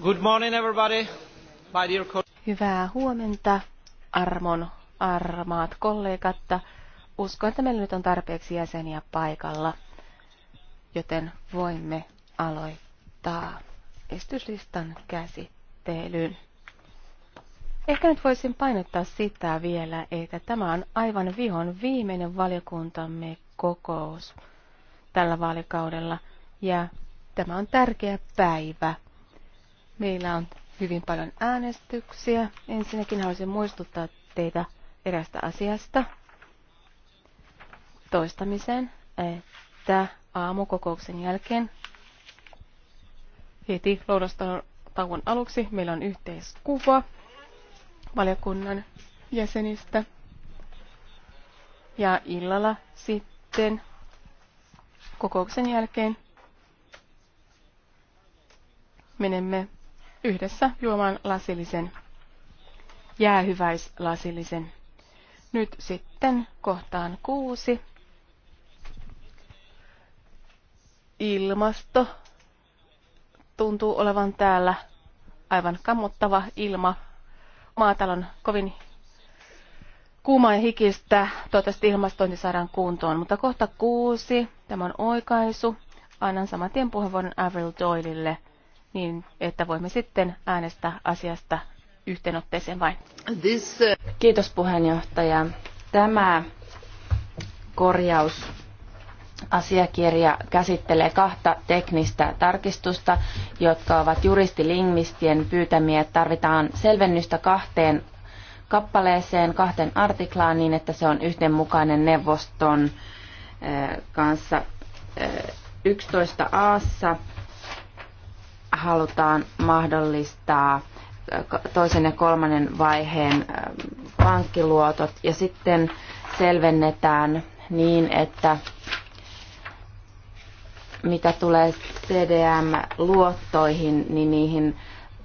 Good morning everybody. My dear Hyvää huomenta, armon armaat kollegat. Uskon, että meillä nyt on tarpeeksi jäseniä paikalla, joten voimme aloittaa estyslistan käsittelyn. Ehkä nyt voisin painottaa sitä vielä, että tämä on aivan vihon viimeinen valiokuntamme kokous tällä vaalikaudella ja tämä on tärkeä päivä – Meillä on hyvin paljon äänestyksiä. Ensinnäkin haluaisin muistuttaa teitä erästä asiasta toistamiseen, että aamukokouksen jälkeen heti tauon aluksi meillä on yhteiskuva valiokunnan jäsenistä. Ja illalla sitten kokouksen jälkeen menemme yhdessä juomaan lasillisen, jäähyväislasillisen. Nyt sitten kohtaan kuusi. Ilmasto tuntuu olevan täällä aivan kammottava ilma. Maatalon kovin kuuma ja hikistä. Toivottavasti ilmastointi saadaan kuntoon. Mutta kohta kuusi. Tämä on oikaisu. Annan saman tien puheenvuoron Avril Doylelle niin että voimme sitten äänestää asiasta yhteenotteeseen vain. This, uh... Kiitos puheenjohtaja. Tämä korjaus asiakirja käsittelee kahta teknistä tarkistusta, jotka ovat juristilingmistien pyytämiä. Tarvitaan selvennystä kahteen kappaleeseen, kahteen artiklaan niin, että se on yhdenmukainen neuvoston eh, kanssa 11 eh, aassa halutaan mahdollistaa toisen ja kolmannen vaiheen ähm, pankkiluotot ja sitten selvennetään niin, että mitä tulee CDM-luottoihin, niin niihin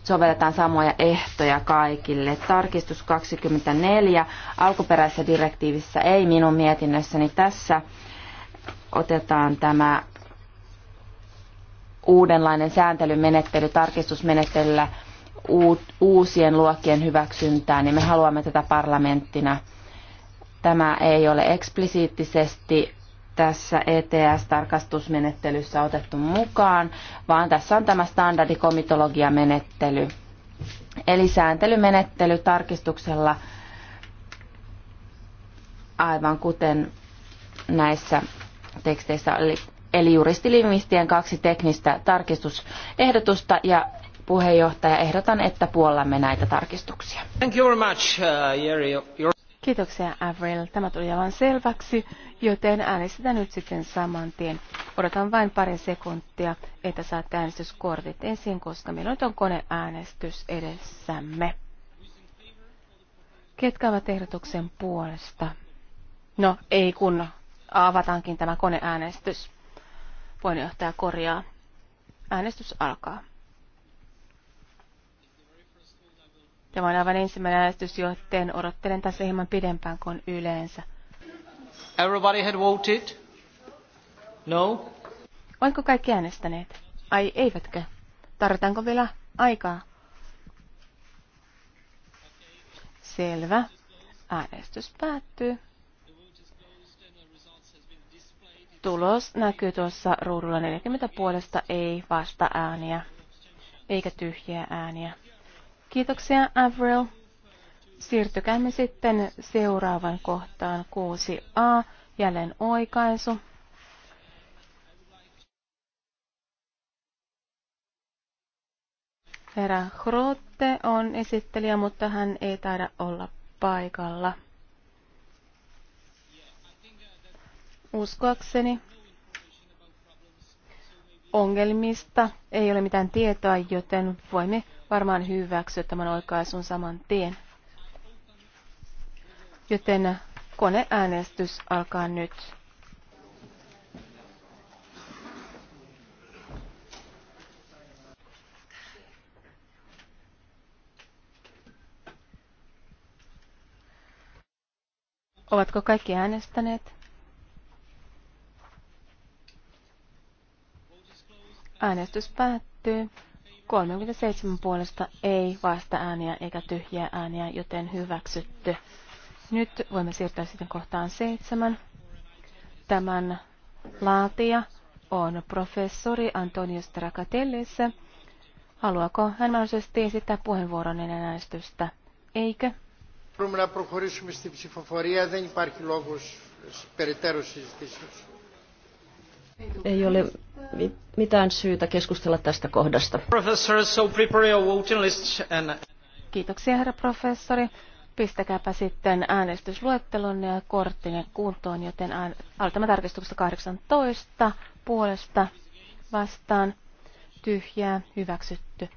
sovelletaan samoja ehtoja kaikille. Tarkistus 24 alkuperäisessä direktiivissä ei minun mietinnössäni tässä otetaan tämä uudenlainen sääntelymenettely tarkistusmenettelyllä uusien luokkien hyväksyntään, niin me haluamme tätä parlamenttina. Tämä ei ole eksplisiittisesti tässä ETS-tarkastusmenettelyssä otettu mukaan, vaan tässä on tämä standardikomitologiamenettely. Eli sääntelymenettely tarkistuksella, aivan kuten näissä teksteissä, eli eli juristilingvistien kaksi teknistä tarkistusehdotusta ja puheenjohtaja ehdotan, että puollamme näitä tarkistuksia. Thank you very much, uh, Kiitoksia Avril. Tämä tuli aivan selväksi, joten äänestetään nyt sitten saman tien. Odotan vain pari sekuntia, että saat äänestyskortit ensin, koska meillä on koneäänestys edessämme. Ketkä ovat ehdotuksen puolesta? No, ei kun avataankin tämä koneäänestys. Puheenjohtaja korjaa. Äänestys alkaa. Tämä on aivan ensimmäinen äänestys, joten odottelen tässä hieman pidempään kuin yleensä. Everybody had voted? No? Oletko kaikki äänestäneet? Ai eivätkö? Tarvitaanko vielä aikaa? Selvä. Äänestys päättyy. Tulos näkyy tuossa ruudulla 40 puolesta ei vasta ääniä, eikä tyhjiä ääniä. Kiitoksia Avril. Siirtykäämme sitten seuraavan kohtaan 6a, jälleen oikaisu. Herra Grotte on esittelijä, mutta hän ei taida olla paikalla. Uskoakseni ongelmista ei ole mitään tietoa, joten voimme varmaan hyväksyä tämän oikaisun saman tien. Joten koneäänestys alkaa nyt. Ovatko kaikki äänestäneet? Äänestys päättyy. 37 puolesta ei vasta ääniä eikä tyhjiä ääniä, joten hyväksytty. Nyt voimme siirtää sitten kohtaan seitsemän. Tämän laatia on professori Antonio Stracatellis. Haluaako hän mahdollisesti esittää puheenvuoron ennen äänestystä? Eikö? Μπορούμε να προχωρήσουμε στην ψηφοφορία. Ei ole mitään syytä keskustella tästä kohdasta. Kiitoksia, herra professori. Pistäkääpä sitten äänestysluettelon ja korttine kuntoon, joten aloitamme tarkistuksesta 18 puolesta vastaan tyhjää hyväksytty.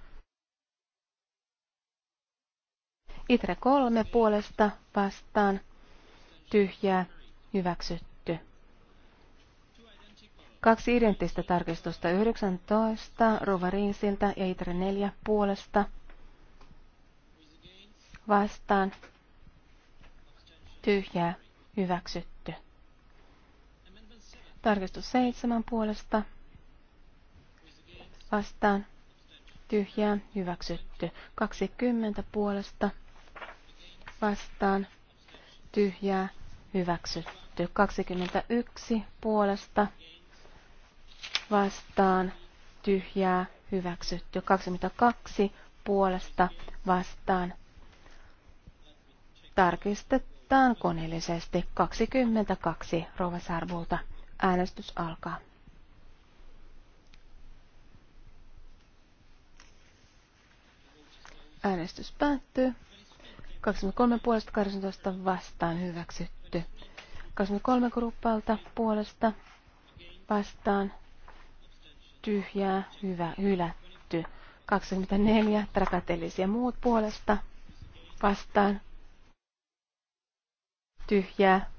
Itre kolme puolesta vastaan tyhjää hyväksytty. Kaksi identtistä tarkistusta 19 Rovarinsilta ja Itre 4 puolesta vastaan tyhjää hyväksytty. Tarkistus 7 puolesta vastaan tyhjää hyväksytty. 20 puolesta vastaan tyhjää hyväksytty. 21 puolesta vastaan, vastaan tyhjää hyväksytty. 22 puolesta vastaan tarkistetaan koneellisesti 22 Rovasarvulta. Äänestys alkaa. Äänestys päättyy. 23 puolesta 18 vastaan hyväksytty. 23 gruppalta puolesta vastaan tyhjää, hyvä, hylätty. 24 trakatelisia muut puolesta vastaan. Tyhjää.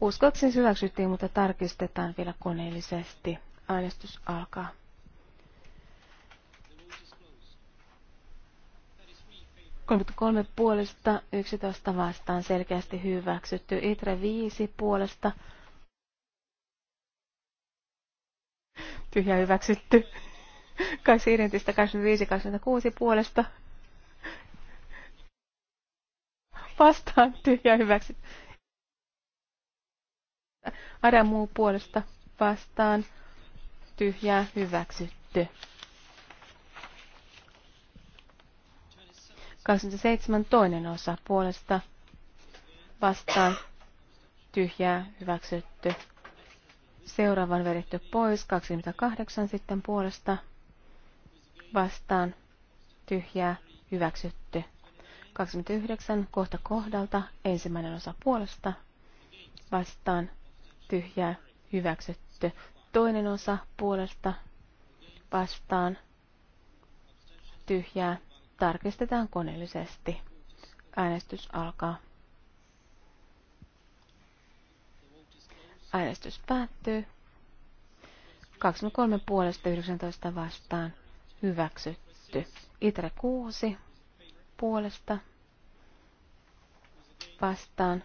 Uskoksi hyväksyttiin, mutta tarkistetaan vielä koneellisesti. Äänestys alkaa. kolme puolesta, 11 vastaan selkeästi hyväksytty. Itre 5 puolesta Tyhjä hyväksytty. Kai identistä 25-26 puolesta. Vastaan tyhjä hyväksytty. Ada muu puolesta vastaan tyhjää hyväksytty. 27 toinen osa puolesta vastaan tyhjää hyväksytty. Seuraavan vedetty pois. 28 sitten puolesta vastaan tyhjää hyväksytty. 29 kohta kohdalta ensimmäinen osa puolesta vastaan tyhjää hyväksytty. Toinen osa puolesta vastaan tyhjää tarkistetaan koneellisesti. Äänestys alkaa. Äänestys päättyy. 23 puolesta 19 vastaan hyväksytty. Itre 6 puolesta vastaan.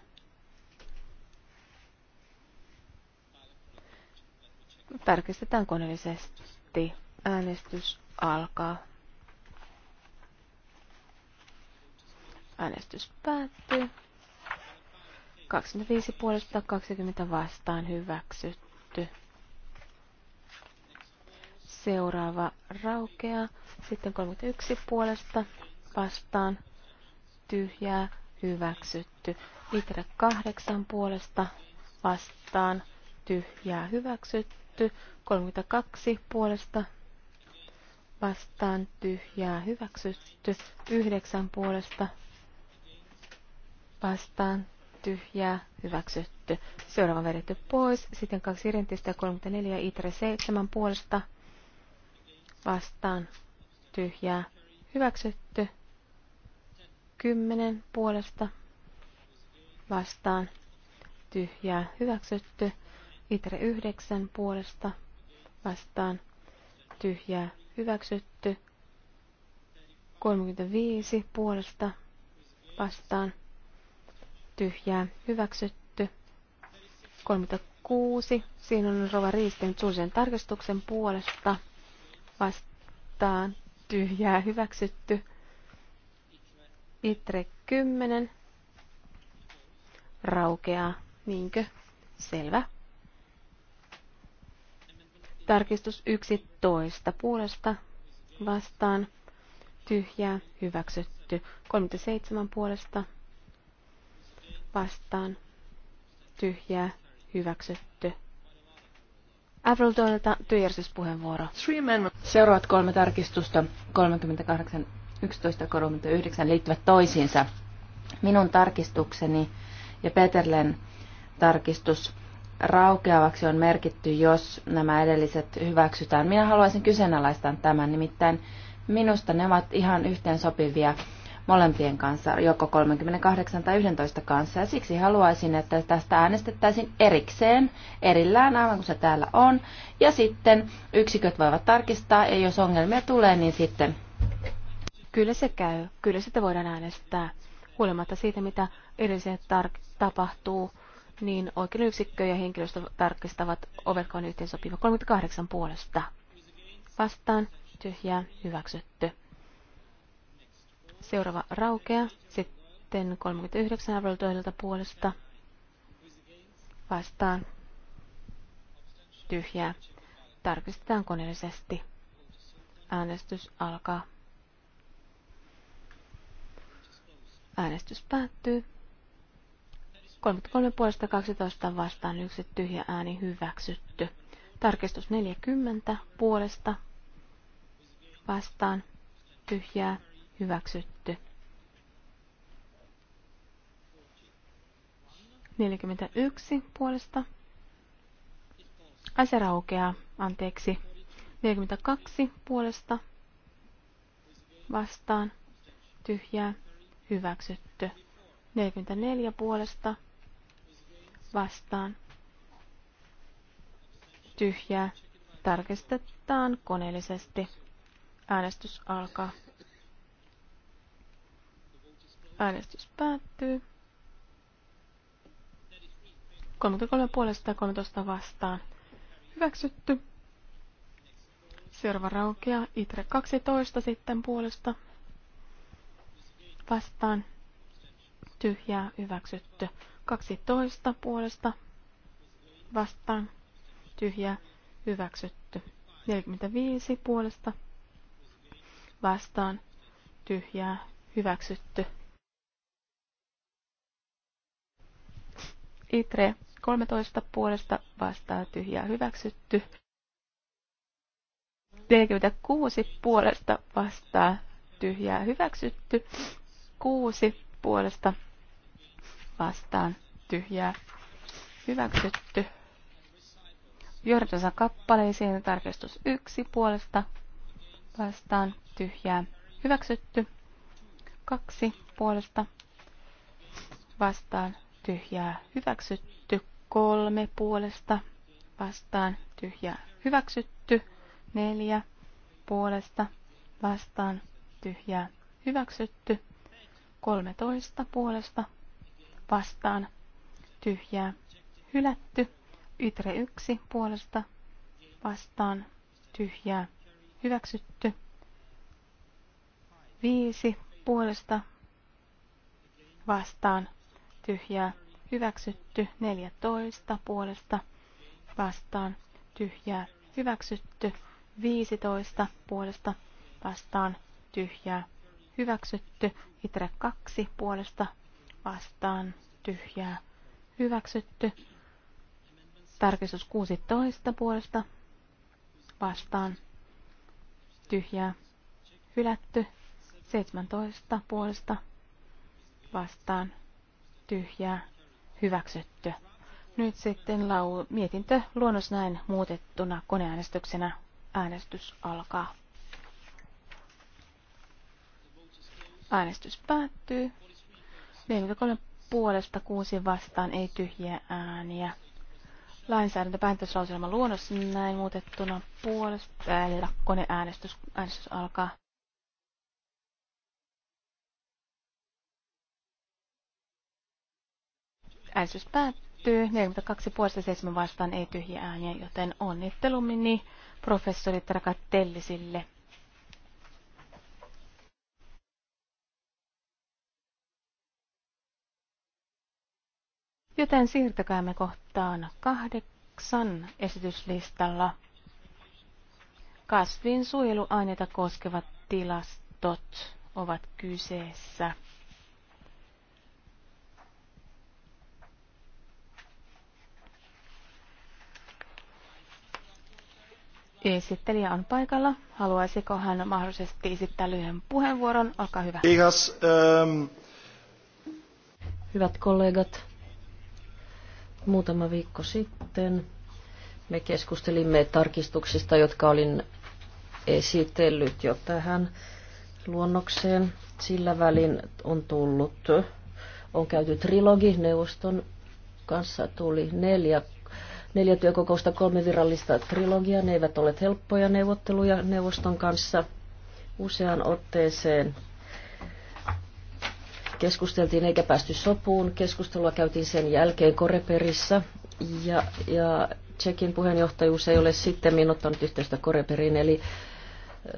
Tarkistetaan koneellisesti. Äänestys alkaa. Äänestys päättyy. 25 puolesta 20 vastaan hyväksytty. Seuraava raukea. Sitten 31 puolesta vastaan tyhjää hyväksytty. Litra 8 puolesta vastaan tyhjää hyväksytty. 32 puolesta vastaan tyhjää hyväksytty. 9 puolesta vastaan tyhjää, hyväksytty. Seuraava vedetty pois. Sitten kaksi ja 34 itre 7 puolesta vastaan tyhjää, hyväksytty. 10 puolesta vastaan tyhjää, hyväksytty. Itre 9 puolesta vastaan tyhjää, hyväksytty. 35 puolesta vastaan tyhjää hyväksytty. 36. Siinä on Rova Riisten suullisen tarkastuksen puolesta vastaan tyhjää hyväksytty. Itre 10. Raukeaa, niinkö? Selvä. Tarkistus 11 puolesta vastaan tyhjää hyväksytty. 37 puolesta vastaan tyhjää hyväksytty. Avril Doylelta puheenvuoro. Seuraavat kolme tarkistusta 38, 11 ja 39 liittyvät toisiinsa. Minun tarkistukseni ja Peterlen tarkistus raukeavaksi on merkitty, jos nämä edelliset hyväksytään. Minä haluaisin kyseenalaistaa tämän, nimittäin minusta ne ovat ihan yhteen sopivia molempien kanssa, joko 38 tai 11 kanssa. Ja siksi haluaisin, että tästä äänestettäisiin erikseen, erillään aivan kuin se täällä on. Ja sitten yksiköt voivat tarkistaa ja jos ongelmia tulee, niin sitten... Kyllä se käy. Kyllä sitä voidaan äänestää. Huolimatta siitä, mitä erilliset tar- tapahtuu, niin oikein yksikkö ja henkilöstö tarkistavat, ovatko on yhteensopiva 38 puolesta. Vastaan tyhjää hyväksytty. Seuraava raukea. Sitten 39 toiselta puolesta vastaan tyhjää. Tarkistetaan koneellisesti. Äänestys alkaa. Äänestys päättyy. 33 puolesta 12 vastaan yksi tyhjä ääni hyväksytty. Tarkistus 40 puolesta vastaan tyhjää hyväksytty. 41 puolesta. Asia raukeaa, anteeksi. 42 puolesta vastaan tyhjää hyväksytty. 44 puolesta vastaan tyhjää tarkistetaan koneellisesti. Äänestys alkaa. Äänestys päättyy. 33 puolesta 13 vastaan. Hyväksytty. Seuraava raukea. Itre 12 sitten puolesta. Vastaan. Tyhjää hyväksytty. 12 puolesta. Vastaan. Tyhjää hyväksytty. 45 puolesta. Vastaan. Tyhjää hyväksytty. Itre 13 puolesta vastaa tyhjää hyväksytty. 46 puolesta vastaa tyhjää hyväksytty. 6 puolesta vastaan tyhjää hyväksytty. Jordansa kappaleisiin tarkistus 1 puolesta vastaan tyhjää hyväksytty. 2 puolesta vastaan tyhjää hyväksytty. Kolme puolesta vastaan tyhjää hyväksytty. Neljä puolesta vastaan tyhjää hyväksytty. toista puolesta vastaan tyhjää hylätty. Ytre yksi puolesta vastaan tyhjää hyväksytty. viisi puolesta vastaan tyhjää, hyväksytty. 14 puolesta vastaan, tyhjää, hyväksytty. 15 puolesta vastaan, tyhjää, hyväksytty. Itre 2 puolesta vastaan, tyhjää, hyväksytty. Tarkistus 16 puolesta vastaan, tyhjää, hylätty. 17 puolesta vastaan, tyhjää, hyväksytty. Nyt sitten lau, mietintö luonnos näin muutettuna koneäänestyksenä. Äänestys alkaa. Äänestys päättyy. 43 puolesta kuusi vastaan ei tyhjiä ääniä. päätöslauselma luonnos näin muutettuna puolesta. eli koneäänestys äänestys alkaa. Äänestys päättyy 42 puolesta 7 vastaan ei tyhjiä ääniä, joten onnittelumini professori Trakatellisille. Joten siirtäkäämme kohtaan kahdeksan esityslistalla. Kasvinsuojeluaineita koskevat tilastot ovat kyseessä. Esittelijä on paikalla. Haluaisiko hän mahdollisesti esittää lyhyen puheenvuoron? Olkaa hyvä. Kiitos. um... Hyvät kollegat, muutama viikko sitten me keskustelimme tarkistuksista, jotka olin esitellyt jo tähän luonnokseen. Sillä välin on tullut, on käyty trilogi neuvoston kanssa, tuli neljä neljä työkokousta, kolme virallista trilogiaa. Ne eivät ole helppoja neuvotteluja neuvoston kanssa useaan otteeseen. Keskusteltiin eikä päästy sopuun. Keskustelua käytiin sen jälkeen Koreperissä ja, ja Tsekin puheenjohtajuus ei ole sitten ottanut yhteystä Koreperiin, eli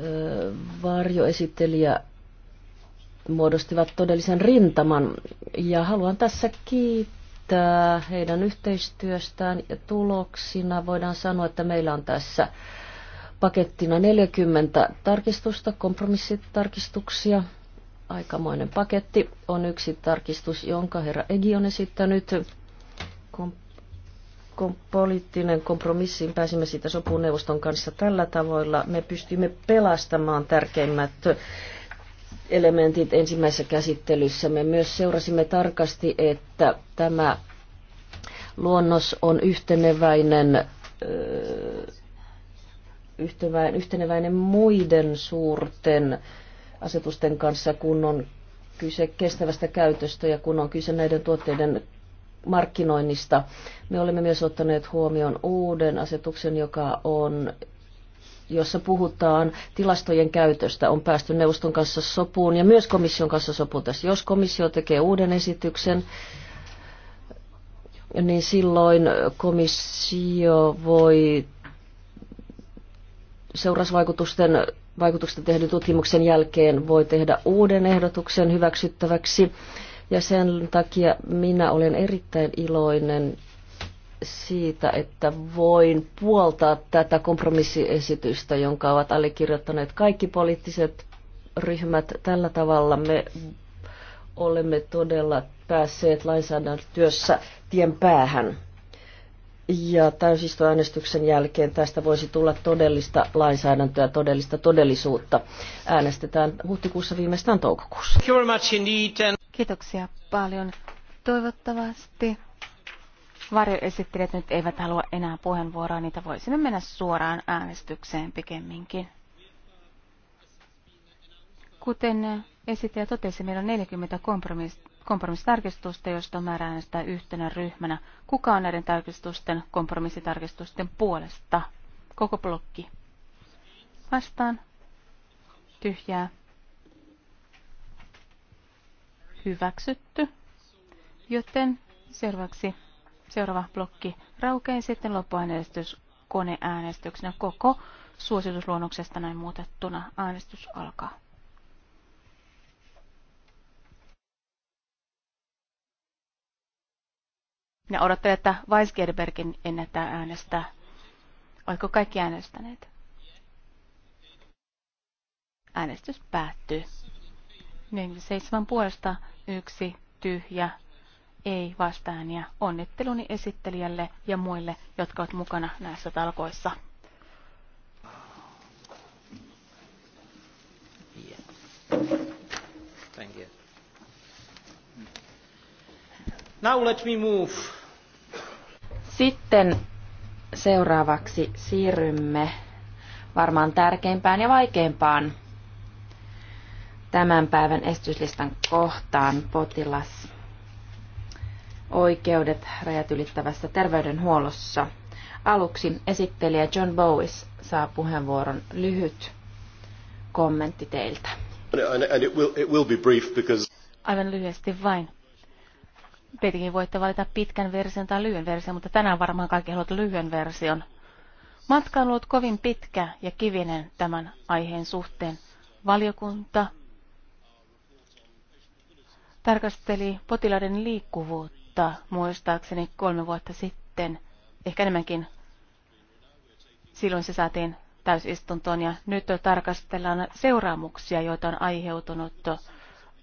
ö, varjoesittelijä muodostivat todellisen rintaman. Ja haluan tässä kiittää kiittää heidän yhteistyöstään ja tuloksina voidaan sanoa, että meillä on tässä pakettina 40 tarkistusta, kompromissitarkistuksia. Aikamoinen paketti on yksi tarkistus, jonka herra Egi on esittänyt. Kom- kom- poliittinen kompromissiin pääsimme siitä sopuun neuvoston kanssa tällä tavoilla. Me pystymme pelastamaan tärkeimmät elementit ensimmäisessä käsittelyssä. Me myös seurasimme tarkasti, että tämä luonnos on yhteneväinen, yhteneväinen muiden suurten asetusten kanssa, kun on kyse kestävästä käytöstä ja kun on kyse näiden tuotteiden markkinoinnista. Me olemme myös ottaneet huomioon uuden asetuksen, joka on jossa puhutaan tilastojen käytöstä, on päästy neuvoston kanssa sopuun ja myös komission kanssa sopuun tässä. Jos komissio tekee uuden esityksen, niin silloin komissio voi seurausvaikutusten vaikutuksesta tehdyn tutkimuksen jälkeen voi tehdä uuden ehdotuksen hyväksyttäväksi. Ja sen takia minä olen erittäin iloinen siitä, että voin puoltaa tätä kompromissiesitystä, jonka ovat allekirjoittaneet kaikki poliittiset ryhmät. Tällä tavalla me olemme todella päässeet lainsäädäntötyössä tien päähän. Ja täysistöäänestyksen jälkeen tästä voisi tulla todellista lainsäädäntöä, todellista todellisuutta. Äänestetään huhtikuussa viimeistään toukokuussa. Kiitoksia paljon. Toivottavasti varjoesittelijät nyt eivät halua enää puheenvuoroa, niitä voisimme mennä suoraan äänestykseen pikemminkin. Kuten esittäjä totesi, meillä on 40 kompromiss- kompromissitarkistusta, joista on määrä äänestää yhtenä ryhmänä. Kuka on näiden tarkistusten kompromissitarkistusten puolesta? Koko blokki. Vastaan. Tyhjää. Hyväksytty. Joten seuraavaksi Seuraava blokki raukeen, sitten loppuäänestys koneäänestyksenä koko suositusluonnoksesta näin muutettuna. Äänestys alkaa. Ja odottelen, että Weisgerbergin ennättää äänestää. Oletko kaikki äänestäneet? Äänestys päättyy. 47 puolesta, yksi tyhjä, ei vastaania onnitteluni esittelijälle ja muille, jotka ovat mukana näissä talkoissa. Thank you. Now let me move. Sitten seuraavaksi siirrymme varmaan tärkeimpään ja vaikeimpaan tämän päivän estyslistan kohtaan potilas oikeudet rajat ylittävässä terveydenhuollossa. Aluksi esittelijä John Bowis saa puheenvuoron lyhyt kommentti teiltä. Aivan lyhyesti vain. Tietenkin voitte valita pitkän version tai lyhyen version, mutta tänään varmaan kaikki haluat lyhyen version. Matka on ollut kovin pitkä ja kivinen tämän aiheen suhteen. Valiokunta tarkasteli potilaiden liikkuvuutta vuotta, muistaakseni kolme vuotta sitten, ehkä enemmänkin. Silloin se saatiin täysistuntoon ja nyt tarkastellaan seuraamuksia, joita on aiheutunut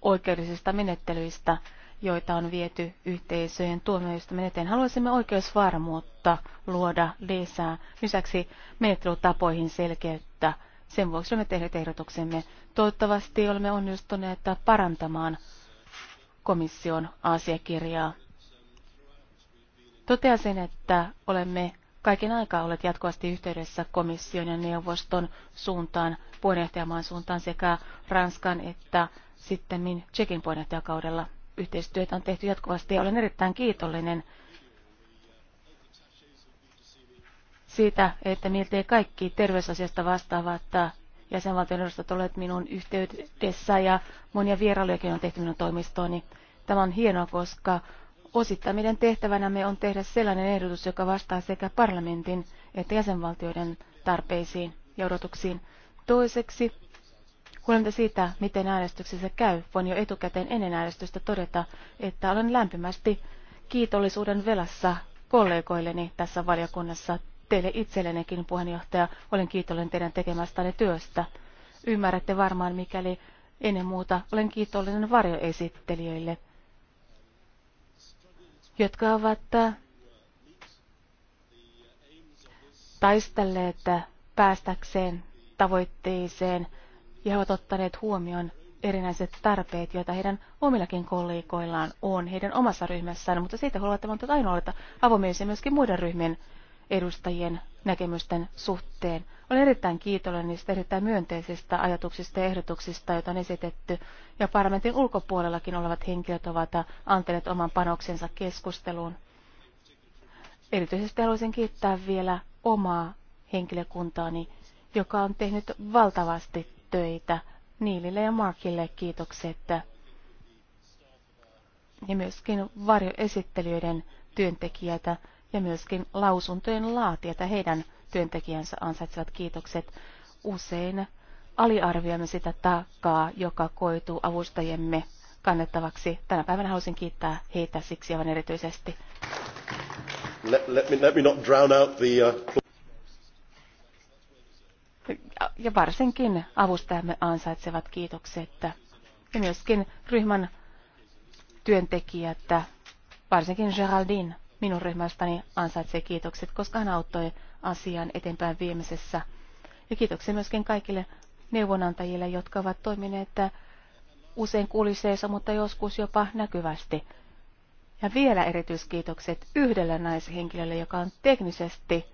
oikeudellisista menettelyistä, joita on viety yhteisöjen tuomioistuimen eteen. Haluaisimme oikeusvarmuutta luoda lisää. Lisäksi menettelytapoihin selkeyttä. Sen vuoksi olemme tehneet ehdotuksemme. Toivottavasti olemme onnistuneet parantamaan komission asiakirjaa. Toteasin, että olemme kaiken aikaa olleet jatkuvasti yhteydessä komission ja neuvoston suuntaan, puheenjohtajamaan suuntaan sekä Ranskan että sitten Tsekin puheenjohtajakaudella. Yhteistyötä on tehty jatkuvasti ja olen erittäin kiitollinen siitä, että miltei kaikki terveysasiasta vastaavat jäsenvaltion edustajat olleet minun yhteydessä ja monia vierailujakin on tehty minun toimistooni. Tämä on hienoa, koska Osittain meidän tehtävänämme on tehdä sellainen ehdotus, joka vastaa sekä parlamentin että jäsenvaltioiden tarpeisiin ja odotuksiin. Toiseksi, huolimatta siitä, miten äänestyksessä käy, voin jo etukäteen ennen äänestystä todeta, että olen lämpimästi kiitollisuuden velassa kollegoilleni tässä valiokunnassa. Teille itsellenekin, puheenjohtaja, olen kiitollinen teidän tekemästänne työstä. Ymmärrätte varmaan, mikäli ennen muuta olen kiitollinen varjoesittelijöille jotka ovat äh, taistelleet äh, päästäkseen tavoitteeseen ja he ovat ottaneet huomioon erinäiset tarpeet, joita heidän omillakin kollegoillaan on heidän omassa ryhmässään, mutta siitä huolimatta ovat ainoita avomielisiä myöskin muiden ryhmien edustajien näkemysten suhteen. Olen erittäin kiitollinen niistä erittäin myönteisistä ajatuksista ja ehdotuksista, joita on esitetty, ja parlamentin ulkopuolellakin olevat henkilöt ovat antaneet oman panoksensa keskusteluun. Erityisesti haluaisin kiittää vielä omaa henkilökuntaani, joka on tehnyt valtavasti töitä. Niilille ja Markille kiitokset. Ja myöskin varjoesittelijöiden työntekijöitä, ja myöskin lausuntojen laatijat ja heidän työntekijänsä ansaitsevat kiitokset. Usein aliarvioimme sitä taakkaa, joka koituu avustajiemme kannettavaksi. Tänä päivänä haluaisin kiittää heitä siksi aivan erityisesti. Let, let me, let me not drown out the, uh... ja, ja varsinkin avustajamme ansaitsevat kiitokset ja myöskin ryhmän työntekijät, varsinkin Geraldine minun ryhmästäni ansaitsee kiitokset, koska hän auttoi asian eteenpäin viemisessä. Ja kiitoksia myöskin kaikille neuvonantajille, jotka ovat toimineet usein kuliseissa, mutta joskus jopa näkyvästi. Ja vielä erityiskiitokset yhdelle naishenkilölle, joka on teknisesti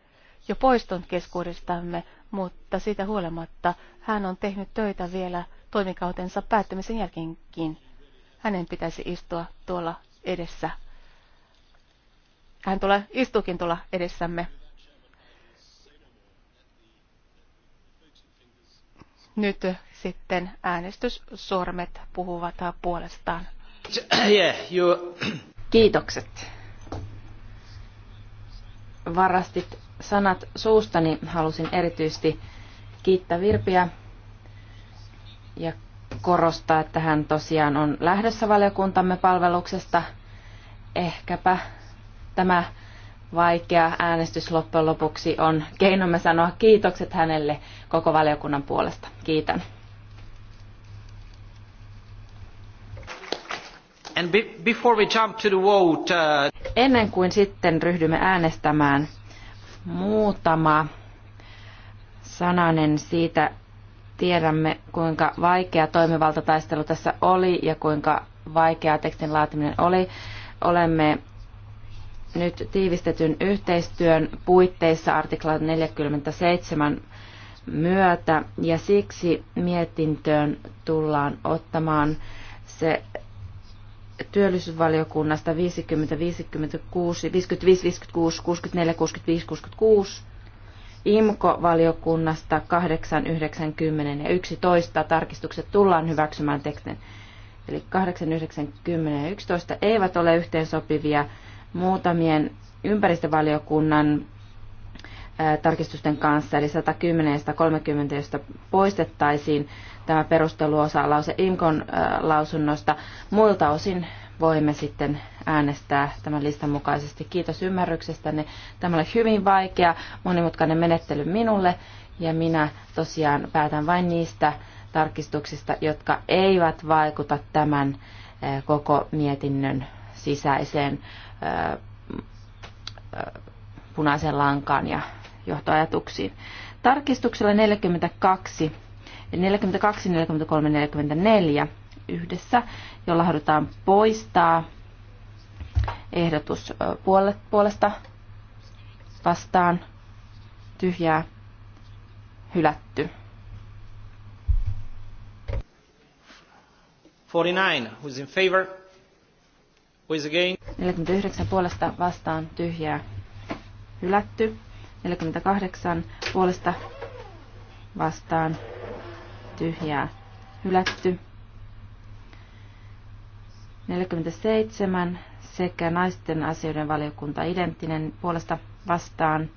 jo poistunut keskuudestamme, mutta siitä huolimatta hän on tehnyt töitä vielä toimikautensa päättymisen jälkeenkin. Hänen pitäisi istua tuolla edessä. Hän tulee, istuukin tuolla edessämme. Nyt sitten äänestyssormet puhuvat puolestaan. Kiitokset. Varastit sanat suustani. Halusin erityisesti kiittää Virpiä ja korostaa, että hän tosiaan on lähdössä valiokuntamme palveluksesta. Ehkäpä Tämä vaikea äänestys loppujen lopuksi on keinomme sanoa kiitokset hänelle koko valiokunnan puolesta. Kiitän. And be, before we jump to the vote, uh... Ennen kuin sitten ryhdymme äänestämään, muutama sananen siitä tiedämme, kuinka vaikea toimivaltataistelu tässä oli ja kuinka vaikea tekstin laatiminen oli. Olemme nyt tiivistetyn yhteistyön puitteissa artikla 47 myötä ja siksi mietintöön tullaan ottamaan se työllisyysvaliokunnasta 50, 56, 55, 56, 64, 65, 66, IMKO-valiokunnasta 8, 10 ja 11 tarkistukset tullaan hyväksymään tekstin. Eli 8, 10 ja 11 eivät ole yhteensopivia muutamien ympäristövaliokunnan tarkistusten kanssa, eli 110 ja 130, josta poistettaisiin tämä perusteluosa lause IMKON lausunnosta. Muilta osin voimme sitten äänestää tämän listan mukaisesti. Kiitos ymmärryksestänne. Tämä oli hyvin vaikea, monimutkainen menettely minulle, ja minä tosiaan päätän vain niistä tarkistuksista, jotka eivät vaikuta tämän koko mietinnön sisäiseen punaisen lankaan ja johtoajatuksiin. Tarkistuksella 42, 42, 43, 44 yhdessä, jolla halutaan poistaa ehdotus puolesta vastaan tyhjää hylätty. 49, who's in favor? 49 puolesta vastaan tyhjää hylätty. 48 puolesta vastaan tyhjää hylätty. 47 sekä naisten asioiden valiokunta identtinen puolesta vastaan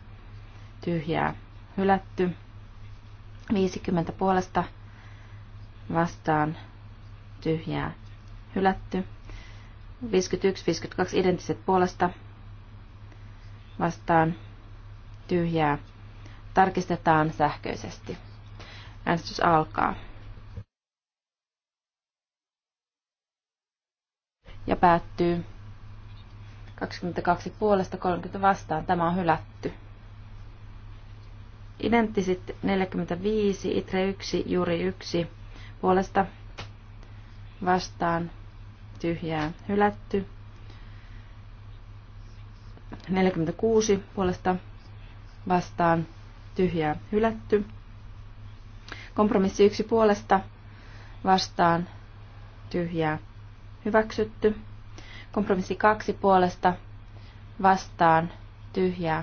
tyhjää hylätty. 50 puolesta vastaan tyhjää hylätty. 51-52 identiset puolesta vastaan tyhjää. Tarkistetaan sähköisesti. Äänestys alkaa. Ja päättyy 22 puolesta 30 vastaan. Tämä on hylätty. Identtiset 45, ITRE 1, Juri 1 puolesta vastaan tyhjää hylätty. 46 puolesta vastaan tyhjää hylätty. Kompromissi 1 puolesta vastaan tyhjää hyväksytty. Kompromissi 2 puolesta vastaan tyhjää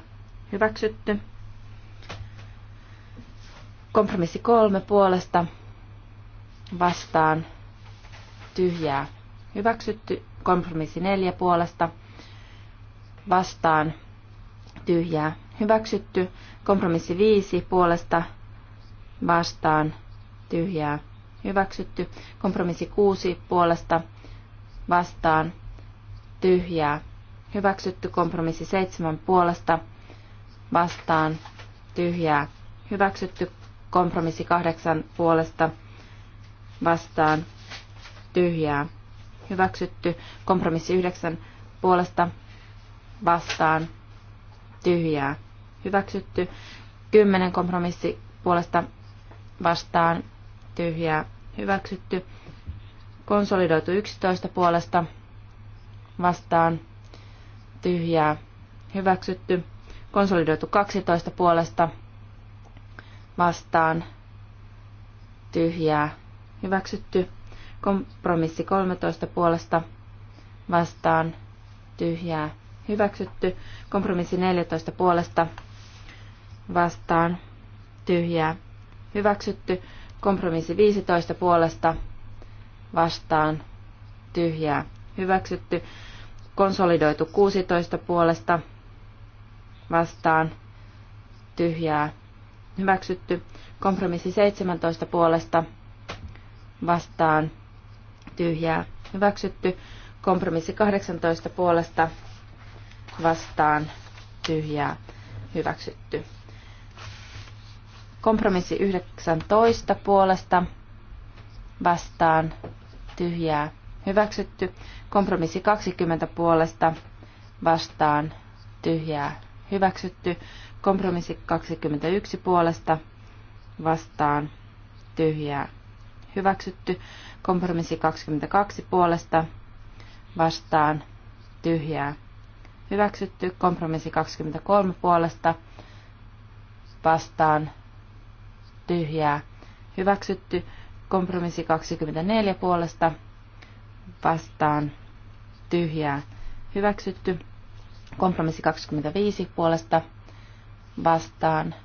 hyväksytty. Kompromissi 3 puolesta vastaan tyhjää Hyväksytty kompromissi neljä puolesta vastaan tyhjää. Hyväksytty kompromissi viisi puolesta vastaan tyhjää. Hyväksytty kompromissi kuusi puolesta vastaan tyhjää. Hyväksytty kompromissi seitsemän puolesta vastaan tyhjää. Hyväksytty kompromissi kahdeksan puolesta vastaan tyhjää hyväksytty. Kompromissi 9 puolesta vastaan tyhjää hyväksytty. 10 kompromissi puolesta vastaan tyhjää hyväksytty. Konsolidoitu 11 puolesta vastaan tyhjää hyväksytty. Konsolidoitu 12 puolesta vastaan tyhjää hyväksytty. Kompromissi 13 puolesta vastaan tyhjää hyväksytty. Kompromissi 14 puolesta vastaan tyhjää hyväksytty. Kompromissi 15 puolesta vastaan tyhjää hyväksytty. Konsolidoitu 16 puolesta vastaan tyhjää hyväksytty. Kompromissi 17 puolesta vastaan tyhjää hyväksytty. Kompromissi 18 puolesta vastaan tyhjää hyväksytty. Kompromissi 19 puolesta vastaan tyhjää hyväksytty. Kompromissi 20 puolesta vastaan tyhjää hyväksytty. Kompromissi 21 puolesta vastaan tyhjää hyväksytty. Kompromissi 22 puolesta vastaan tyhjää hyväksytty. Kompromissi 23 puolesta vastaan tyhjää hyväksytty. Kompromissi 24 puolesta vastaan tyhjää hyväksytty. Kompromissi 25 puolesta vastaan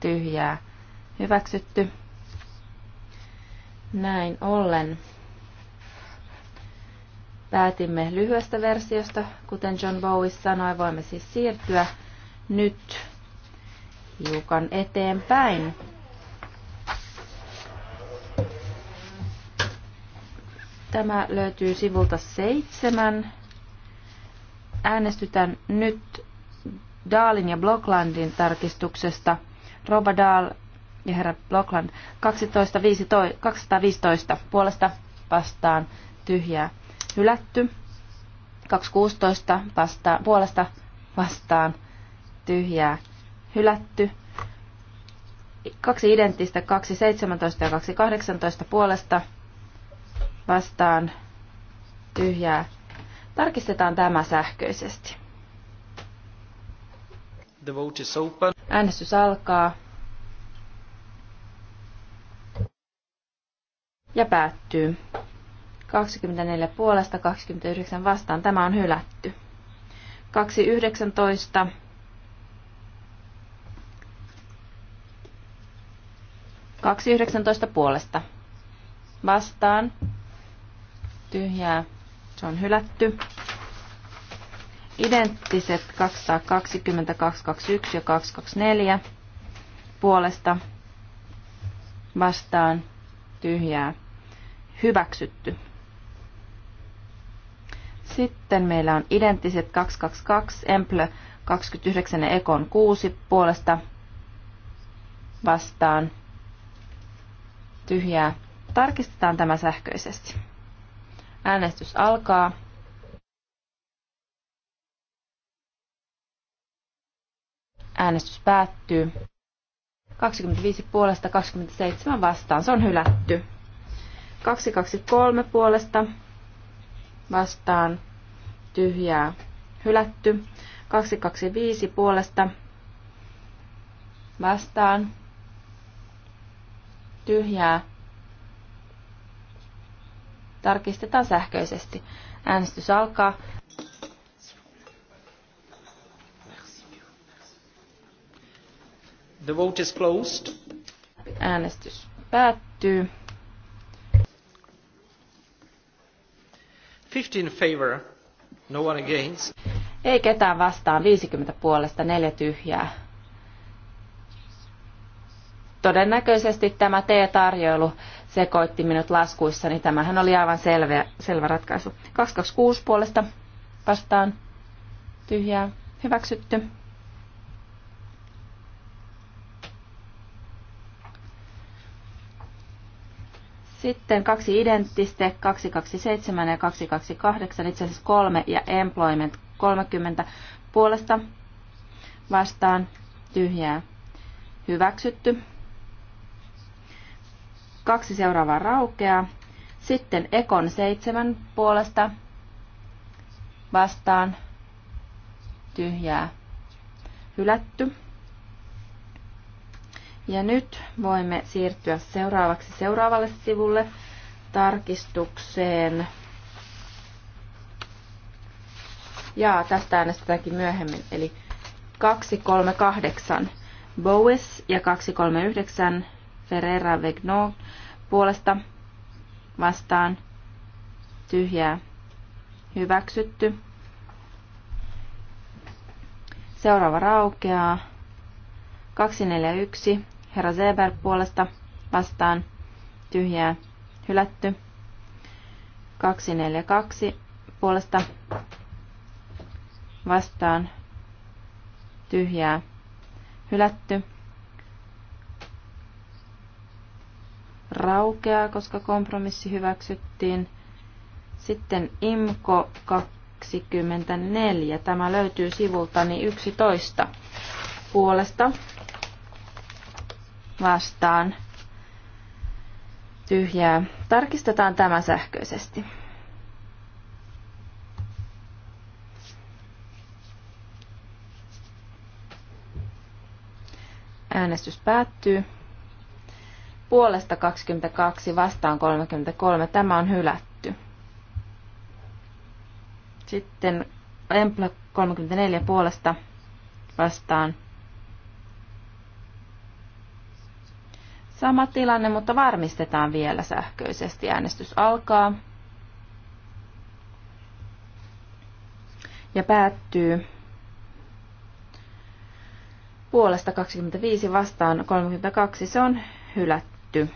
tyhjää hyväksytty. Näin ollen päätimme lyhyestä versiosta, kuten John Bowis sanoi, voimme siis siirtyä nyt hiukan eteenpäin. Tämä löytyy sivulta seitsemän. Äänestytän nyt Daalin ja Blocklandin tarkistuksesta. Roba Daal ja herra Blockland 12, 15, 215 puolesta vastaan tyhjää hylätty. 216 vasta, puolesta vastaan tyhjää hylätty. Kaksi identtistä 217 ja 218 puolesta vastaan tyhjää. Tarkistetaan tämä sähköisesti. The vote is open. Äänestys alkaa. ja päättyy. 24 puolesta 29 vastaan. Tämä on hylätty. 219 yhdeksäntoista puolesta vastaan. Tyhjää. Se on hylätty. Identtiset 220, 221 ja 224 puolesta vastaan tyhjää Hyväksytty. Sitten meillä on identtiset 222, Emple 29 ja Ekon 6 puolesta vastaan tyhjää. Tarkistetaan tämä sähköisesti. Äänestys alkaa. Äänestys päättyy. 25 puolesta 27 vastaan. Se on hylätty. 223 puolesta vastaan tyhjää hylätty. 225 puolesta vastaan tyhjää tarkistetaan sähköisesti. Äänestys alkaa. The vote is closed. Äänestys päättyy. 50 in favor, no one against. Ei ketään vastaan, 50 puolesta, neljä tyhjää. Todennäköisesti tämä T-tarjoilu sekoitti minut laskuissa, niin tämähän oli aivan selvä, selvä ratkaisu. 226 puolesta vastaan, tyhjää, hyväksytty. Sitten kaksi identtistä, 227 ja 228, itse asiassa kolme ja employment 30 puolesta vastaan tyhjää hyväksytty. Kaksi seuraavaa raukeaa. Sitten Ekon 7 puolesta vastaan tyhjää hylätty. Ja nyt voimme siirtyä seuraavaksi seuraavalle sivulle tarkistukseen. Ja tästä äänestetäänkin myöhemmin, eli 238 Bowes ja 239 Ferreira Vegno puolesta vastaan tyhjää hyväksytty. Seuraava raukeaa 241 Herra Zeber puolesta vastaan tyhjää hylätty. 242 puolesta vastaan tyhjää hylätty. Raukeaa, koska kompromissi hyväksyttiin. Sitten IMKO 24. Tämä löytyy sivultani 11 puolesta vastaan tyhjää. Tarkistetaan tämä sähköisesti. Äänestys päättyy. Puolesta 22, vastaan 33. Tämä on hylätty. Sitten Empla 34 puolesta vastaan Sama tilanne, mutta varmistetaan vielä sähköisesti. Äänestys alkaa ja päättyy puolesta 25 vastaan 32. Se on hylätty.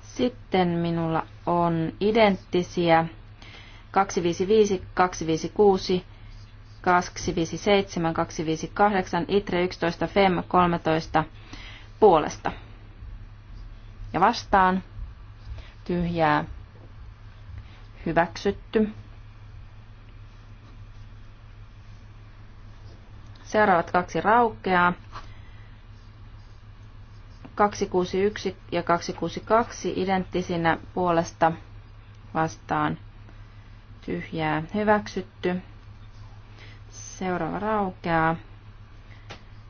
Sitten minulla on identtisiä 255, 256, 257, 258, ITRE 11, FEM 13 puolesta. Ja vastaan tyhjää hyväksytty. Seuraavat kaksi raukeaa. 261 ja 262 identtisinä puolesta vastaan tyhjää hyväksytty. Seuraava raukeaa.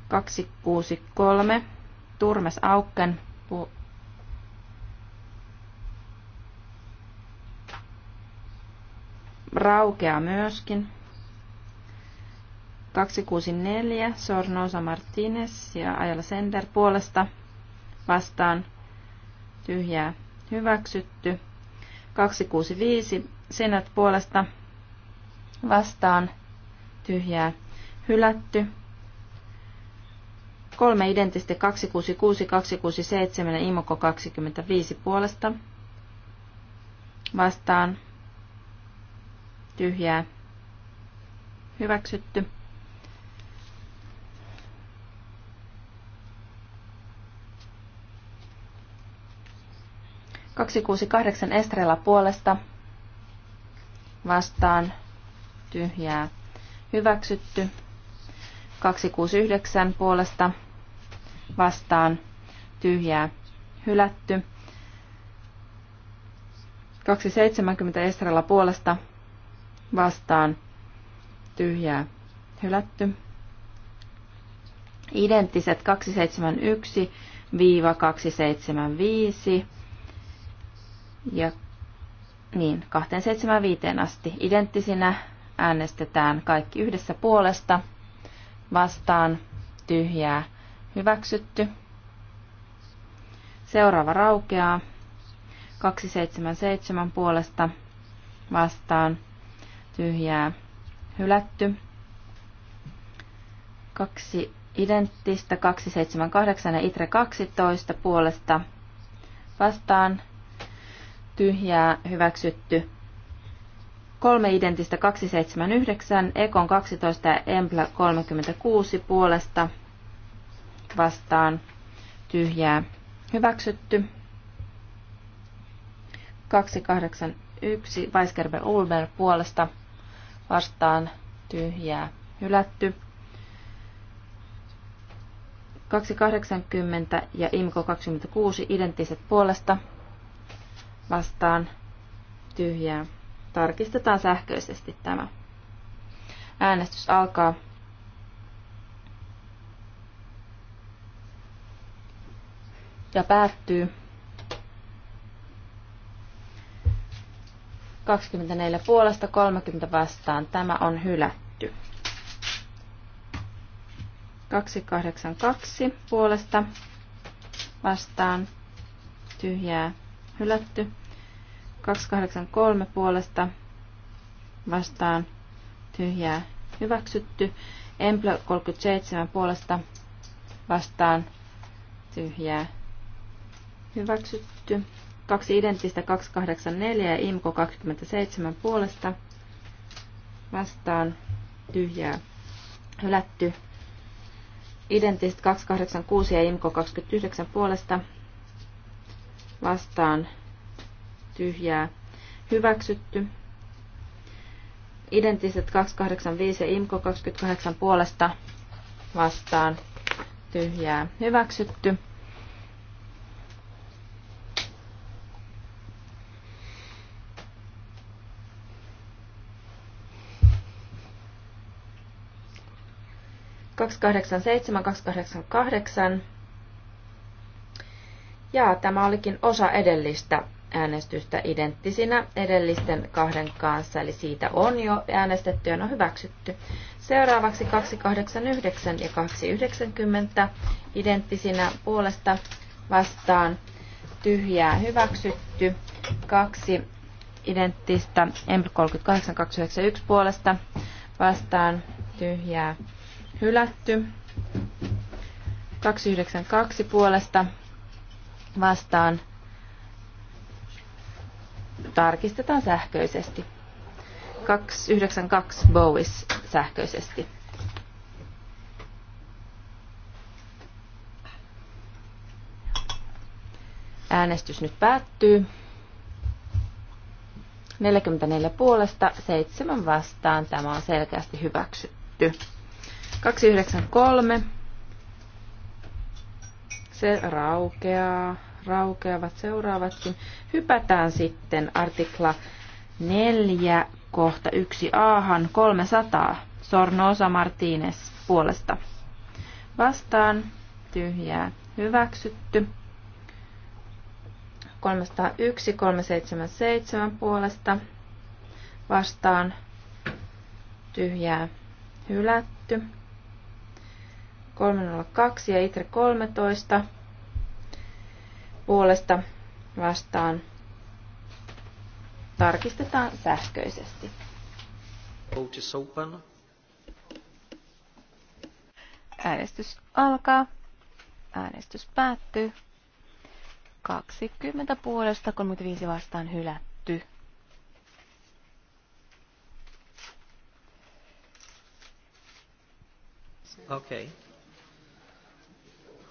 263. Turmes Aukken. Pu- raukeaa myöskin. 264. Sornosa Martinez ja Ajala Sender puolesta vastaan tyhjää hyväksytty. 265. Sinät puolesta vastaan tyhjää hylätty. Kolme identtistä 266, 267 ja Imoko 25 puolesta. Vastaan tyhjää hyväksytty. Kaksi kuusi kahdeksan Estrella puolesta vastaan tyhjää hyväksytty. 269 puolesta vastaan tyhjää hylätty. 270 Estrella puolesta vastaan tyhjää hylätty. Identtiset 271-275 ja niin, 275 asti identtisinä äänestetään kaikki yhdessä puolesta, vastaan, tyhjää, hyväksytty. Seuraava raukeaa. 277 puolesta vastaan tyhjää hylätty. Kaksi identtistä 278 ja itre 12 puolesta vastaan tyhjää hyväksytty 3 identistä 279, Ekon 12 ja Empla 36 puolesta vastaan tyhjää hyväksytty. 281 Weisgerber Ulmer puolesta vastaan tyhjää hylätty. 280 ja IMKO 26 identtiset puolesta vastaan tyhjää Tarkistetaan sähköisesti tämä. Äänestys alkaa. Ja päättyy. 24 puolesta 30 vastaan. Tämä on hylätty. 282 puolesta vastaan. Tyhjää hylätty. 283 puolesta vastaan tyhjää hyväksytty. Emple 37 puolesta vastaan tyhjää hyväksytty. Kaksi identtistä 284 ja IMKO 27 puolesta vastaan tyhjää hylätty. Identtiset 286 ja IMKO 29 puolesta vastaan tyhjää hyväksytty. Identtiset 285 ja IMKO 28 puolesta vastaan tyhjää hyväksytty. Kaksi kahdeksan seitsemän, kaksi kahdeksan kahdeksan. Jaa, tämä olikin osa edellistä äänestystä identtisinä edellisten kahden kanssa, eli siitä on jo äänestetty ja on hyväksytty. Seuraavaksi 289 ja 290 identtisinä puolesta vastaan tyhjää hyväksytty. Kaksi identtistä m 38291 puolesta vastaan tyhjää hylätty. 292 puolesta vastaan tarkistetaan sähköisesti. 292 Bowis sähköisesti. Äänestys nyt päättyy. 44 puolesta, 7 vastaan. Tämä on selkeästi hyväksytty. 293. Se raukeaa raukeavat seuraavatkin. Hypätään sitten artikla 4 kohta 1 aahan 300 Sornosa Martínez puolesta. Vastaan tyhjää hyväksytty. 301 377 puolesta vastaan tyhjää hylätty. 302 ja itre 13 puolesta vastaan tarkistetaan sähköisesti. Äänestys alkaa. Äänestys päättyy. 20 puolesta 35 vastaan hylätty. Okay.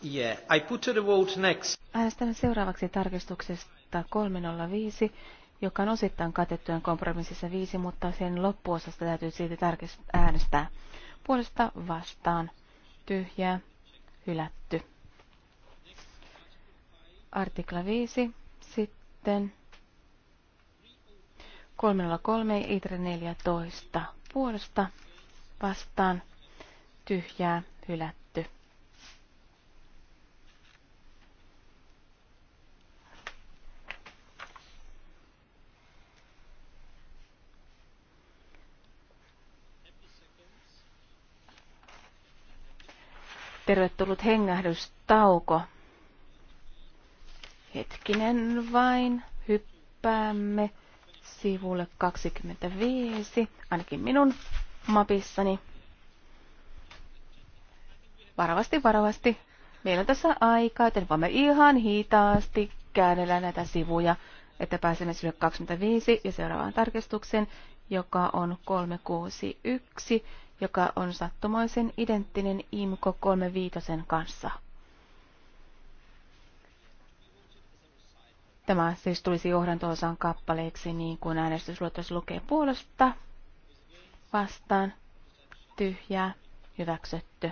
Yeah, I put to the vote next. Äänestän seuraavaksi tarkistuksesta 305, joka on osittain katettujen kompromississa 5, mutta sen loppuosasta täytyy silti tarkistaa. äänestää. Puolesta vastaan. Tyhjää. Hylätty. Artikla 5. Sitten 303 Itre 14. Puolesta vastaan. Tyhjää. Hylätty. tervetullut hengähdystauko. Hetkinen vain, hyppäämme sivulle 25, ainakin minun mapissani. Varovasti, varovasti. Meillä on tässä aikaa, joten voimme ihan hitaasti käännellä näitä sivuja, että pääsemme sivulle 25 ja seuraavaan tarkistukseen, joka on 361 joka on sattumoisen identtinen IMCO 35 kanssa. Tämä siis tulisi johdantoosaan kappaleeksi, niin kuin äänestysluottos lukee puolesta, vastaan, tyhjää, hyväksytty.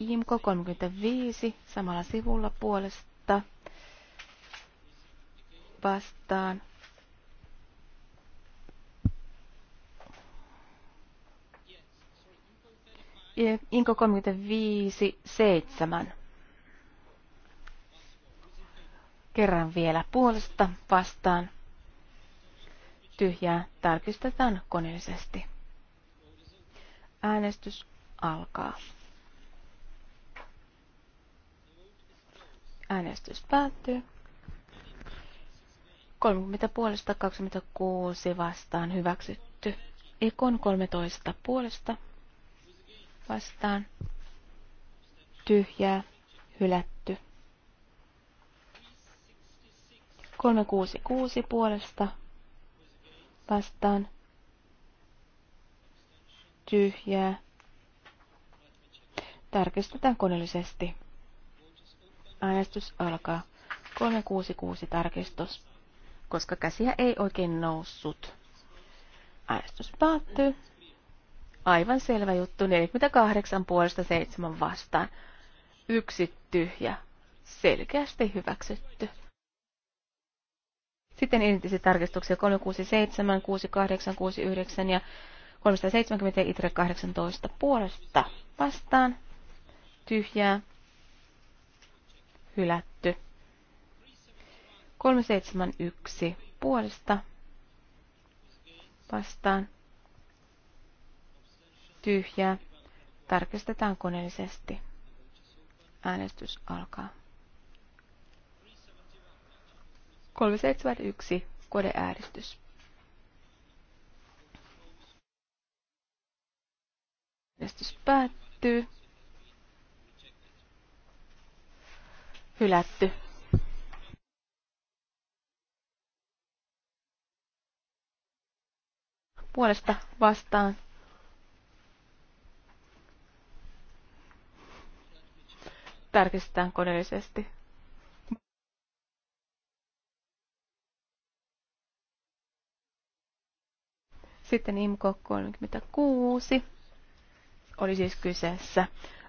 IMCO 35 samalla sivulla puolesta, vastaan, E, Inko 35, 7. Kerran vielä puolesta vastaan. Tyhjää tarkistetaan koneellisesti. Äänestys alkaa. Äänestys päättyy. 30 puolesta 26 vastaan hyväksytty. Ekon 13 puolesta vastaan tyhjää hylätty. 366 puolesta vastaan tyhjää. Tarkistetaan koneellisesti. Äänestys alkaa. 366 tarkistus, koska käsiä ei oikein noussut. Äänestys päättyy. Aivan selvä juttu, 48 puolesta 7 vastaan. Yksi tyhjä, selkeästi hyväksytty. Sitten identtiset tarkistuksia 367, 68, 69 ja 370 ja itre 18 puolesta vastaan. Tyhjää. Hylätty. 371 puolesta vastaan tyhjää. Tarkistetaan koneellisesti. Äänestys alkaa. 371 kodeäänestys. Äänestys päättyy. Hylätty. Puolesta vastaan tarkistetaan koneellisesti. Sitten IMKO 36 oli siis kyseessä.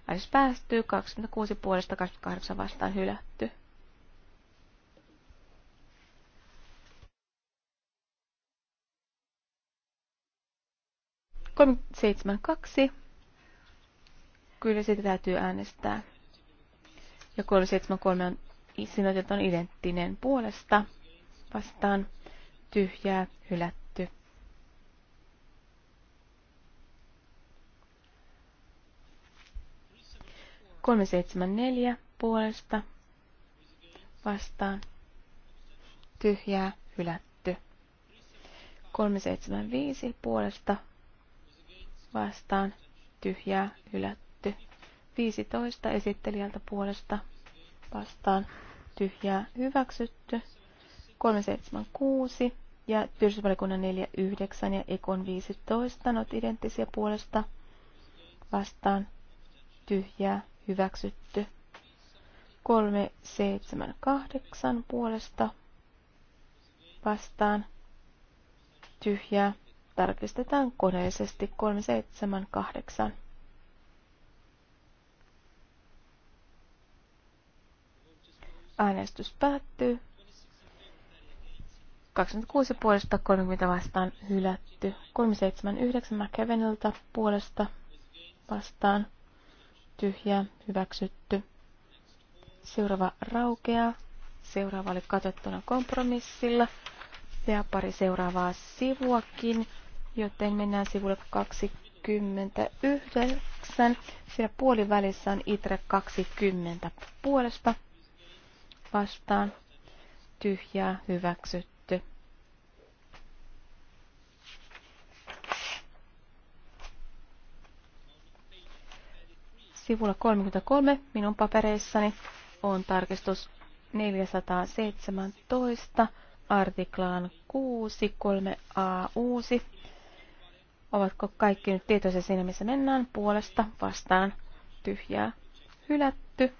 Äänestys päästyy 26 puolesta 28 vastaan hylätty. kaksi. Kyllä siitä täytyy äänestää ja 373 on, on identtinen puolesta vastaan tyhjää hylätty. Kolme seitsemän neljä puolesta vastaan tyhjää hylätty. viisi puolesta vastaan tyhjää hylätty. 15 esittelijältä puolesta vastaan tyhjää hyväksytty. 376 ja työllisyysvaliokunnan 49 ja Ekon 15 not identtisiä puolesta vastaan tyhjää hyväksytty. 378 puolesta vastaan tyhjää tarkistetaan koneellisesti 378. Äänestys päättyy. 26 puolesta 30 vastaan hylätty. 379 McKeveniltä puolesta vastaan tyhjä hyväksytty. Seuraava raukeaa. Seuraava oli katsottuna kompromissilla ja pari seuraavaa sivuakin, joten mennään sivulle 29. Siellä puolivälissä on ITRE 20 puolesta vastaan tyhjää hyväksytty. Sivulla 33 minun papereissani on tarkistus 417 artiklaan 6, 3a uusi. Ovatko kaikki nyt tietoisia siinä, missä mennään? Puolesta vastaan tyhjää hylätty.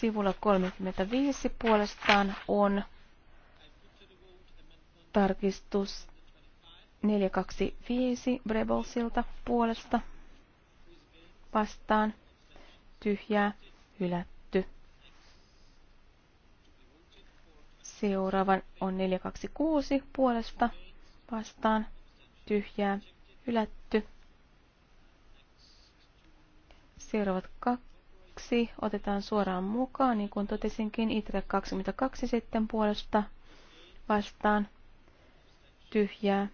sivulla 35 puolestaan on tarkistus 425 Brebolsilta puolesta vastaan tyhjää hylätty. Seuraavan on 426 puolesta vastaan tyhjää hylätty. Seuraavat kaksi 2 otetaan suoraan mukaan, niin kuin totesinkin, ITRE 22 sitten puolesta vastaan tyhjää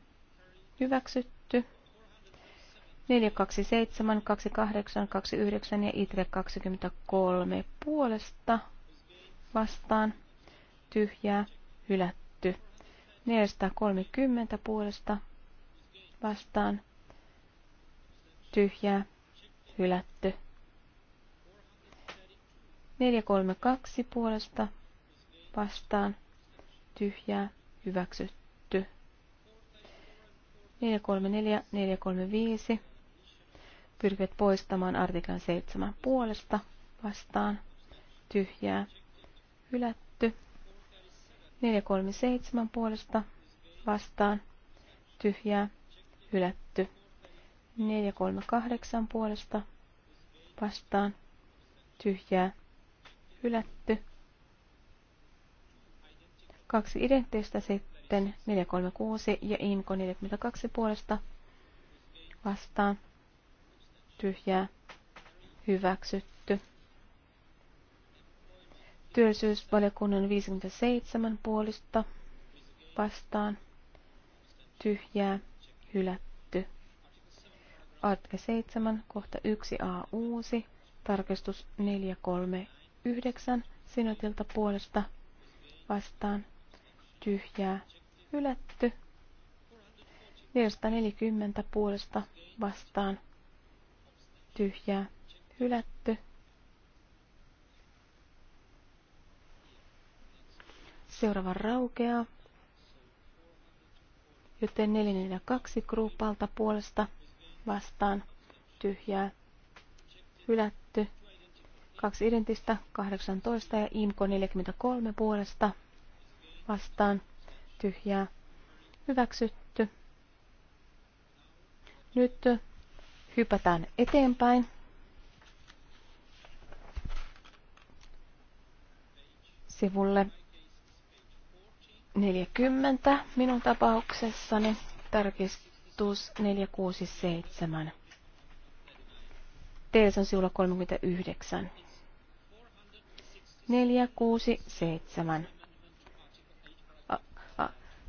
hyväksytty. 427, 28, 29 ja ITRE 23 puolesta vastaan tyhjää hylätty. 430 puolesta vastaan tyhjää hylätty. 432 puolesta vastaan tyhjää hyväksytty. 434, 435 pyrkivät poistamaan artiklan 7 puolesta vastaan tyhjää hylätty. 437 puolesta vastaan tyhjää hylätty. 438 puolesta vastaan tyhjää hylätty. Kaksi identtistä sitten 436 ja Inko 42 puolesta vastaan. Tyhjää hyväksytty. Työllisyysvaliokunnan 57 puolista vastaan. Tyhjää hylätty. Artke 7, kohta 1a uusi, tarkistus 431 Yhdeksän sinutilta puolesta vastaan tyhjää hylätty. 440 puolesta vastaan tyhjää hylätty. Seuraava raukea. Joten 442 kruupalta puolesta vastaan tyhjää hylätty. Kaksi identistä, 18 ja IMKO 43 puolesta vastaan tyhjää hyväksytty. Nyt hypätään eteenpäin. Sivulle 40 minun tapauksessani tarkistus 467. Teillä on sivulla 39. 4, 6, 7.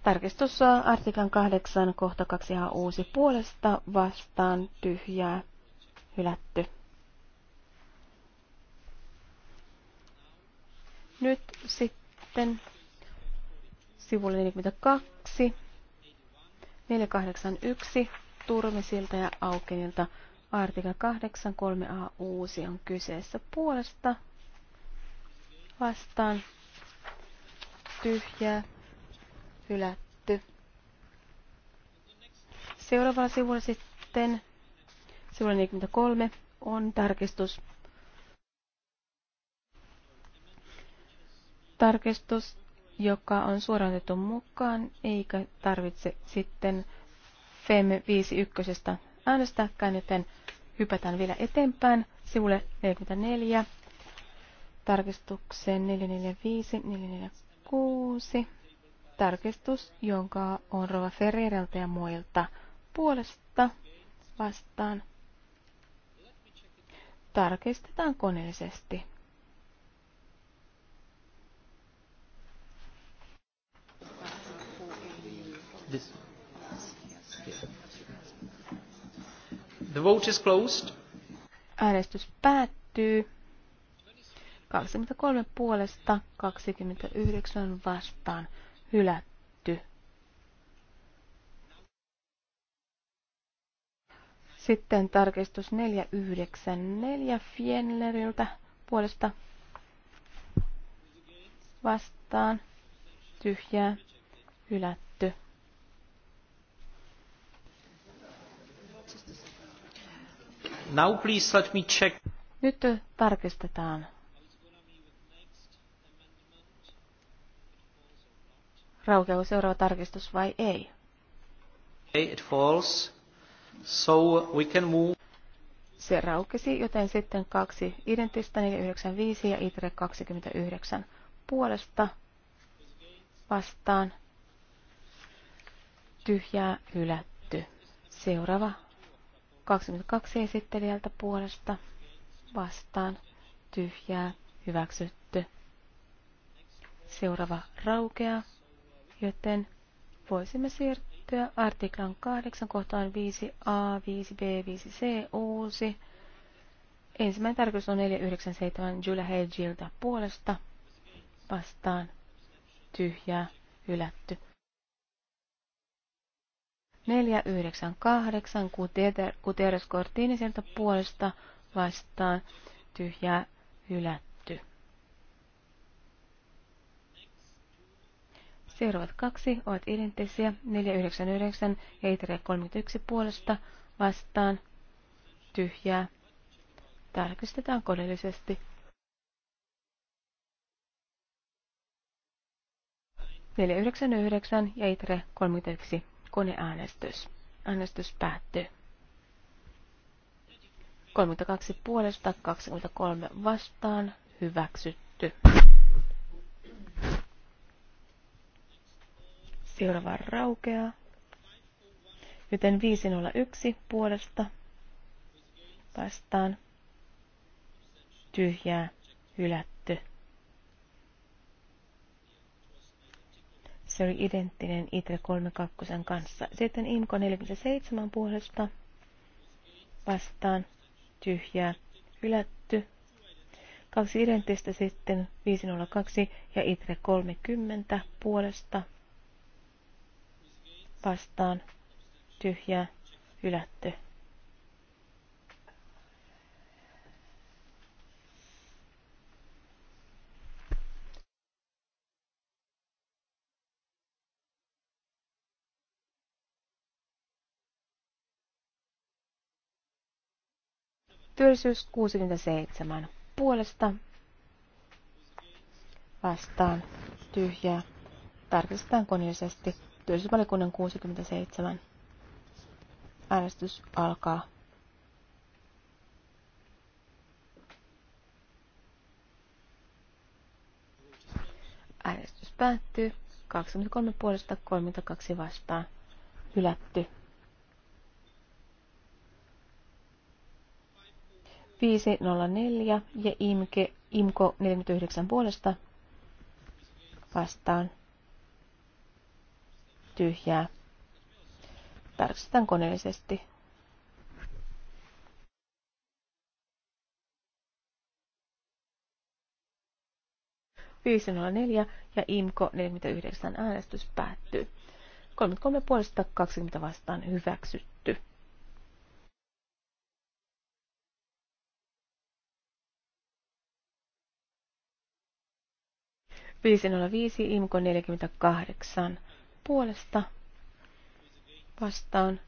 Tarkistus artiklan 8 kohta 2 ihan uusi puolesta vastaan tyhjää hylätty. Nyt sitten sivulle 42, 481, Turmisilta ja Aukenilta, artikla 8, 3a uusi on kyseessä puolesta vastaan tyhjä hylätty. Seuraavalla sivulla sitten, sivulla 43, on tarkistus. Tarkistus, joka on suoraan otettu mukaan, eikä tarvitse sitten FEM 51 äänestääkään, joten hypätään vielä eteenpäin sivulle 44 tarkistukseen 445, 446, tarkistus, jonka on Rova Ferreiralta ja muilta puolesta vastaan. Tarkistetaan koneellisesti. This. The vote is closed. Äänestys päättyy. 23 puolesta 29 vastaan hylätty. Sitten tarkistus 494 Fienleriltä puolesta vastaan tyhjää hylätty. Now please let me check. Nyt tarkistetaan raukeaa seuraava tarkistus vai ei. Okay, it falls. So we can move. Se raukesi, joten sitten kaksi identistä 495 ja ITRE 29 puolesta vastaan tyhjää hylätty. Seuraava 22 esittelijältä puolesta vastaan tyhjää hyväksytty. Seuraava raukeaa joten voisimme siirtyä artiklan 8 kohtaan 5a, 5b, 5c uusi. Ensimmäinen tarkoitus on 497 Julia Hedgiltä puolesta vastaan tyhjää ylätty. 498 Guterres Cortinisilta puolesta vastaan tyhjää ylätty. Seuraavat kaksi ovat identtisiä 499 ja Itria 31 puolesta vastaan tyhjää. Tarkistetaan kodellisesti. Neljä yhdeksän yhdeksän ja Itre 31 koneäänestys. Äänestys päättyy. 32 puolesta, 23 vastaan, hyväksytty. Seuraava raukeaa. Joten 501 puolesta vastaan tyhjää hylätty. Se oli identtinen it 32 kanssa. Sitten IMKO 47 puolesta vastaan tyhjää hylätty. Kaksi identtistä sitten 502 ja ITRE 30 puolesta vastaan tyhjää hylätty. Työllisyys 67. Puolesta vastaan tyhjää. Tarkistetaan koneellisesti työllisyysvaliokunnan 67. Äänestys alkaa. Äänestys päättyy. 23 puolesta 32 vastaan. Hylätty. 504 ja IMKE, IMKO 49 puolesta vastaan tyhjää. Tarkistetaan koneellisesti. ja IMKO 49 äänestys päättyy. 33 puolesta 20 vastaan hyväksytty. viisi IMKO 48 puolesta vastaan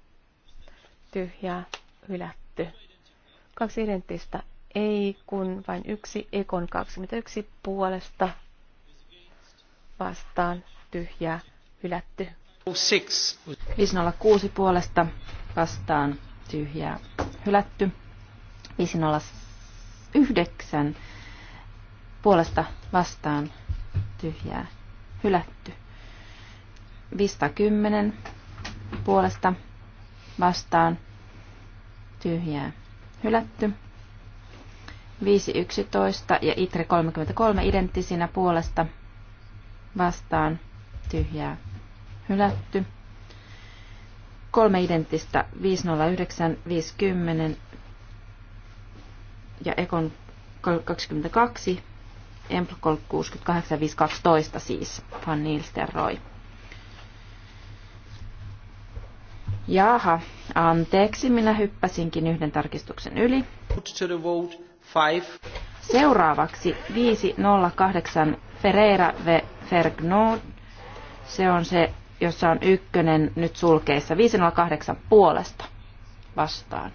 tyhjää hylätty. Kaksi identtistä ei, kun vain yksi ekon 21 puolesta vastaan tyhjää hylätty. 506 puolesta vastaan tyhjää hylätty. 509 puolesta vastaan tyhjää hylätty. 510 puolesta vastaan tyhjää hylätty. 511 ja ITRE 33 identtisinä puolesta vastaan tyhjää hylätty. Kolme identtistä 509, 510 ja Ekon 22, Empl 68, 512 siis, Van Nielsterroy. Roy. Jaha, anteeksi, minä hyppäsinkin yhden tarkistuksen yli. Seuraavaksi 508 Ferreira V. Fergnod. Se on se, jossa on ykkönen nyt sulkeissa. 508 puolesta vastaan.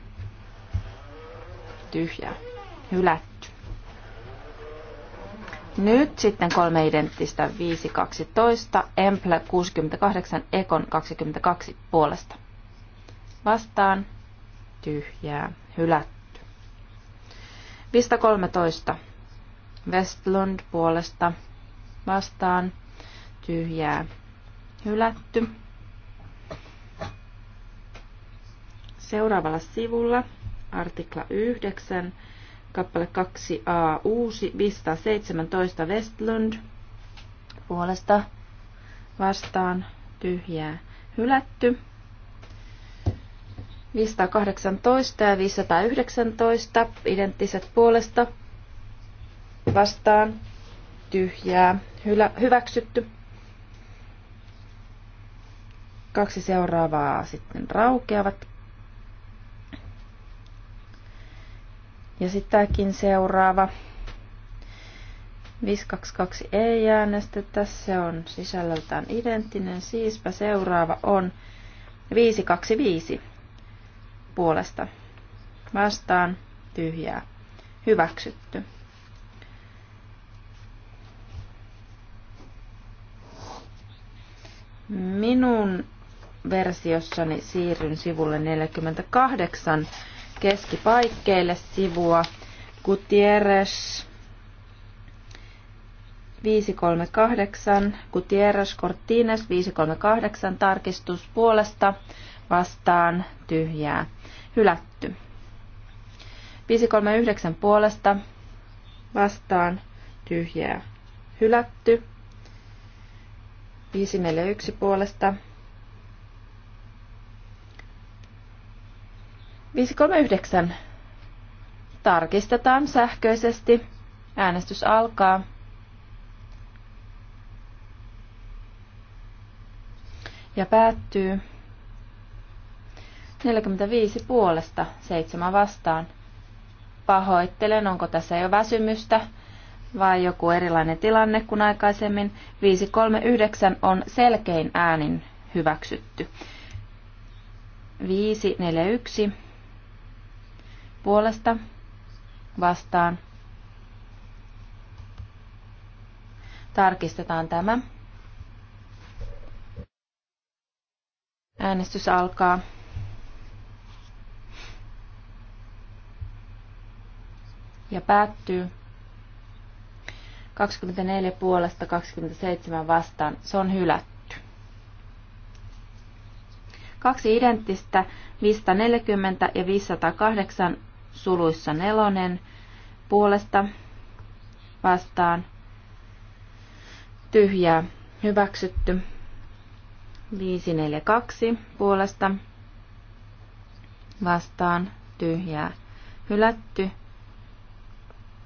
Tyhjä. Hylätty. Nyt sitten kolme identtistä 512, Emple 68, Ekon 22 puolesta vastaan tyhjää hylätty. 13. Westlund puolesta vastaan tyhjää hylätty. Seuraavalla sivulla artikla 9, kappale 2a, uusi 17, Westlund puolesta vastaan tyhjää hylätty. 518 ja 519 identtiset puolesta vastaan tyhjää Hylä, hyväksytty. Kaksi seuraavaa sitten raukeavat. Ja sitäkin seuraava. 522 ei äänestetä, se on sisällöltään identtinen. Siispä seuraava on 525 puolesta vastaan tyhjää hyväksytty. Minun versiossani siirryn sivulle 48 keskipaikkeille sivua Gutierrez 538, Gutierrez Cortines 538 tarkistus puolesta vastaan tyhjää hylätty. 539 puolesta vastaan tyhjää hylätty. 541 puolesta 539 tarkistetaan sähköisesti. Äänestys alkaa. Ja päättyy. 45 puolesta, 7 vastaan. Pahoittelen, onko tässä jo väsymystä vai joku erilainen tilanne kuin aikaisemmin. 539 on selkein äänin hyväksytty. 541 puolesta vastaan. Tarkistetaan tämä. Äänestys alkaa. ja päättyy 24 puolesta 27 vastaan. Se on hylätty. Kaksi identtistä 540 ja 508 suluissa nelonen puolesta vastaan tyhjää hyväksytty. 542 puolesta vastaan tyhjää hylätty.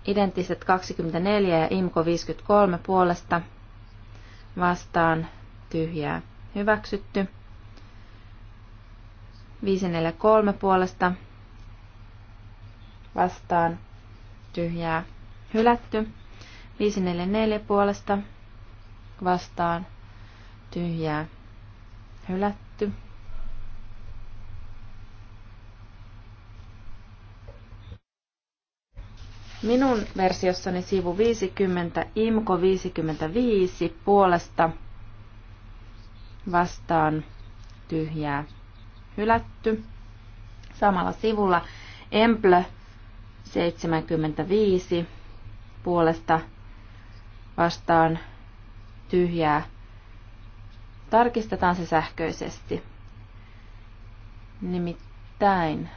Identtiset 24 ja IMKO 53 puolesta vastaan tyhjää hyväksytty. 543 puolesta vastaan tyhjää hylätty. 544 puolesta vastaan tyhjää hylätty. Minun versiossani sivu 50, IMKO 55 puolesta vastaan tyhjää hylätty. Samalla sivulla Emple 75 puolesta vastaan tyhjää. Tarkistetaan se sähköisesti. Nimittäin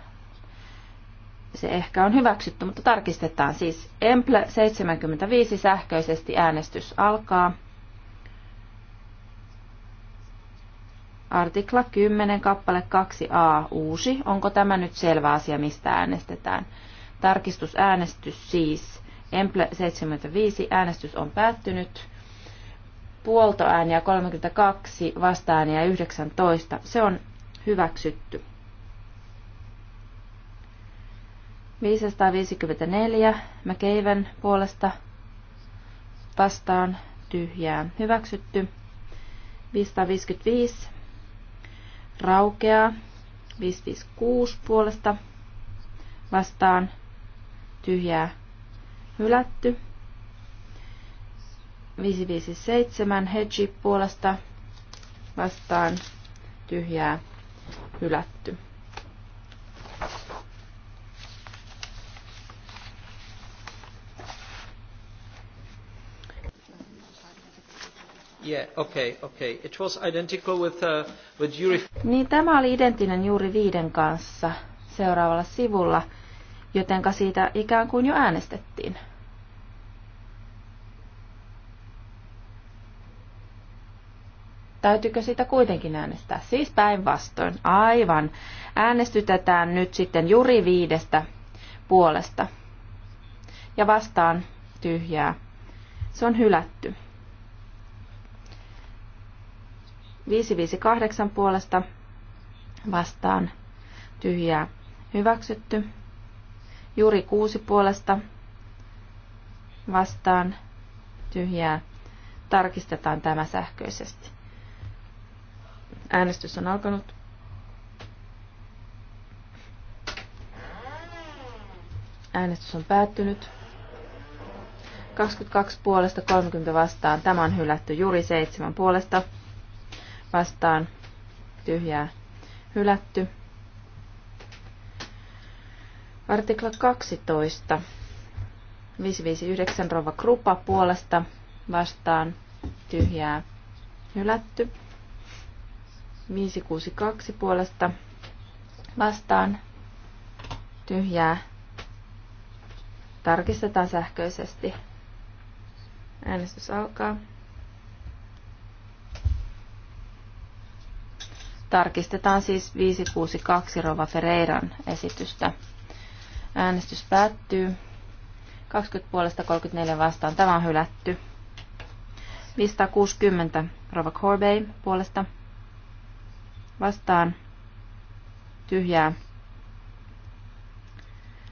se ehkä on hyväksytty, mutta tarkistetaan siis. Emple 75 sähköisesti äänestys alkaa. Artikla 10, kappale 2a, uusi. Onko tämä nyt selvä asia, mistä äänestetään? Tarkistusäänestys siis. Emple 75, äänestys on päättynyt. Puoltoääniä 32, vastaääniä 19. Se on hyväksytty. 554 keivän puolesta vastaan tyhjää hyväksytty. 555 raukeaa. 556 puolesta vastaan tyhjää hylätty. 557 hedgi puolesta vastaan tyhjää hylätty. Uh, niin tämä oli identtinen juuri viiden kanssa seuraavalla sivulla, jotenka siitä ikään kuin jo äänestettiin. Täytyykö sitä kuitenkin äänestää? Siis päinvastoin. Aivan. Äänestytetään nyt sitten juuri viidestä puolesta. Ja vastaan tyhjää. Se on hylätty. 558 puolesta vastaan tyhjää hyväksytty. Juri 6 puolesta vastaan tyhjää. Tarkistetaan tämä sähköisesti. Äänestys on alkanut. Äänestys on päättynyt. 22 puolesta 30 vastaan. Tämä on hylätty. Juri 7 puolesta vastaan tyhjää hylätty. Artikla 12. 559 Rova Krupa puolesta vastaan tyhjää hylätty. 562 puolesta vastaan tyhjää tarkistetaan sähköisesti. Äänestys alkaa. Tarkistetaan siis 562 Rova Ferreiran esitystä. Äänestys päättyy. 20 puolesta 34 vastaan. Tämä on hylätty. 560 Rova Corbey puolesta vastaan. Tyhjää.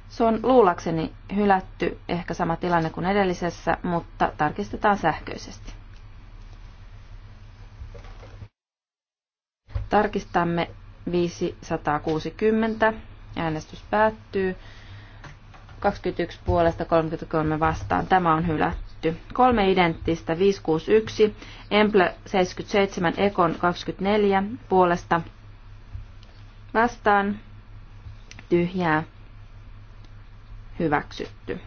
Se on luulakseni hylätty, ehkä sama tilanne kuin edellisessä, mutta tarkistetaan sähköisesti. Tarkistamme 560. Äänestys päättyy. 21 puolesta 33 vastaan. Tämä on hylätty. Kolme identtistä 561, Emple 77, Ekon 24 puolesta vastaan. Tyhjää. Hyväksytty.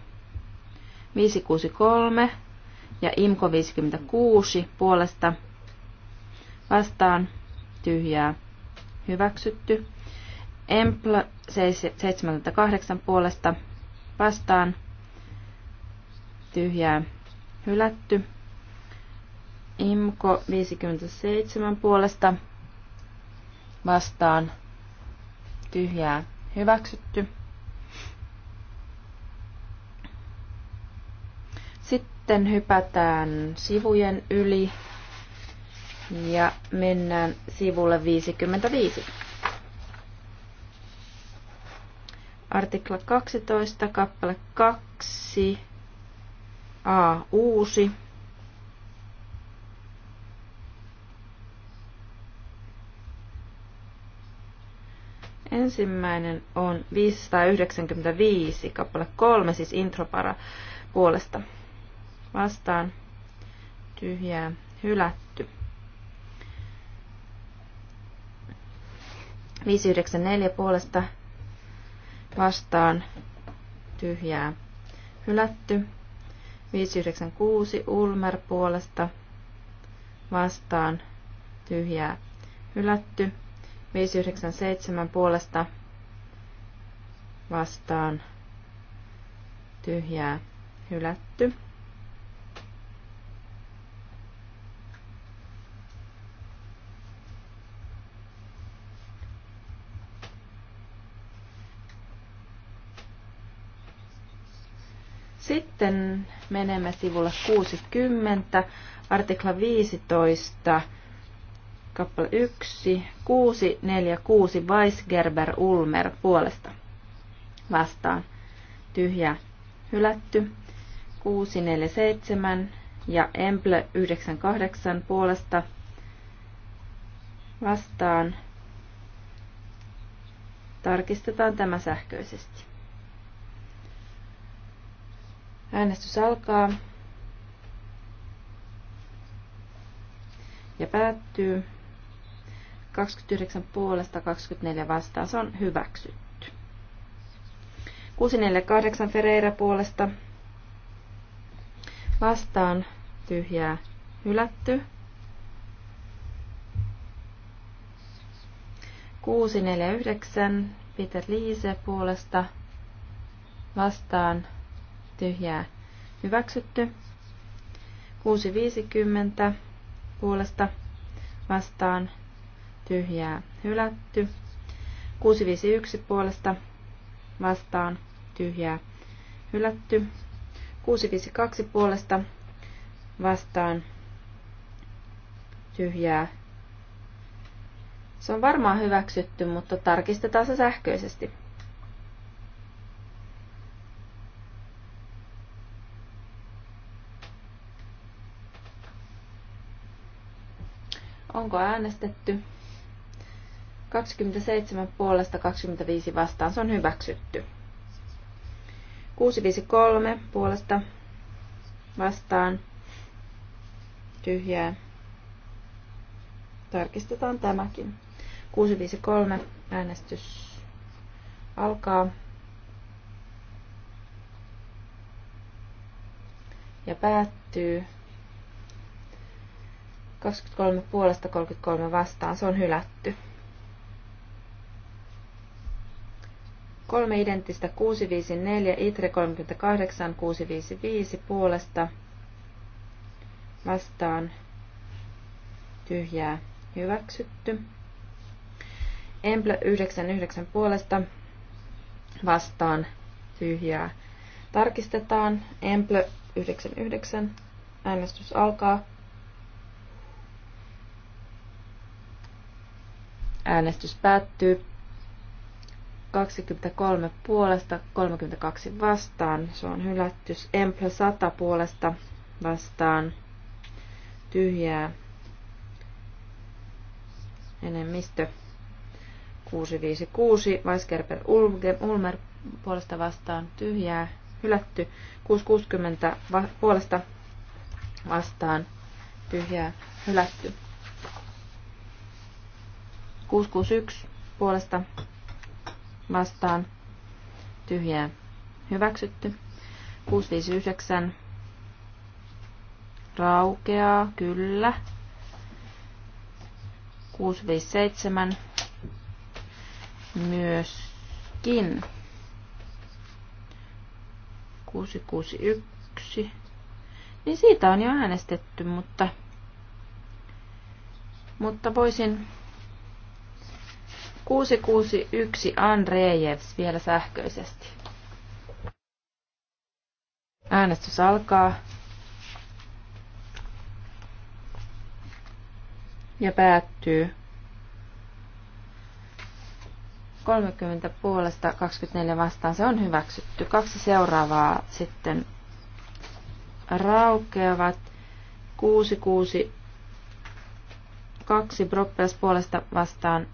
563 ja Imko 56 puolesta vastaan tyhjää hyväksytty. Empl 78 puolesta vastaan tyhjää hylätty. Imko 57 puolesta vastaan tyhjää hyväksytty. Sitten hypätään sivujen yli ja mennään sivulle 55. Artikla 12, kappale 2, A, uusi. Ensimmäinen on 595, kappale 3, siis intropara puolesta. Vastaan tyhjää hylätty. 594 puolesta vastaan tyhjää hylätty. 596 Ulmer puolesta vastaan tyhjää hylätty. 597 puolesta vastaan tyhjää hylätty. menemme sivulle 60, artikla 15, kappale 1, 6, 4, 6, Weisgerber Ulmer puolesta vastaan. Tyhjä hylätty. 6, 4, 7 ja Emple 98 puolesta vastaan. Tarkistetaan tämä sähköisesti. Äänestys alkaa ja päättyy. 29 puolesta 24 vastaan. Se on hyväksytty. 648 Ferreira puolesta vastaan tyhjää hylätty. 649 Peter Liise puolesta vastaan tyhjää hyväksytty. 6.50 puolesta vastaan tyhjää hylätty. 651 puolesta vastaan tyhjää hylätty. 652 puolesta vastaan tyhjää. Se on varmaan hyväksytty, mutta tarkistetaan se sähköisesti. Onko äänestetty? 27 puolesta 25 vastaan. Se on hyväksytty. 653 puolesta vastaan. Tyhjää. Tarkistetaan tämäkin. 653 äänestys alkaa. Ja päättyy 23 puolesta 33 vastaan. Se on hylätty. Kolme identtistä 654, ITRE 38, 655 puolesta vastaan tyhjää hyväksytty. Emple 99 puolesta vastaan tyhjää. Tarkistetaan. Emple 99. Äänestys alkaa. Äänestys päättyy. 23 puolesta, 32 vastaan. Se on hylätty. Emple 100 puolesta vastaan. Tyhjää. Enemmistö. 656. Weisgerber Ulmer puolesta vastaan. Tyhjää. Hylätty. 660 va- puolesta vastaan. Tyhjää. Hylätty. 661 puolesta vastaan tyhjää hyväksytty. 659 raukeaa, kyllä. 657 myöskin. 661. Niin siitä on jo äänestetty, mutta, mutta voisin 661 Andrejevs vielä sähköisesti. Äänestys alkaa. Ja päättyy. 30 puolesta 24 vastaan se on hyväksytty. Kaksi seuraavaa sitten raukeavat. 662 Broppels puolesta vastaan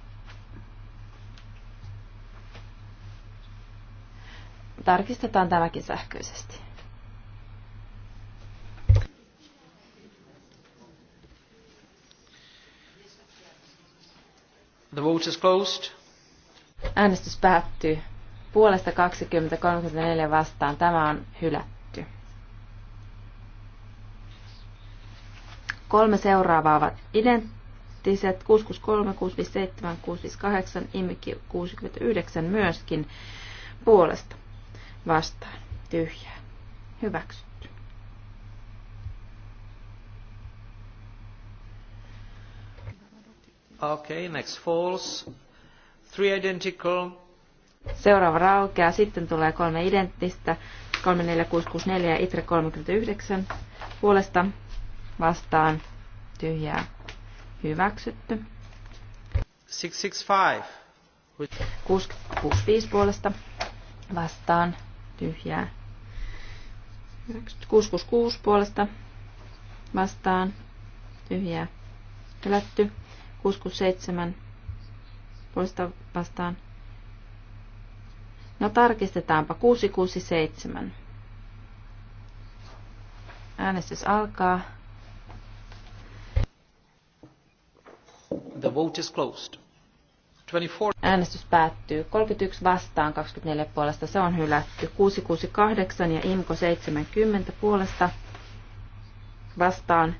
Tarkistetaan tämäkin sähköisesti. The vote is closed. Äänestys päättyy. Puolesta 2034 vastaan. Tämä on hylätty. Kolme seuraavaa ovat identtiset. 663, 657, 658, IMIKI 69 myöskin puolesta vastaan tyhjää hyväksytty. Okay, next falls. Three identical. Seuraava raukeaa. Sitten tulee kolme identtistä. 34664 ja ITRE 39 puolesta vastaan tyhjää hyväksytty. 665. 665 puolesta vastaan tyhjää. 666 puolesta vastaan tyhjää hylätty. 667 puolesta vastaan. No tarkistetaanpa 667. Äänestys alkaa. The vote is closed. Äänestys päättyy 31 vastaan 24 puolesta. Se on hylätty. 668 ja IMKO 70 puolesta vastaan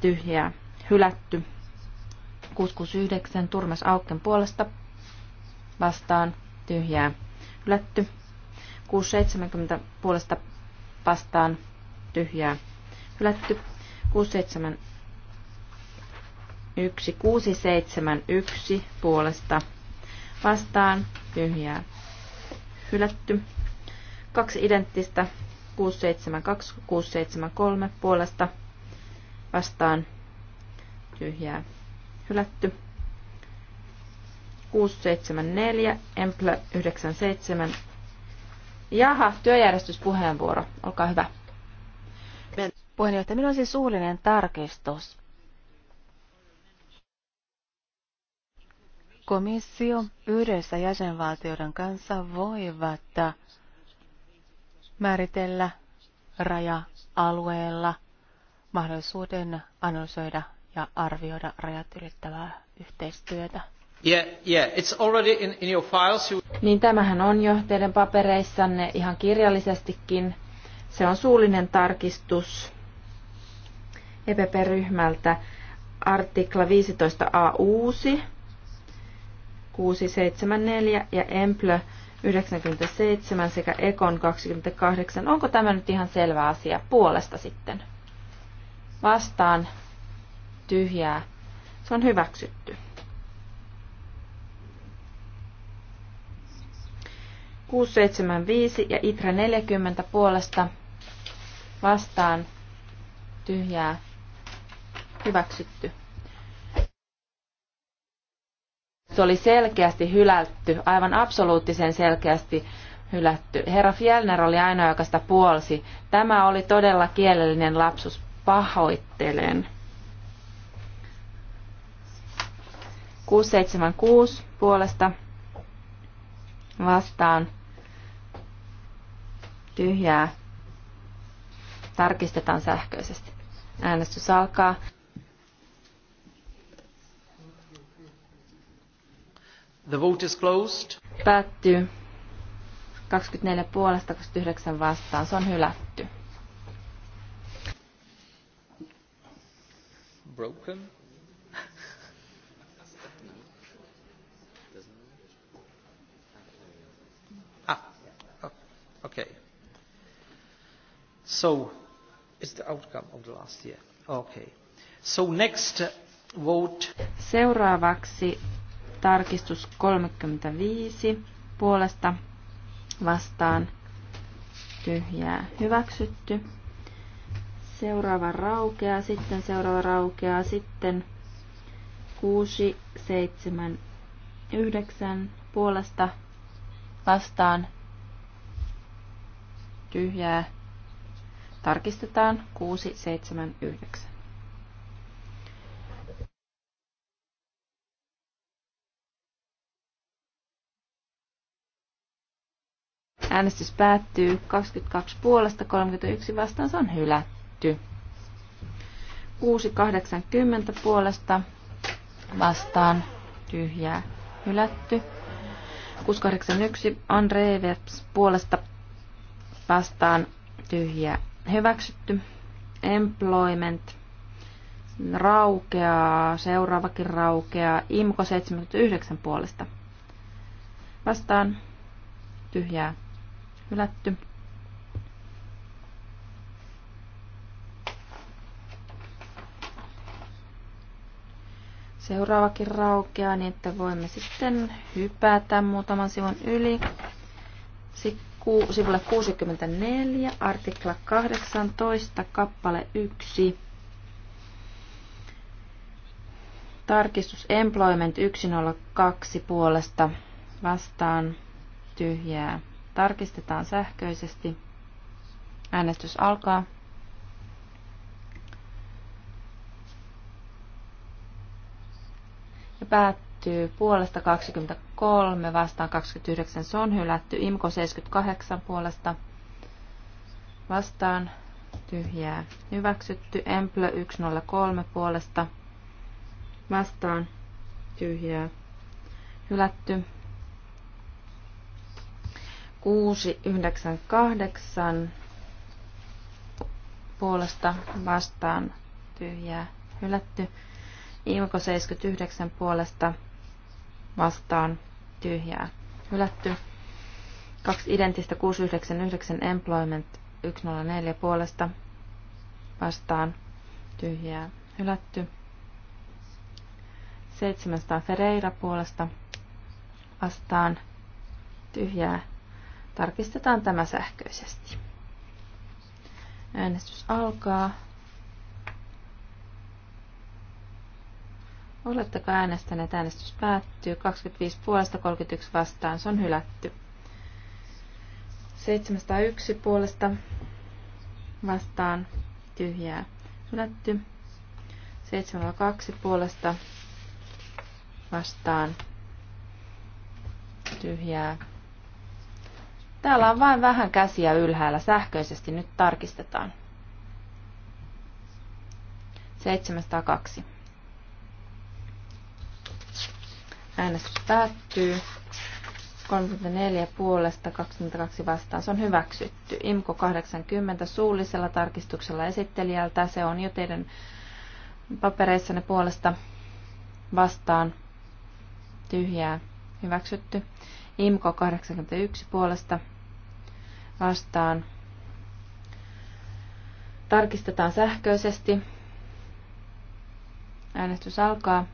tyhjää hylätty. 669 Turmes Aukken puolesta vastaan tyhjää hylätty. 670 puolesta vastaan tyhjää hylätty. 67 1671 puolesta vastaan tyhjää hylätty. Kaksi identtistä 672, 673 puolesta vastaan tyhjää hylätty. 674, Emple 97. Jaha, työjärjestyspuheenvuoro. Olkaa hyvä. Puheenjohtaja, minulla on siis suullinen tarkistus. Komissio yhdessä jäsenvaltioiden kanssa voivat määritellä raja-alueella mahdollisuuden analysoida ja arvioida rajat ylittävää yhteistyötä. Yeah, yeah. It's already in, in your files. You... Niin tämähän on jo teidän papereissanne ihan kirjallisestikin. Se on suullinen tarkistus EPP-ryhmältä artikla 15a uusi 674 ja Emplö 97 sekä Ekon 28. Onko tämä nyt ihan selvä asia puolesta sitten? Vastaan tyhjää. Se on hyväksytty. 675 ja Itra 40 puolesta vastaan tyhjää hyväksytty. Se oli selkeästi hylätty, aivan absoluuttisen selkeästi hylätty. Herra Fjellner oli ainoa, joka sitä puolsi. Tämä oli todella kielellinen lapsus. Pahoittelen. 676 puolesta vastaan tyhjää. Tarkistetaan sähköisesti. Äänestys alkaa. The vote is closed. Päättyy. 24 puolesta, 29 vastaan. Se on hylätty. Broken. ah, oh, okay. So, it's the outcome of the last year. Okay. So next vote. Seuraavaksi Tarkistus 35 puolesta vastaan tyhjää hyväksytty. Seuraava raukeaa, sitten seuraava raukeaa, sitten 6, 7, 9 puolesta vastaan tyhjää. Tarkistetaan 6, 7, 9. Äänestys päättyy 22 puolesta 31 vastaan. Se on hylätty. 680 puolesta vastaan tyhjää hylätty. 681 Andre Verps puolesta vastaan tyhjää hyväksytty. Employment raukeaa, seuraavakin raukeaa, IMKO 79 puolesta. Vastaan tyhjää Hylätty. Seuraavakin raukeaa niin, että voimme sitten hypätä muutaman sivun yli. Sivulle 64, artikla 18, kappale 1. Tarkistus Employment 102 puolesta vastaan tyhjää Tarkistetaan sähköisesti. Äänestys alkaa. Ja päättyy puolesta 23 vastaan 29. Se on hylätty. Imko 78 puolesta vastaan tyhjää. Hyväksytty. Emplö 103 puolesta vastaan tyhjää. Hylätty. 698 puolesta vastaan tyhjää hylätty. Imko 79 puolesta vastaan tyhjää hylätty. Kaksi identistä 699 employment 104 puolesta vastaan tyhjää hylätty. 700 Ferreira puolesta vastaan tyhjää Tarkistetaan tämä sähköisesti. Äänestys alkaa. Oletteko äänestäneet? Äänestys päättyy. 25 puolesta 31 vastaan. Se on hylätty. 701 puolesta vastaan tyhjää hylätty. 702 puolesta vastaan tyhjää Täällä on vain vähän käsiä ylhäällä. Sähköisesti nyt tarkistetaan. 702. Äänestys päättyy. 34 puolesta 22 vastaan. Se on hyväksytty. IMKO 80 suullisella tarkistuksella esittelijältä. Se on jo teidän papereissanne puolesta vastaan. Tyhjää. Hyväksytty. IMKO 81 puolesta vastaan. Tarkistetaan sähköisesti. Äänestys alkaa.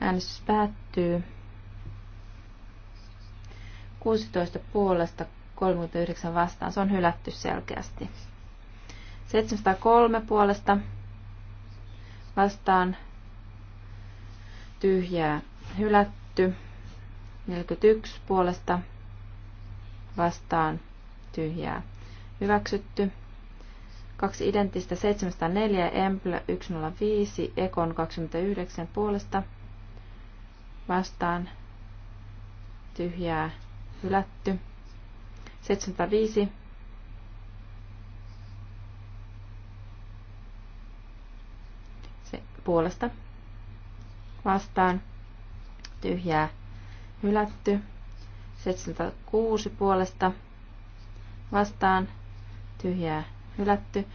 Äänestys päättyy. 16 puolesta 39 vastaan. Se on hylätty selkeästi. 703 puolesta vastaan tyhjää hylätty. 41 puolesta vastaan tyhjää hyväksytty. Kaksi identtistä 704, Emple 105, Ekon 29 puolesta vastaan tyhjää hylätty. 705 puolesta vastaan tyhjää hylätty. 76 puolesta vastaan tyhjää hylätty.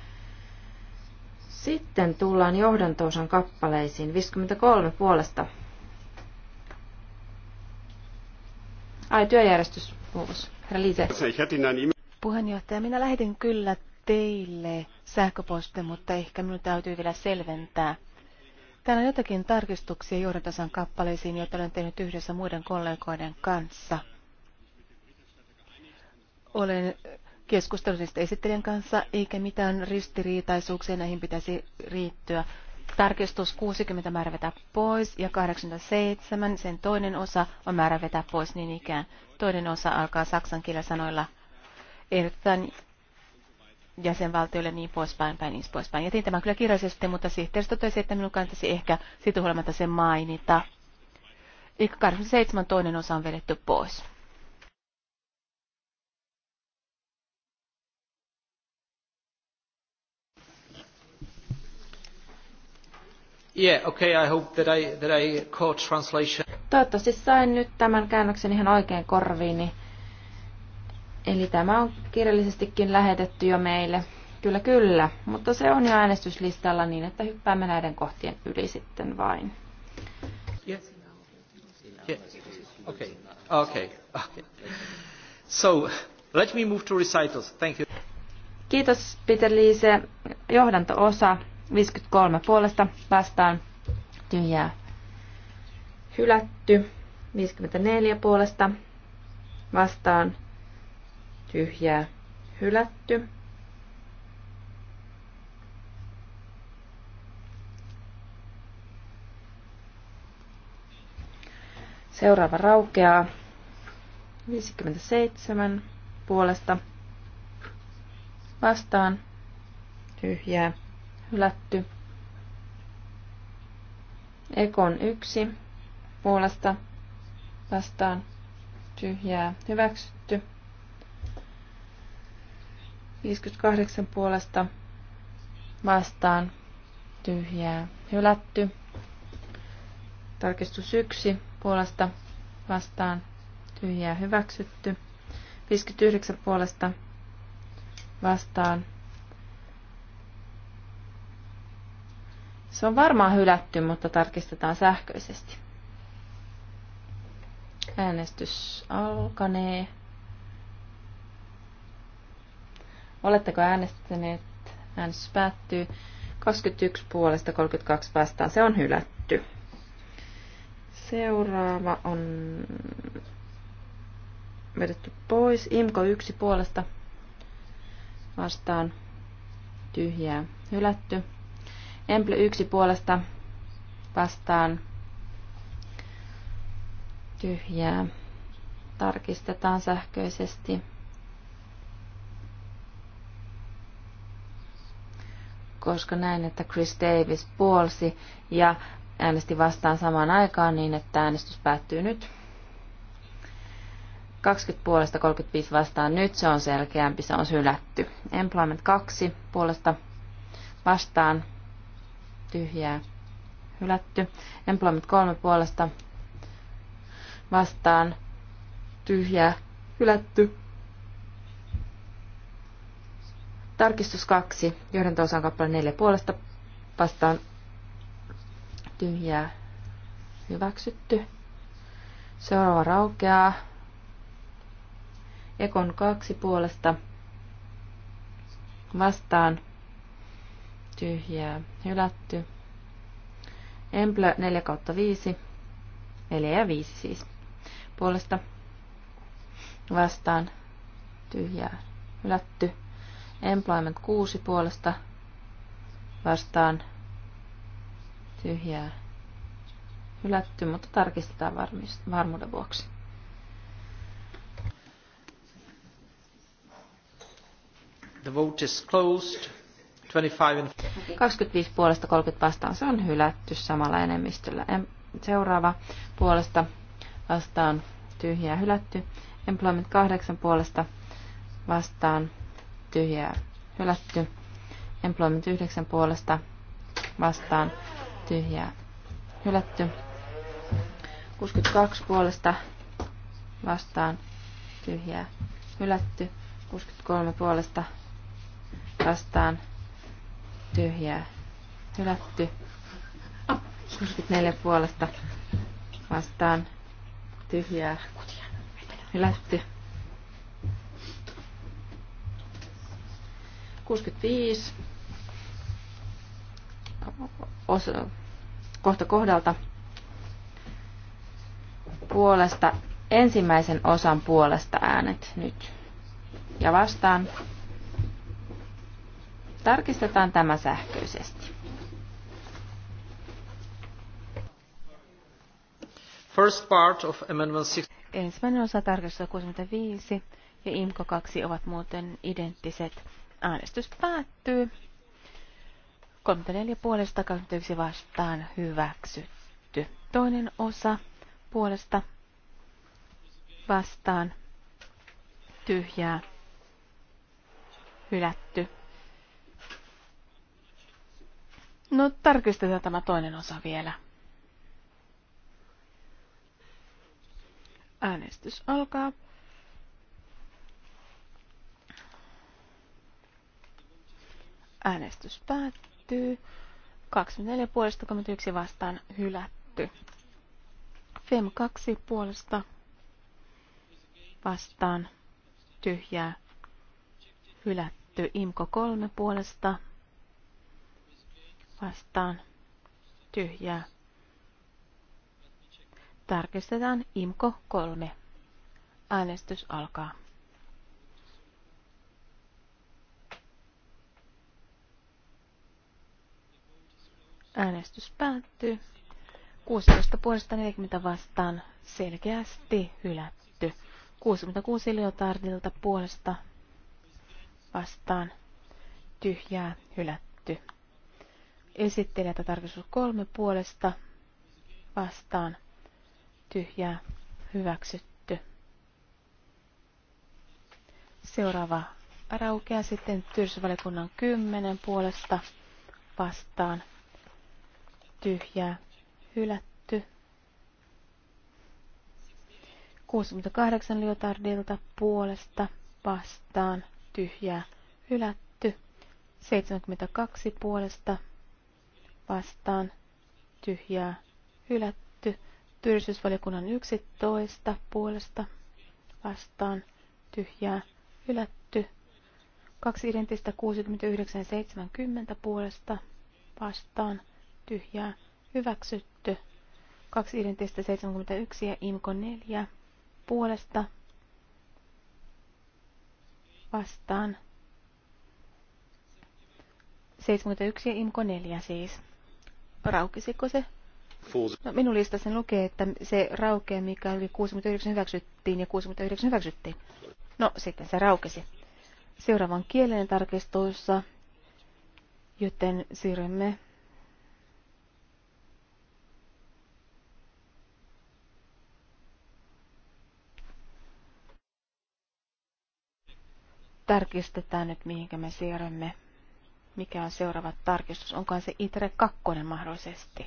Sitten tullaan johdantousan kappaleisiin. 53 puolesta. Ai, työjärjestys. Herra Puheenjohtaja, minä lähetin kyllä teille sähköposti, mutta ehkä minun täytyy vielä selventää. Täällä on jotakin tarkistuksia juuritason kappaleisiin, joita olen tehnyt yhdessä muiden kollegoiden kanssa. Olen keskustellut niistä esittelijän kanssa, eikä mitään ristiriitaisuuksia näihin pitäisi riittyä. Tarkistus 60 määrä vetää pois ja 87, sen toinen osa on määrä vetää pois niin ikään. Toinen osa alkaa saksan kielellä sanoilla ehdotetaan jäsenvaltioille niin poispäin, päin, niin poispäin. Jätin tämän kyllä kirjallisesti, mutta sihteeristö totesi, että minun kannattaisi ehkä siitä huolimatta sen mainita. Eli 87 toinen osa on vedetty pois. Yeah, okay, I hope that I, that I caught translation. Toivottavasti sain nyt tämän käännöksen ihan oikein korviini. Eli tämä on kirjallisestikin lähetetty jo meille. Kyllä, kyllä, mutta se on jo äänestyslistalla niin, että hyppäämme näiden kohtien yli sitten vain. Yes. Okay. Okay. Okay. So, let me move to recitals. Thank you. Kiitos Peter Liise. Johdanto-osa 53 puolesta vastaan tyhjää hylätty. 54 puolesta vastaan tyhjää hylätty. Seuraava raukeaa 57 puolesta vastaan tyhjää hylätty. Ekon yksi puolesta vastaan tyhjää hyväksytty. 58 puolesta vastaan tyhjää hylätty. Tarkistus 1 puolesta vastaan tyhjää hyväksytty. 59 puolesta vastaan. Se on varmaan hylätty, mutta tarkistetaan sähköisesti. Äänestys alkanee. Oletteko äänestäneet? Äänestys päättyy. 21 puolesta 32 vastaan. Se on hylätty. Seuraava on vedetty pois. Imko 1 puolesta vastaan. Tyhjää. Hylätty. Emple 1 puolesta vastaan. Tyhjää. Tarkistetaan sähköisesti. koska näin, että Chris Davis puolsi ja äänesti vastaan samaan aikaan niin, että äänestys päättyy nyt. 20 puolesta 35 vastaan nyt, se on selkeämpi, se on hylätty. Employment 2 puolesta vastaan tyhjää hylätty. Employment 3 puolesta vastaan tyhjää hylätty. Tarkistus 2, johdanto-osan kappale 4 puolesta vastaan tyhjää hyväksytty. Seuraava raukeaa. Ekon kaksi puolesta vastaan tyhjää hylätty. Emplö 4 kautta 5, 4 ja 5 siis, puolesta vastaan tyhjää hylätty. Employment 6 puolesta vastaan tyhjää hylätty, mutta tarkistetaan varmist- varmuuden vuoksi. The vote is closed. 25, 25 puolesta 30 vastaan se on hylätty samalla enemmistöllä. Seuraava puolesta vastaan tyhjää hylätty. Employment 8 puolesta vastaan tyhjää hylätty. Employment 9 puolesta vastaan tyhjää hylätty. 62 puolesta vastaan tyhjää hylätty. 63 puolesta vastaan tyhjää hylätty. 64 puolesta vastaan tyhjää hylätty. 65 osa, kohta kohdalta puolesta ensimmäisen osan puolesta äänet nyt. Ja vastaan. Tarkistetaan tämä sähköisesti. First part of amendment six. Ensimmäinen osa tarkistaa 65 ja IMCO 2 ovat muuten identtiset Äänestys päättyy. 34 puolesta 21 vastaan hyväksytty. Toinen osa puolesta vastaan tyhjää hylätty. No tarkistetaan tämä toinen osa vielä. Äänestys alkaa. Äänestys päättyy. 24 puolesta 31 vastaan hylätty. FEM 2 puolesta vastaan tyhjää hylätty. IMKO 3 puolesta vastaan tyhjää. Tarkistetaan IMKO 3. Äänestys alkaa. Äänestys päättyy. 16 puolesta 40 vastaan selkeästi hylätty. 66 Leotardilta puolesta vastaan tyhjää hylätty. Esittelijätä tarkistus kolme puolesta vastaan tyhjää hyväksytty. Seuraava raukea sitten tyrsivalikunnan 10 puolesta vastaan tyhjää hylätty. 68 liotardilta puolesta vastaan tyhjää hylätty. 72 puolesta vastaan tyhjää hylätty. Työllisyysvaliokunnan 11 puolesta vastaan tyhjää hylätty. Kaksi identistä 69 ja 70 puolesta vastaan tyhjää, hyväksytty. Kaksi identtistä 71 ja imko 4 puolesta vastaan. 71 ja imko 4 siis. Raukisiko se? No, minun listassa lukee, että se raukee, mikä oli 69 hyväksyttiin ja 69 hyväksyttiin. No, sitten se raukesi. Seuraavan kielen tarkistuissa, joten siirrymme tarkistetaan nyt, mihinkä me siirrymme. Mikä on seuraava tarkistus? Onkohan se ITRE 2 mahdollisesti?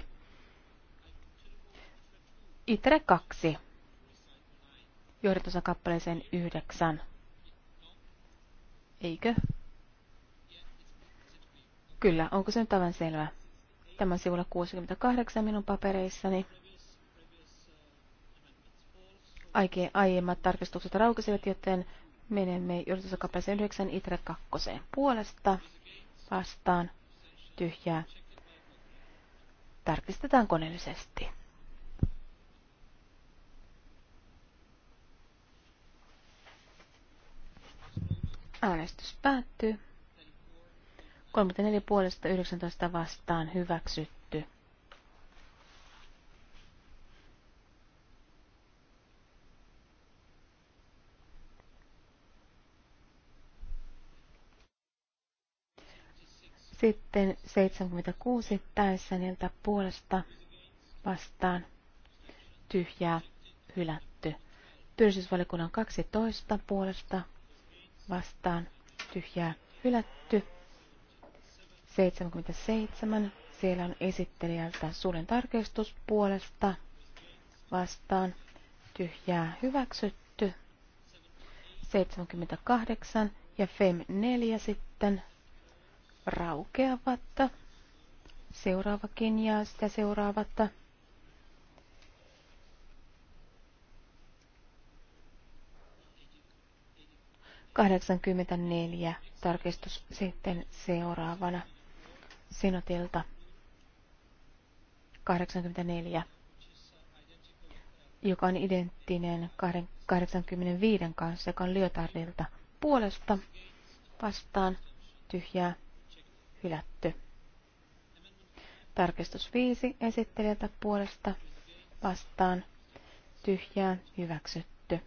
ITRE 2. Johdatus kappaleeseen 9. Eikö? Kyllä, onko se nyt aivan selvä? Tämä on sivulla 68 minun papereissani. Aiemmat tarkistukset raukesivat, joten menemme yritysakapäisen 9 itre 2 puolesta vastaan tyhjää. Tarkistetaan koneellisesti. Äänestys päättyy. 34 puolesta 19 vastaan hyväksytty. Sitten 76 täysäniltä puolesta vastaan tyhjää hylätty. Työllisyysvalikunnan 12 puolesta vastaan tyhjää hylätty. 77. Siellä on esittelijältä suuren tarkistus puolesta vastaan tyhjää hyväksytty. 78 ja FEM 4 sitten raukeavatta, seuraavakin ja sitä seuraavat. Kahdeksankymmentäneljä tarkistus sitten seuraavana Sinotilta. 84, joka on identtinen 85 kanssa, joka on Lyotardilta puolesta vastaan tyhjää hylätty. Tarkistus 5 esittelijältä puolesta vastaan tyhjään hyväksytty.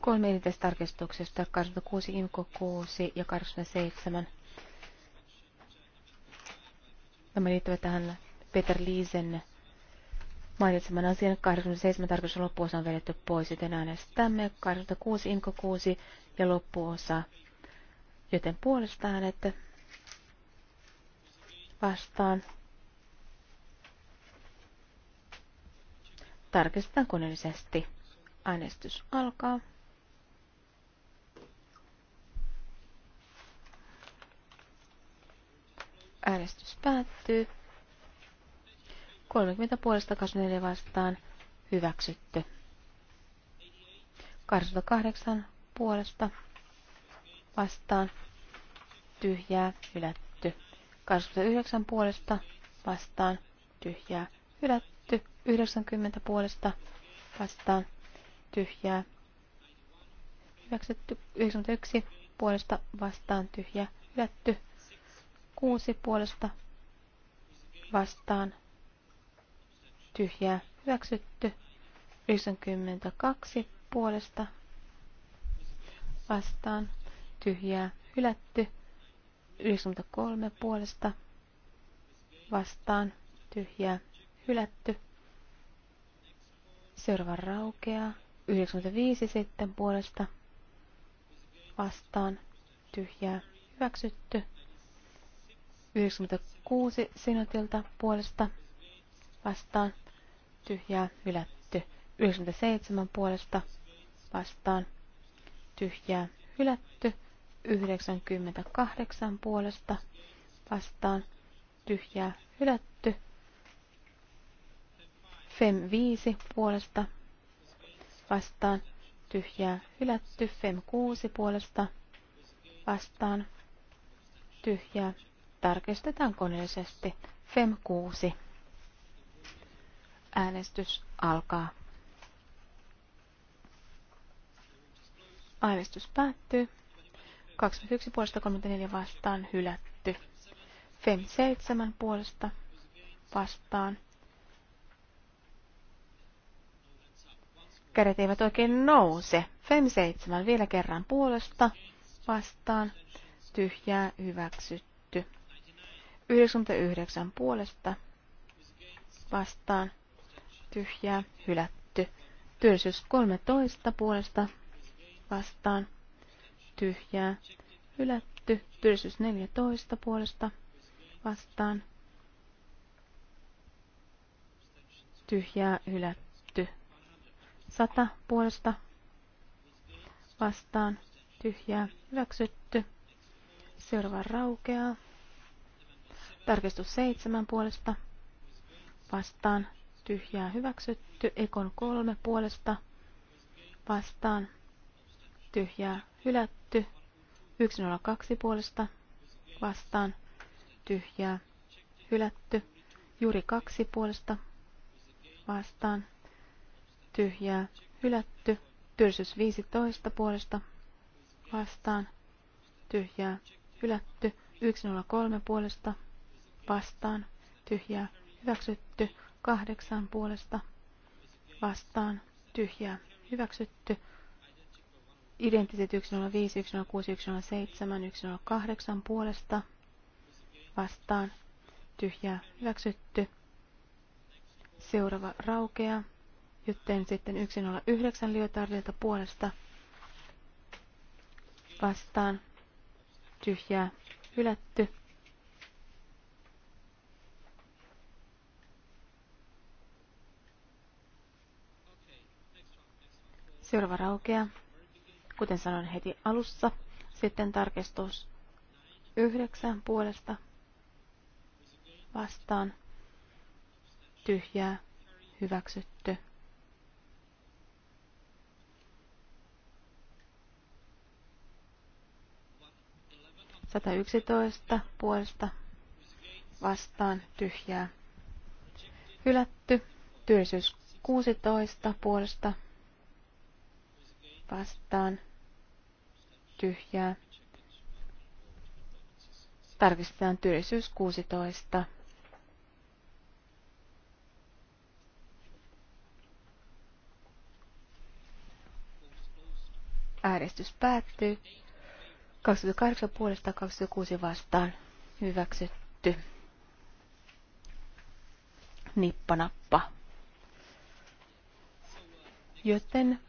Kolme edellisestä tarkistuksesta 26 IMKO 6 ja 27 Nämä liittyvät tähän Peter Liisen mainitseman asian 87 tarkoitus loppuosa on vedetty pois, joten äänestämme 86 inko 6 ja loppuosa. Joten puolesta äänet vastaan. Tarkistetaan koneellisesti. Äänestys alkaa. Äänestys päättyy. 30 puolesta 24 vastaan hyväksytty. 28 puolesta vastaan tyhjää hylätty. 29 puolesta vastaan tyhjää hylätty. 90 puolesta vastaan tyhjää hyväksytty. 91 puolesta vastaan tyhjä hylätty kuusi puolesta vastaan tyhjää hyväksytty. 92 puolesta vastaan tyhjää hylätty. 93 puolesta vastaan tyhjää hylätty. Seuraava raukeaa. 95 sitten puolesta vastaan tyhjää hyväksytty. 96 sinutilta puolesta vastaan. Tyhjää hylätty. 97 puolesta vastaan. Tyhjää hylätty. 98 puolesta vastaan. Tyhjää hylätty. Fem 5 puolesta vastaan. Tyhjää hylätty. Fem 6 puolesta vastaan. Tyhjää Tarkistetaan koneellisesti. FEM 6. Äänestys alkaa. Äänestys päättyy. 21 puolesta 34 vastaan hylätty. FEM 7 puolesta vastaan. Kädet eivät oikein nouse. FEM 7 vielä kerran puolesta vastaan. Tyhjää hyväksyt. 99 puolesta vastaan tyhjää hylätty. Työllisyys 13 puolesta vastaan tyhjää hylätty. Työllisyys 14 puolesta vastaan tyhjää hylätty. 100 puolesta vastaan tyhjää hyväksytty. Seuraava raukeaa. Tarkistus seitsemän puolesta vastaan tyhjää hyväksytty. Ekon kolme puolesta vastaan tyhjää hylätty. 102 puolesta vastaan tyhjää hylätty. Juuri kaksi puolesta vastaan tyhjää hylätty. Tylsys 15 puolesta vastaan tyhjää hylätty. 103 puolesta vastaan vastaan, tyhjää, hyväksytty. Kahdeksan puolesta vastaan, tyhjää, hyväksytty. Identiteetti 105, 106, 107, 108 puolesta vastaan, tyhjää, hyväksytty. Seuraava raukea, joten sitten 109 liotardilta puolesta vastaan, tyhjää, hylätty. Seuraava raukeaa. Kuten sanoin heti alussa, sitten tarkistus yhdeksän puolesta vastaan tyhjää hyväksytty. Sata yksitoista puolesta vastaan tyhjää hylätty. Työllisyys kuusitoista puolesta vastaan tyhjää. Tarkistetaan työllisyys 16. Äänestys päättyy. 28 puolesta 26 vastaan. Hyväksytty. Nippanappa. Joten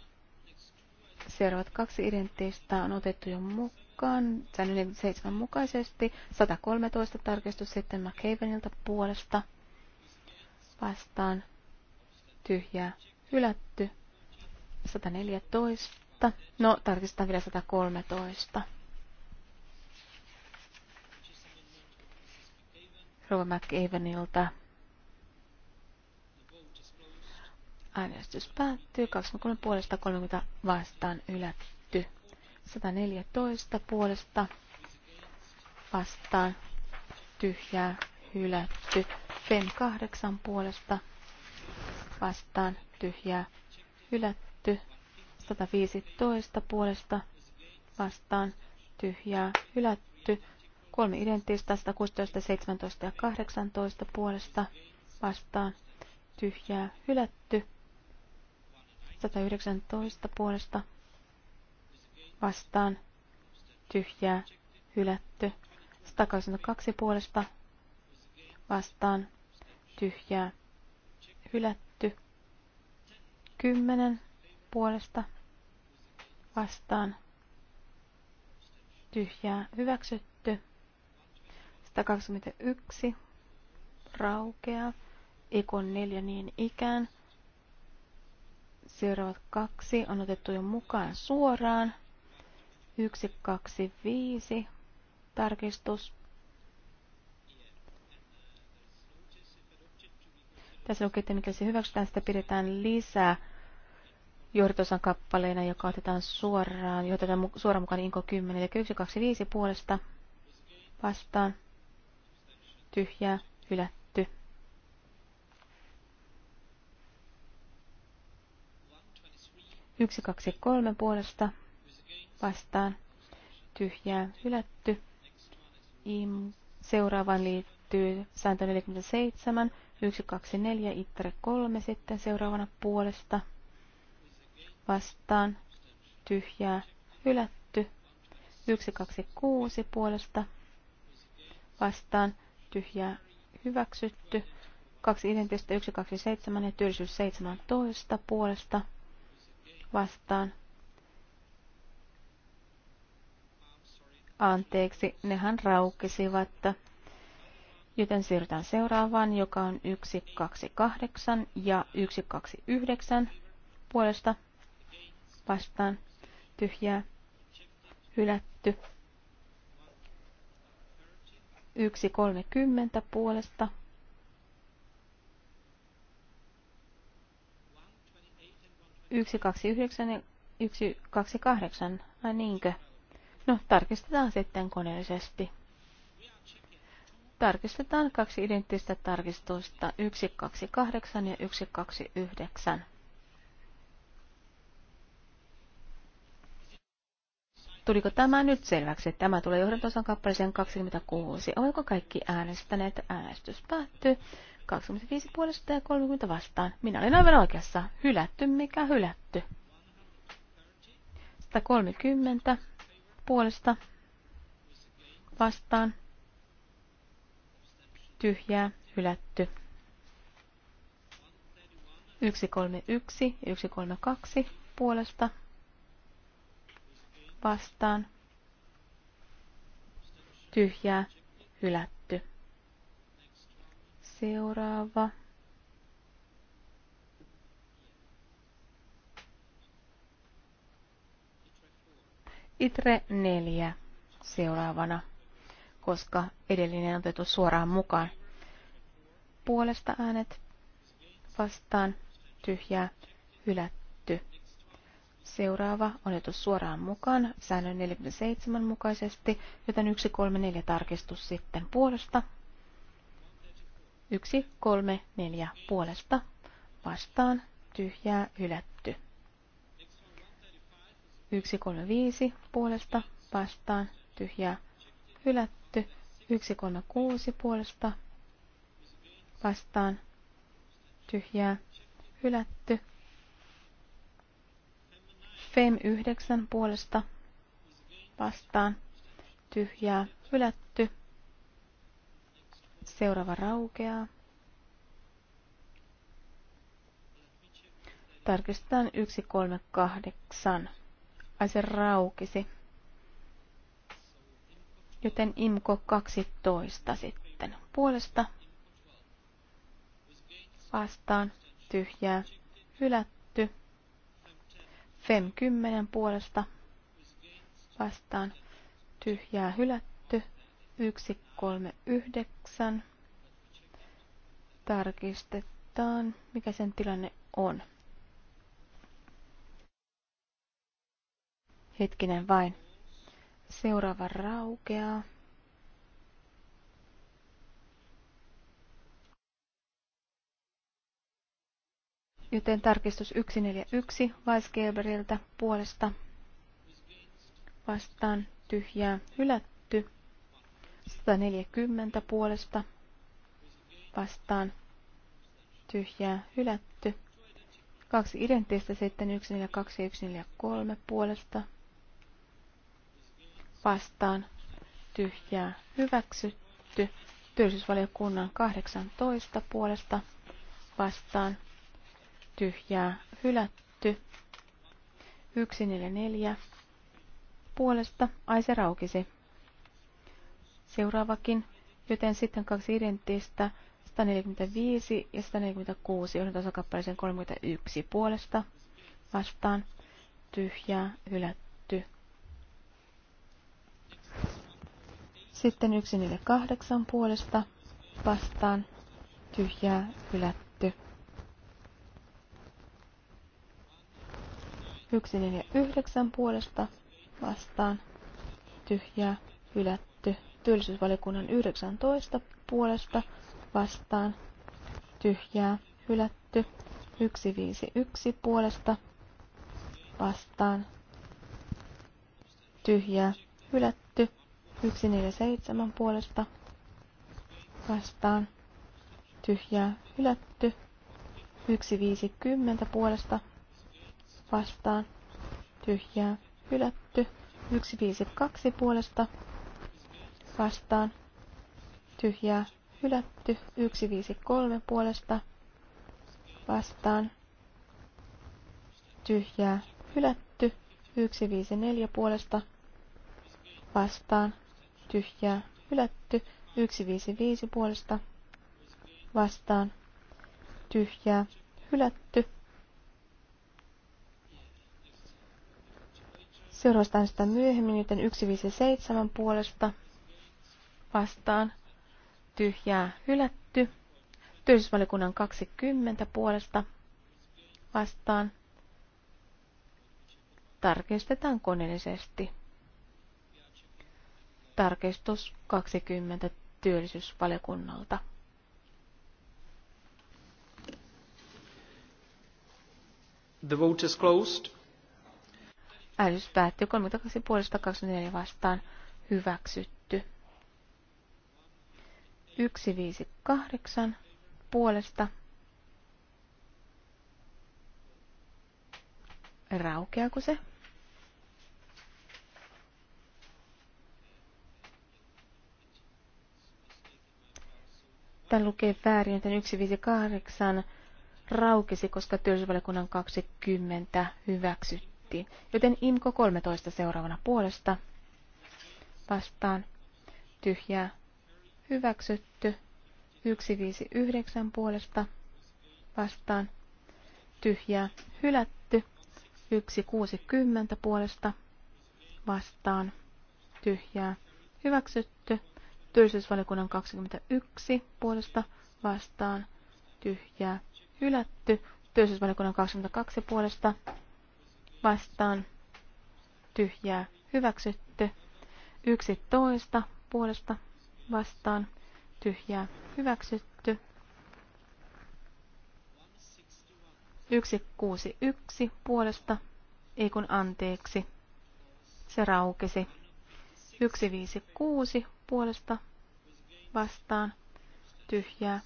Seuraavat kaksi identtistä on otettu jo mukaan. Säännön 47 mukaisesti. 113 tarkistus sitten McHavenilta puolesta. Vastaan tyhjää hylätty. 114. No, tarkistetaan vielä 113. Rova McAvenilta Äänestys päättyy 23 puolesta 30 vastaan ylätty. 114 puolesta vastaan tyhjää hylätty. FEM 8 puolesta vastaan tyhjää hylätty. 115 puolesta vastaan tyhjää hylätty. Kolme identtistä 116, 17 ja 18 puolesta vastaan tyhjää hylätty. 119 puolesta vastaan tyhjää hylätty. 122 puolesta vastaan tyhjää hylätty. 10 puolesta vastaan tyhjää hyväksytty. 121 raukea, ikon neljä niin ikään. Seuraavat kaksi on otettu jo mukaan suoraan. 1, 2, 5. Tarkistus. Tässä lukee, että mikäli se hyväksytään, sitä pidetään lisää johdotosan kappaleena, joka otetaan suoraan, johdetaan suoraan mukaan Inko 10, eli 1, 2, 5 puolesta vastaan, tyhjää, hylätty. 1, 2, 3 puolesta vastaan tyhjää hylätty. seuraavaan liittyy sääntö 47, 1, 2, 4, ittare 3 sitten seuraavana puolesta vastaan tyhjää hylätty. 1, 2, 6 puolesta vastaan tyhjää hyväksytty. 2 identistä 1, 2, 7 ja työllisyys 17 puolesta vastaan. Anteeksi, nehän raukisivat. Joten siirrytään seuraavaan, joka on 128 ja 129 puolesta vastaan tyhjää hylätty. 130 puolesta 129 ja 128, vai niinkö? No, tarkistetaan sitten koneellisesti. Tarkistetaan kaksi identtistä tarkistusta, 128 ja 129. Tuliko tämä nyt selväksi? Tämä tulee johdantosan kappaleeseen 26. Oliko kaikki äänestäneet? Äänestys päättyy. 25 puolesta ja 30 vastaan. Minä olen aivan oikeassa. Hylätty mikä hylätty. 130 puolesta vastaan. Tyhjää, hylätty. 131 ja 132 puolesta vastaan. Tyhjää, hylätty. Seuraava. ITRE 4 seuraavana, koska edellinen on otettu suoraan mukaan. Puolesta äänet vastaan tyhjää hylätty. Seuraava on otettu suoraan mukaan säännön 47 mukaisesti, joten 134 tarkistus sitten puolesta Yksi, kolme, neljä, puolesta. Vastaan, tyhjää, hylätty. Yksi, kolme, viisi, puolesta. Vastaan, tyhjää, hylätty. Yksi, kolme, kuusi, puolesta. Vastaan, tyhjää, hylätty. Fem yhdeksän puolesta vastaan tyhjää hylätty. Seuraava raukeaa. Tarkistetaan 138. Ai se raukisi. Joten IMKO 12 sitten. Puolesta vastaan tyhjää hylätty. FEM 10 puolesta vastaan tyhjää hylätty. 139 tarkistetaan, mikä sen tilanne on. Hetkinen vain. Seuraava raukeaa. Joten tarkistus 141 Weisgerberiltä puolesta vastaan tyhjää hylät. 140 puolesta vastaan tyhjää hylätty. Kaksi identtistä sitten ja 143 puolesta vastaan tyhjää hyväksytty. Työllisyysvaliokunnan 18 puolesta vastaan tyhjää hylätty. 144 puolesta. Ai se raukisi seuraavakin, joten sitten kaksi identtistä 145 ja 146 johdantosakappaleen 31 puolesta vastaan tyhjää hylätty. Sitten 148 puolesta vastaan tyhjää hylätty. 149 puolesta vastaan tyhjää hylätty työllisyysvaliokunnan 19 puolesta vastaan tyhjää hylätty. 151 puolesta vastaan tyhjää hylätty. 147 puolesta vastaan tyhjää hylätty. 150 puolesta vastaan tyhjää hylätty. 152 puolesta vastaan, vastaan, tyhjää, hylätty, 153 puolesta, vastaan, tyhjää, hylätty, 154 puolesta, vastaan, tyhjää, hylätty, 155 puolesta, vastaan, tyhjää, hylätty. Seuraavasta sitä myöhemmin, joten 157 puolesta, vastaan tyhjää hylätty. Työllisyysvaliokunnan 20 puolesta vastaan tarkistetaan koneellisesti. Tarkistus 20 työllisyysvaliokunnalta. The vote is closed. Äänestys päättyy 32 puolesta 24 vastaan hyväksytty. 158 puolesta raukeako se? Tämä lukee väärin, että 158 raukesi, koska työllisyysvaliokunnan 20 hyväksyttiin. Joten IMKO 13 seuraavana puolesta vastaan tyhjää Hyväksytty. 159 puolesta vastaan. Tyhjää. Hylätty. 160 puolesta vastaan. Tyhjää. Hyväksytty. Työllisyysvaliokunnan 21 puolesta vastaan. Tyhjää. Hylätty. Työllisyysvaliokunnan 22 puolesta vastaan. Tyhjää. Hyväksytty. 11 puolesta vastaan tyhjää hyväksytty. 161 puolesta, ei kun anteeksi, se raukesi. 156 puolesta vastaan tyhjää.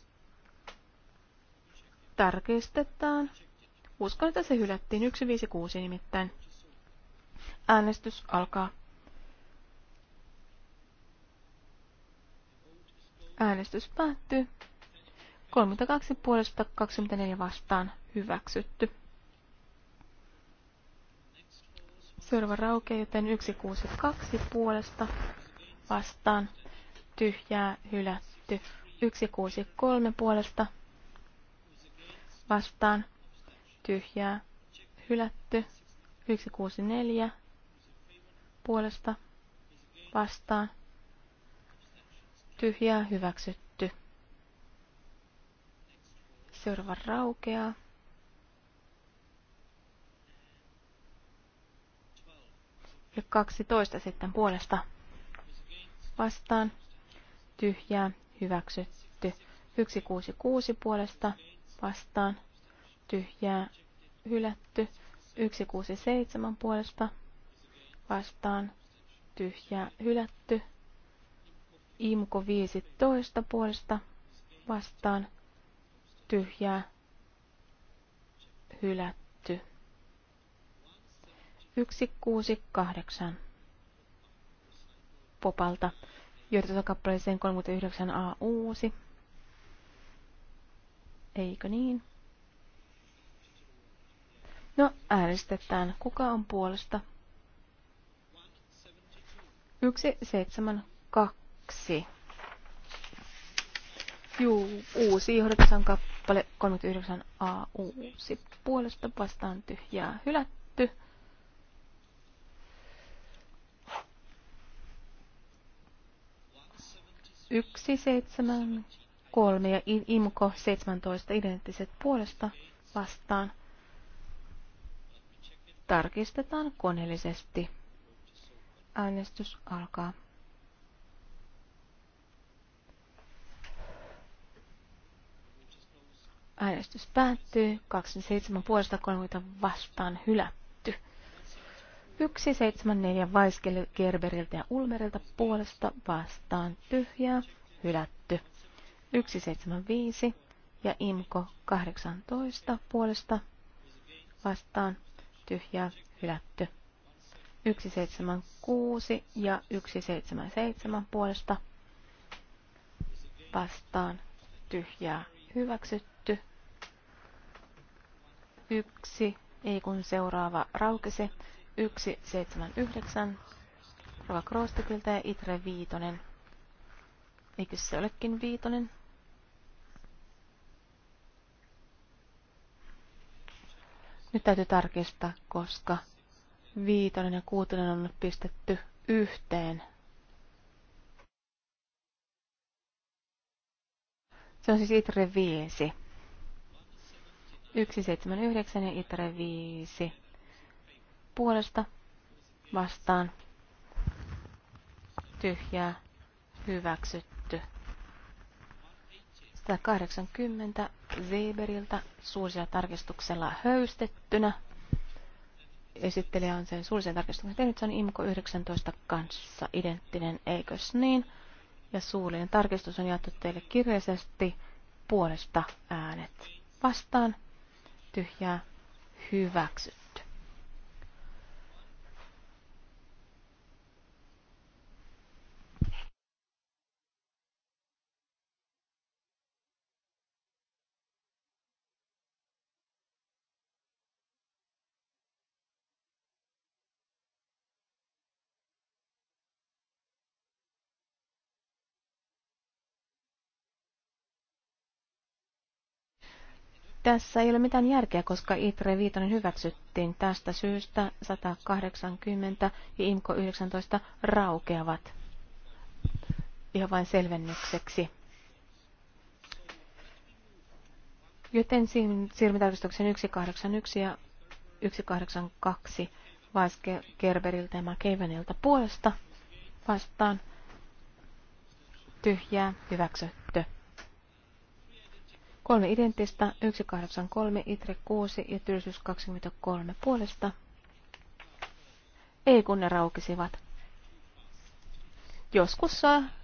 Tarkistetaan. Uskon, että se hylättiin 156 nimittäin. Äänestys alkaa. Äänestys päättyy. 32 puolesta 24 vastaan hyväksytty. Seuraava raukea, joten 162 puolesta vastaan tyhjää hylätty. 163 puolesta vastaan tyhjää hylätty. 164 puolesta vastaan Tyhjää hyväksytty. Seuraava raukeaa. 12 sitten puolesta. Vastaan. Tyhjää. Hyväksytty. 166 puolesta. Vastaan. Tyhjää. Hylätty. 167 puolesta. Vastaan. Tyhjää. Hylätty. Imko 15 puolesta vastaan tyhjää hylätty. 168 popalta johtokappaleeseen 39a uusi. Eikö niin? No, äänestetään. Kuka on puolesta? 172 kaksi. Juu, uusi johdatuksen kappale 39a uusi puolesta vastaan tyhjää hylätty. Yksi, seitsemän, kolme ja imko 17 identtiset puolesta vastaan. Tarkistetaan koneellisesti. Äänestys alkaa. Äänestys päättyy. 27 puolesta 30 vastaan hylätty. 174 Vaiskel Gerberiltä ja Ulmerilta puolesta vastaan tyhjää hylätty. 175 ja Imko 18 puolesta vastaan tyhjää hylätty. 176 ja 177 puolesta vastaan tyhjää hyväksytty. Yksi, ei kun seuraava raukesi. Yksi, seitsemän, yhdeksän. Rova Kroostikilta ja Itre Viitonen. Eikö se olekin Viitonen? Nyt täytyy tarkistaa, koska viitonen ja kuutonen on nyt pistetty yhteen. Se on siis ITRE 5. 179 ja ITRE 5. Puolesta vastaan tyhjää hyväksytty. 180 Weberiltä suosilla tarkistuksella höystettynä. Esittelijä on sen suullisen tarkistuksen tehnyt, se on IMKO 19 kanssa identtinen, eikös niin? ja suullinen tarkistus on jaettu teille kirjaisesti puolesta äänet vastaan tyhjää hyväksytty. Tässä ei ole mitään järkeä, koska ITRE Viitonen hyväksyttiin tästä syystä 180 ja IMKO 19 raukeavat. Ihan vain selvennykseksi. Joten siirrymme 181 ja 182 Vaiske Gerberiltä ja McKavenilta puolesta vastaan. Tyhjää hyväksytty. Kolme identtistä, 183, ITRE 6 ja tylsyys 23 puolesta. Ei kun ne raukisivat. Joskus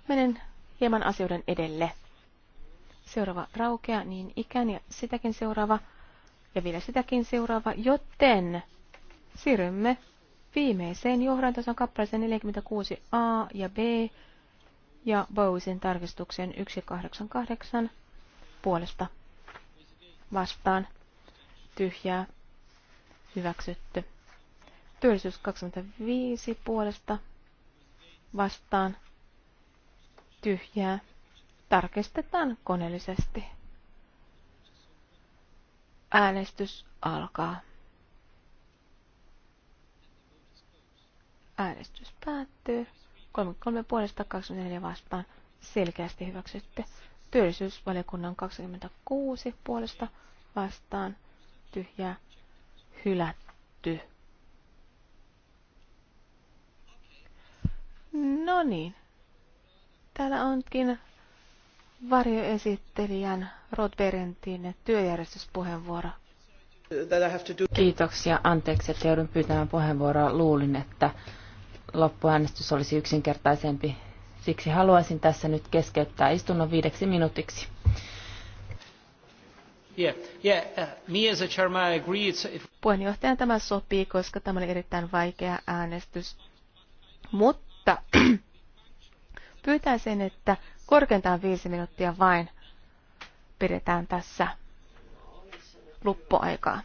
menen hieman asioiden edelle. Seuraava raukea niin ikään ja sitäkin seuraava ja vielä sitäkin seuraava, joten siirrymme viimeiseen johdantosan kappaleeseen 46a ja b ja Bowisin tarkistukseen 188 puolesta vastaan tyhjää hyväksytty. Työllisyys 25 puolesta vastaan tyhjää tarkistetaan koneellisesti. Äänestys alkaa. Äänestys päättyy. 33 puolesta 24 vastaan selkeästi hyväksytty. Työllisyysvaliokunnan 26 puolesta vastaan tyhjää hylätty. No niin. Täällä onkin varjoesittelijän Rod Berentin työjärjestyspuheenvuoro. Kiitoksia. Anteeksi, että joudun pyytämään puheenvuoroa. Luulin, että loppuäänestys olisi yksinkertaisempi Siksi haluaisin tässä nyt keskeyttää istunnon viideksi minuutiksi. Yeah, yeah, uh, me as a chairman, I agree it... Puheenjohtajan tämä sopii, koska tämä oli erittäin vaikea äänestys. Mutta pyytäisin, että korkeintaan viisi minuuttia vain pidetään tässä luppuaikaa.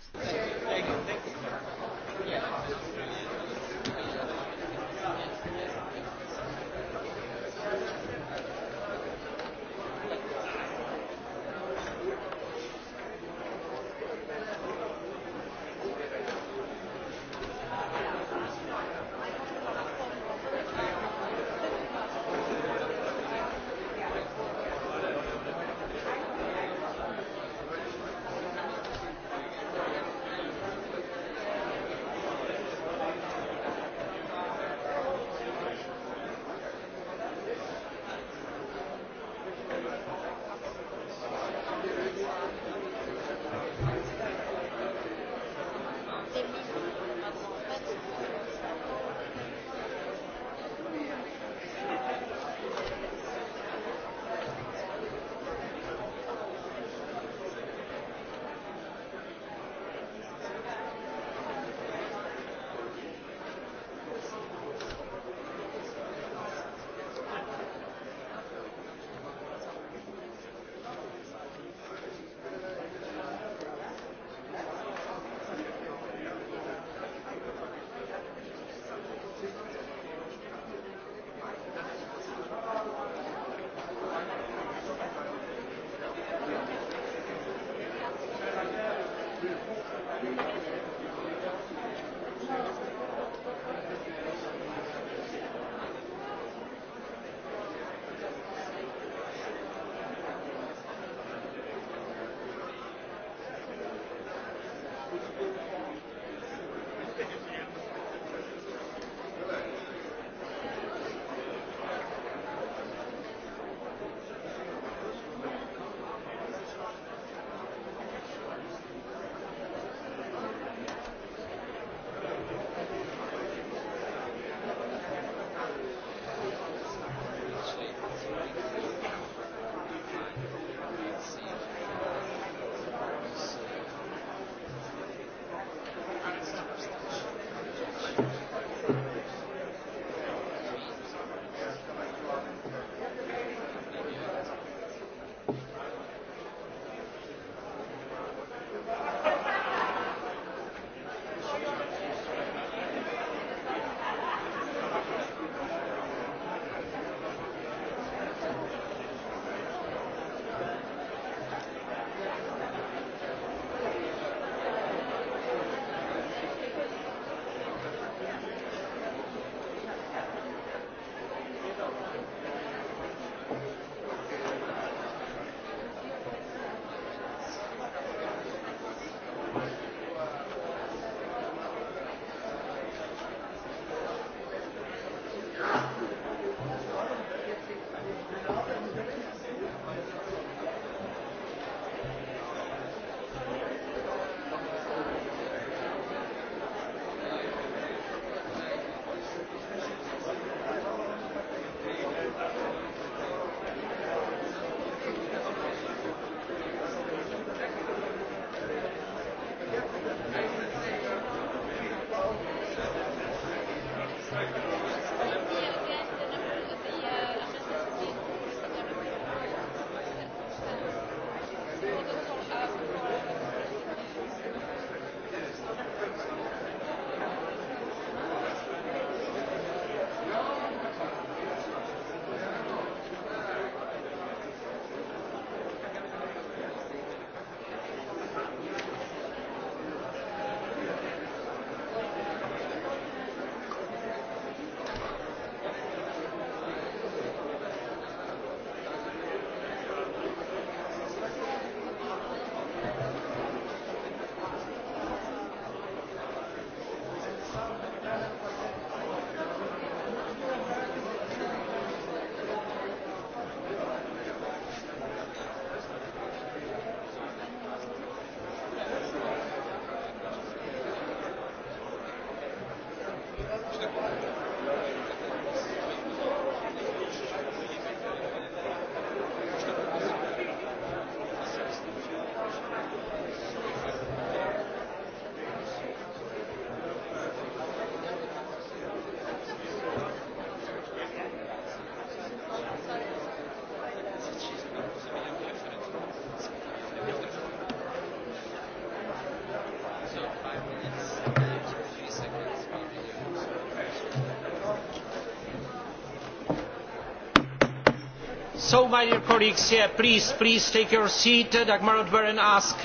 So, my dear colleagues, yeah, please, please take your seat. Dagmar Odberen asked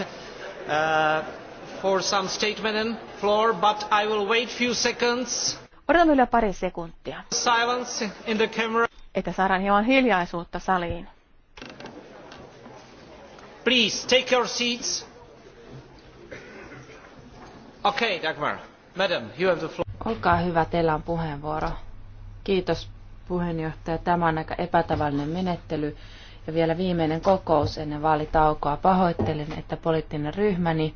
uh, for some statement on the floor, but I will wait a few seconds. Odotan vielä pari sekuntia. Silence in the camera. Että saadaan hieman hiljaisuutta saliin. Please, take your seats. Okay, Dagmar. Madam, you have the floor. Olkaa hyvä, teillä on puheenvuoro. Kiitos puheenjohtaja. Tämä on aika epätavallinen menettely. Ja vielä viimeinen kokous ennen vaalitaukoa. Pahoittelen, että poliittinen ryhmäni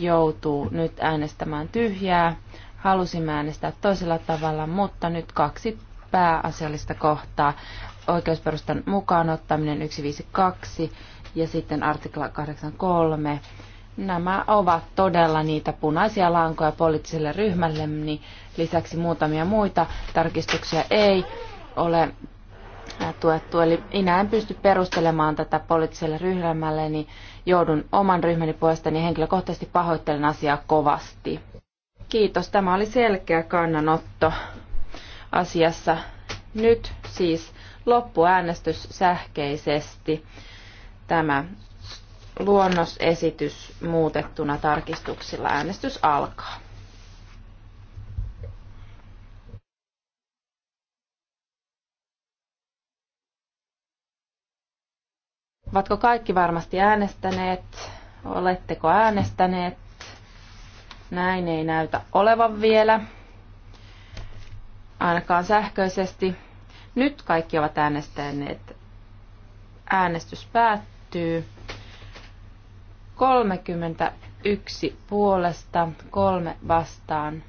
joutuu nyt äänestämään tyhjää. Halusin äänestää toisella tavalla, mutta nyt kaksi pääasiallista kohtaa. Oikeusperustan mukaan ottaminen 152 ja sitten artikla 83 Nämä ovat todella niitä punaisia lankoja poliittiselle ryhmälle, niin lisäksi muutamia muita tarkistuksia ei ole tuettu. Eli minä en pysty perustelemaan tätä poliittiselle ryhmälle, niin joudun oman ryhmäni puolestani niin henkilökohtaisesti pahoittelen asiaa kovasti. Kiitos, tämä oli selkeä kannanotto asiassa. Nyt siis loppuäänestys sähkeisesti Tämä luonnosesitys muutettuna tarkistuksilla. Äänestys alkaa. Ovatko kaikki varmasti äänestäneet? Oletteko äänestäneet? Näin ei näytä olevan vielä, ainakaan sähköisesti. Nyt kaikki ovat äänestäneet. Äänestys päättyy. 31 puolesta, kolme vastaan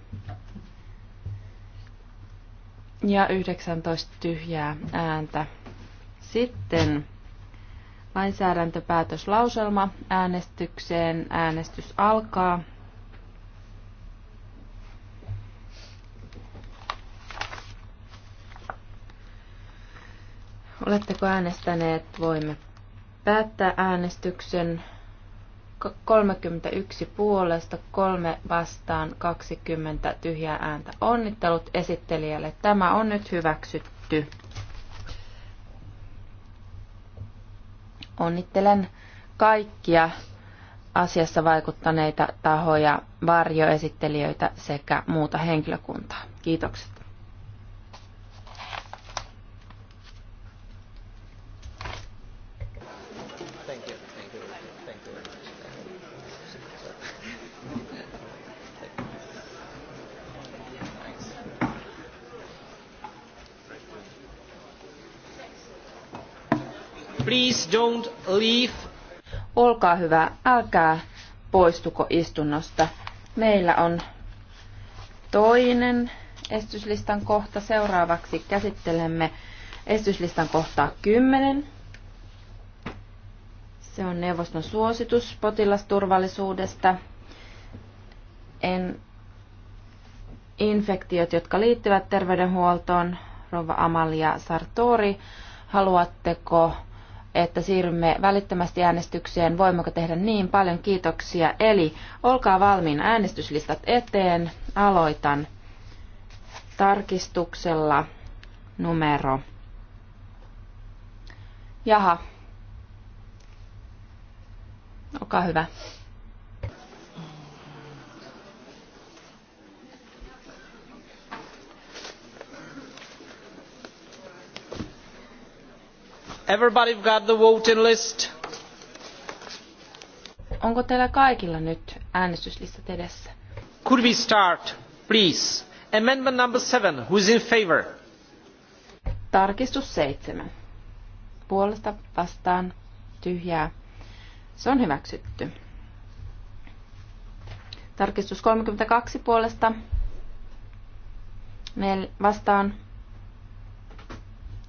ja 19 tyhjää ääntä. Sitten lainsäädäntöpäätöslauselma äänestykseen. Äänestys alkaa. Oletteko äänestäneet? Voimme päättää äänestyksen. 31 puolesta, kolme vastaan, 20 tyhjää ääntä. Onnittelut esittelijälle. Tämä on nyt hyväksytty. Onnittelen kaikkia asiassa vaikuttaneita tahoja, varjoesittelijöitä sekä muuta henkilökuntaa. Kiitokset. Please don't leave. Olkaa hyvä, älkää poistuko istunnosta. Meillä on toinen estyslistan kohta. Seuraavaksi käsittelemme estyslistan kohtaa 10. Se on neuvoston suositus potilasturvallisuudesta. En infektiot, jotka liittyvät terveydenhuoltoon. Rova Amalia Sartori, haluatteko että siirrymme välittömästi äänestykseen. Voimmeko tehdä niin? Paljon kiitoksia. Eli olkaa valmiin äänestyslistat eteen. Aloitan tarkistuksella numero. Jaha. Olkaa hyvä. Everybody got the voting list? Onko teillä kaikilla nyt äänestyslistat edessä? Could we start, please? Amendment number seven, Who is in favor? Tarkistus seitsemän. Puolesta vastaan tyhjää. Se on hyväksytty. Tarkistus 32 puolesta. Meillä vastaan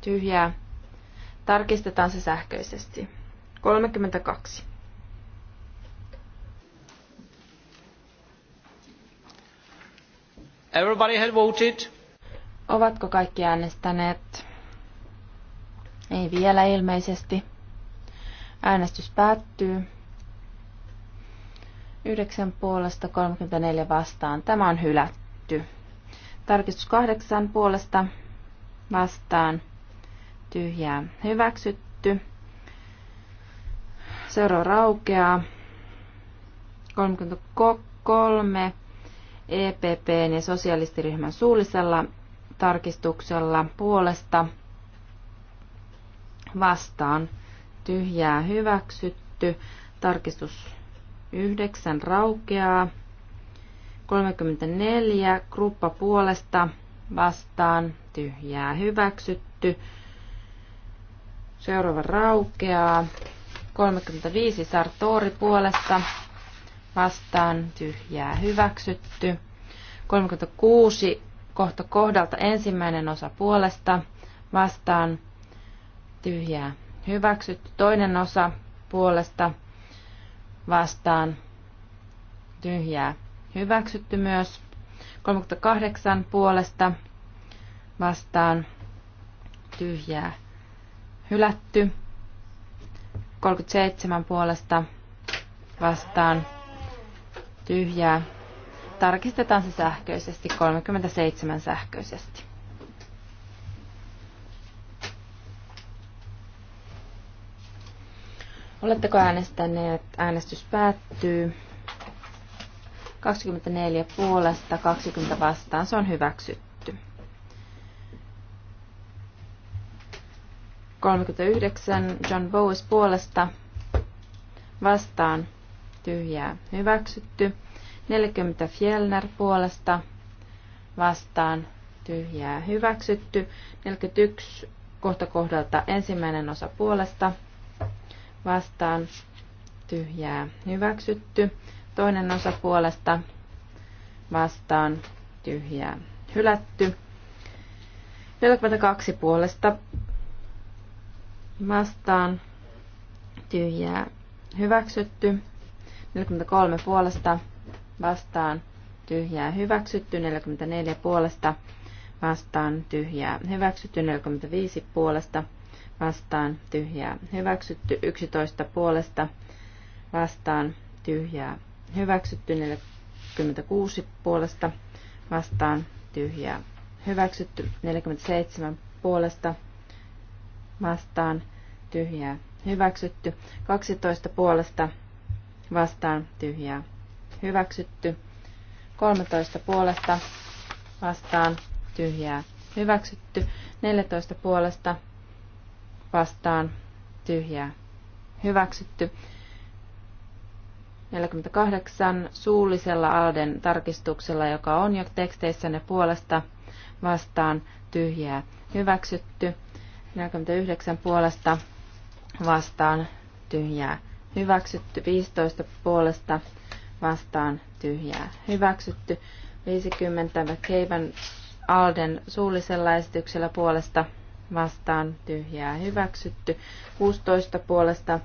tyhjää. Tarkistetaan se sähköisesti. 32. Everybody had voted. Ovatko kaikki äänestäneet? Ei vielä ilmeisesti. Äänestys päättyy. 9 puolesta 34 vastaan. Tämä on hylätty. Tarkistus 8 puolesta vastaan tyhjää hyväksytty. Seuraava raukeaa. 33 EPPn ja sosialistiryhmän suullisella tarkistuksella puolesta vastaan tyhjää hyväksytty. Tarkistus 9 raukeaa. 34 gruppa puolesta vastaan tyhjää hyväksytty. Seuraava raukeaa. 35 Sartori puolesta vastaan tyhjää hyväksytty. 36 kohta kohdalta ensimmäinen osa puolesta vastaan tyhjää hyväksytty. Toinen osa puolesta vastaan tyhjää hyväksytty myös. 38 puolesta vastaan tyhjää hylätty. 37 puolesta vastaan tyhjää. Tarkistetaan se sähköisesti, 37 sähköisesti. Oletteko äänestäneet? Äänestys päättyy. 24 puolesta, 20 vastaan. Se on hyväksytty. 39 John Bowes puolesta vastaan tyhjää hyväksytty. 40 Fjellner puolesta vastaan tyhjää hyväksytty. 41 kohta kohdalta ensimmäinen osa puolesta vastaan tyhjää hyväksytty. Toinen osa puolesta vastaan tyhjää hylätty. 42 puolesta vastaan tyhjää hyväksytty. 43 puolesta vastaan tyhjää hyväksytty. 44 puolesta vastaan tyhjää hyväksytty. 45 puolesta vastaan tyhjää hyväksytty. 11 puolesta vastaan tyhjää hyväksytty. 46 puolesta vastaan tyhjää hyväksytty. 47 puolesta vastaan, vastaan tyhjää hyväksytty. 12 puolesta vastaan tyhjää hyväksytty. 13 puolesta vastaan tyhjää hyväksytty. 14 puolesta vastaan tyhjää hyväksytty. 48 suullisella Alden tarkistuksella, joka on jo teksteissänne puolesta vastaan tyhjää hyväksytty. 49 puolesta vastaan tyhjää hyväksytty. 15 puolesta vastaan tyhjää hyväksytty. 50 Keivan Alden suullisella esityksellä puolesta vastaan tyhjää hyväksytty. 16 puolesta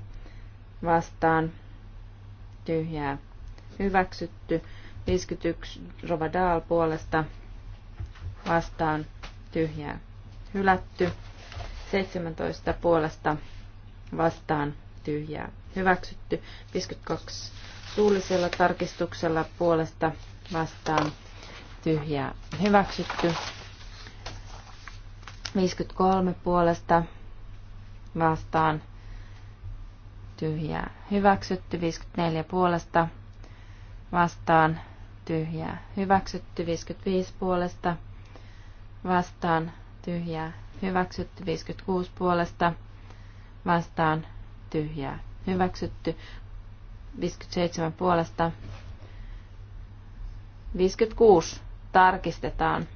vastaan tyhjää hyväksytty. 51 Rovadaal puolesta vastaan tyhjää hylätty. 17 puolesta vastaan tyhjää hyväksytty. 52 suullisella tarkistuksella puolesta vastaan tyhjää hyväksytty. 53 puolesta vastaan tyhjää hyväksytty. 54 puolesta vastaan tyhjää hyväksytty. 55 puolesta vastaan tyhjää hyväksytty 56 puolesta vastaan tyhjää hyväksytty 57 puolesta 56 tarkistetaan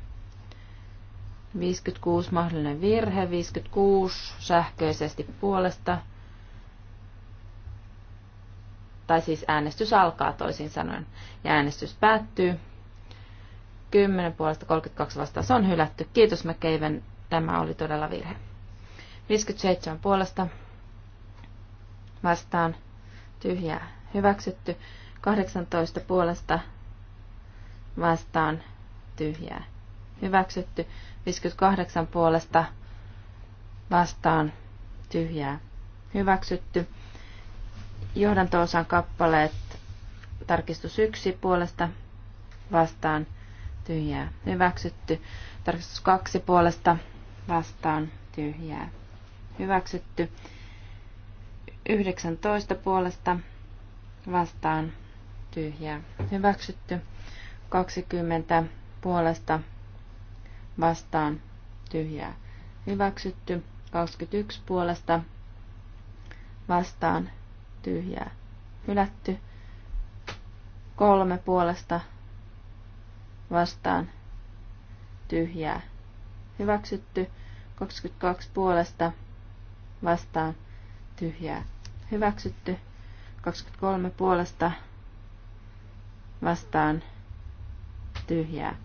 56 mahdollinen virhe 56 sähköisesti puolesta tai siis äänestys alkaa toisin sanoen ja äänestys päättyy 10 puolesta 32 vastaan. Se on hylätty. Kiitos McCaven Tämä oli todella virhe. 57 puolesta vastaan tyhjää hyväksytty. 18 puolesta vastaan tyhjää hyväksytty. 58 puolesta vastaan tyhjää hyväksytty. Johdantoosan kappaleet tarkistus 1 puolesta vastaan tyhjää hyväksytty. Tarkistus 2 puolesta vastaan tyhjää hyväksytty. 19 puolesta vastaan tyhjää hyväksytty. 20 puolesta vastaan tyhjää hyväksytty. 21 puolesta vastaan tyhjää hylätty. 3 puolesta vastaan tyhjää hyväksytty. 22 puolesta vastaan tyhjää hyväksytty. 23 puolesta vastaan tyhjää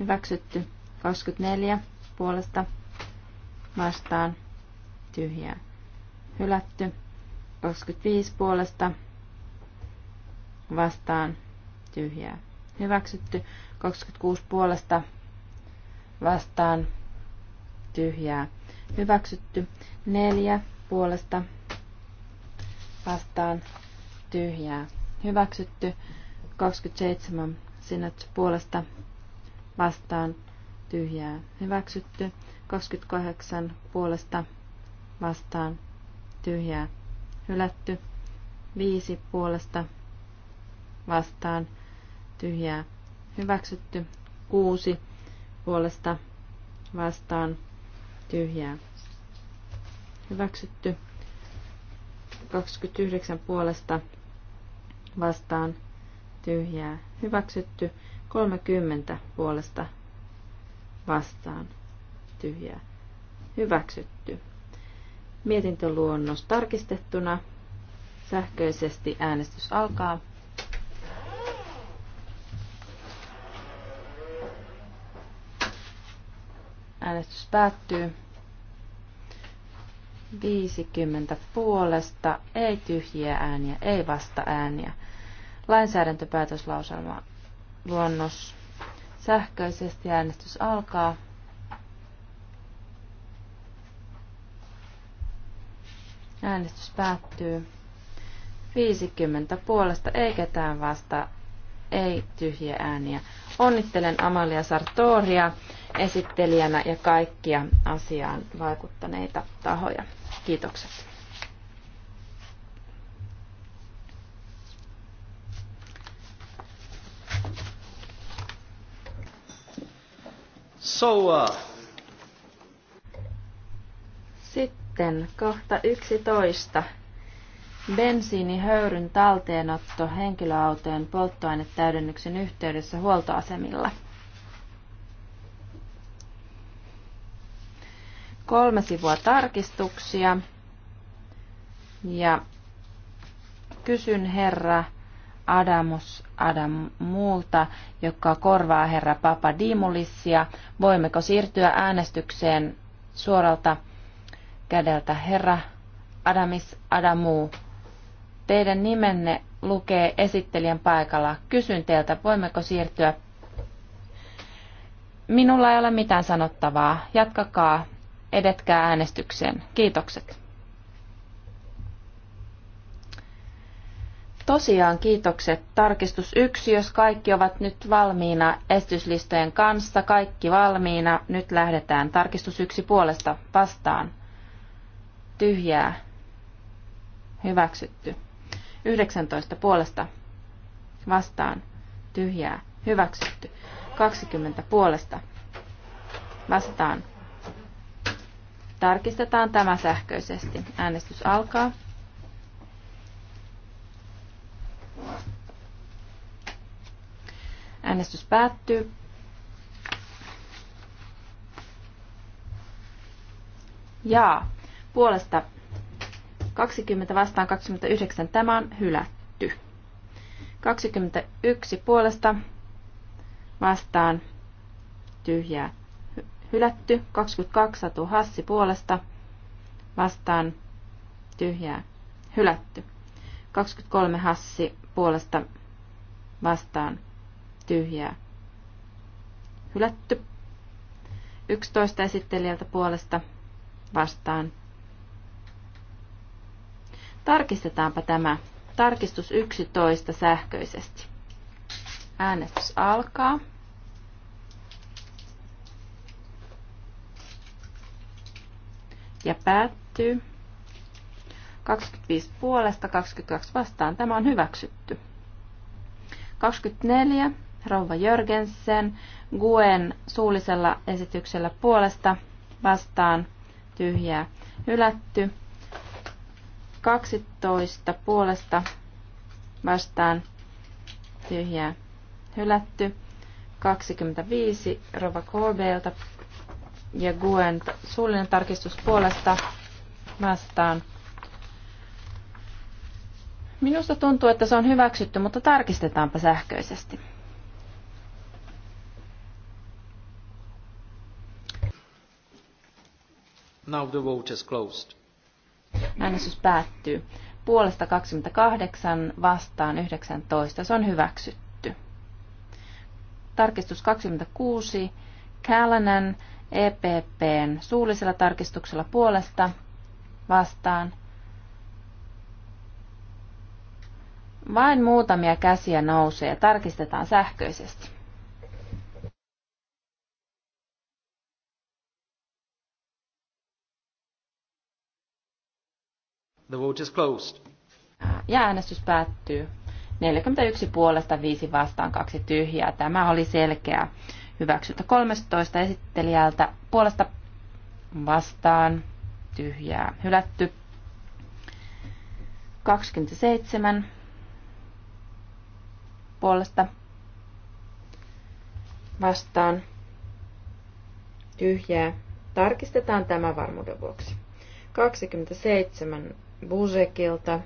hyväksytty. 24 puolesta vastaan tyhjää hylätty. 25 puolesta vastaan tyhjää hyväksytty. 26 puolesta vastaan tyhjää hyväksytty. Neljä puolesta vastaan tyhjää hyväksytty. 27 sinut puolesta vastaan tyhjää hyväksytty. 28 puolesta vastaan tyhjää hylätty. 5 puolesta vastaan tyhjää hyväksytty. 6 puolesta vastaan tyhjää. Hyväksytty. 29 puolesta vastaan tyhjää. Hyväksytty. 30 puolesta vastaan tyhjää. Hyväksytty. Mietintöluonnos tarkistettuna. Sähköisesti äänestys alkaa. Äänestys päättyy. 50 puolesta, ei tyhjiä ääniä, ei vasta ääniä. Lainsäädäntöpäätöslauselma luonnos. Sähköisesti äänestys alkaa. Äänestys päättyy. 50 puolesta, ei ketään vasta, ei tyhjiä ääniä. Onnittelen Amalia Sartoria esittelijänä ja kaikkia asiaan vaikuttaneita tahoja. Kiitokset. So, uh... Sitten kohta 11. Bensiinihöyryn talteenotto henkilöautojen polttoainetäydennyksen yhteydessä huoltoasemilla. kolme sivua tarkistuksia. Ja kysyn herra Adamus Adamulta, joka korvaa herra papa Dimulissia. voimmeko siirtyä äänestykseen suoralta kädeltä herra Adamis Adamu. Teidän nimenne lukee esittelijän paikalla. Kysyn teiltä, voimmeko siirtyä Minulla ei ole mitään sanottavaa. Jatkakaa edetkää äänestykseen. Kiitokset. Tosiaan kiitokset. Tarkistus yksi, jos kaikki ovat nyt valmiina estyslistojen kanssa, kaikki valmiina, nyt lähdetään. Tarkistus yksi puolesta vastaan. Tyhjää. Hyväksytty. 19 puolesta vastaan. Tyhjää. Hyväksytty. 20 puolesta vastaan. Tarkistetaan tämä sähköisesti. Äänestys alkaa. Äänestys päättyy. Jaa. Puolesta 20 vastaan 29. Tämä on hylätty. 21 puolesta vastaan tyhjää hylätty. 22 Satu Hassi puolesta vastaan tyhjää hylätty. 23 Hassi puolesta vastaan tyhjää hylätty. 11 esittelijältä puolesta vastaan. Tarkistetaanpa tämä. Tarkistus 11 sähköisesti. Äänestys alkaa. ja päättyy. 25 puolesta, 22 vastaan. Tämä on hyväksytty. 24. Rouva Jörgensen Guen suullisella esityksellä puolesta vastaan tyhjää hylätty. 12 puolesta vastaan tyhjää hylätty. 25 Rova Korbelta ja Guen suullinen tarkistus puolesta vastaan. Minusta tuntuu, että se on hyväksytty, mutta tarkistetaanpa sähköisesti. Now the vote is closed. Äänestys päättyy. Puolesta 28, vastaan 19. Se on hyväksytty. Tarkistus 26. Callanan EPPn suullisella tarkistuksella puolesta vastaan. Vain muutamia käsiä nousee ja tarkistetaan sähköisesti. The vote is closed. Ja äänestys päättyy. 41 puolesta, 5 vastaan, 2 tyhjää. Tämä oli selkeä hyväksytty. 13 esittelijältä puolesta vastaan tyhjää hylätty. 27 puolesta vastaan tyhjää. Tarkistetaan tämä varmuuden vuoksi. 27 Busekilta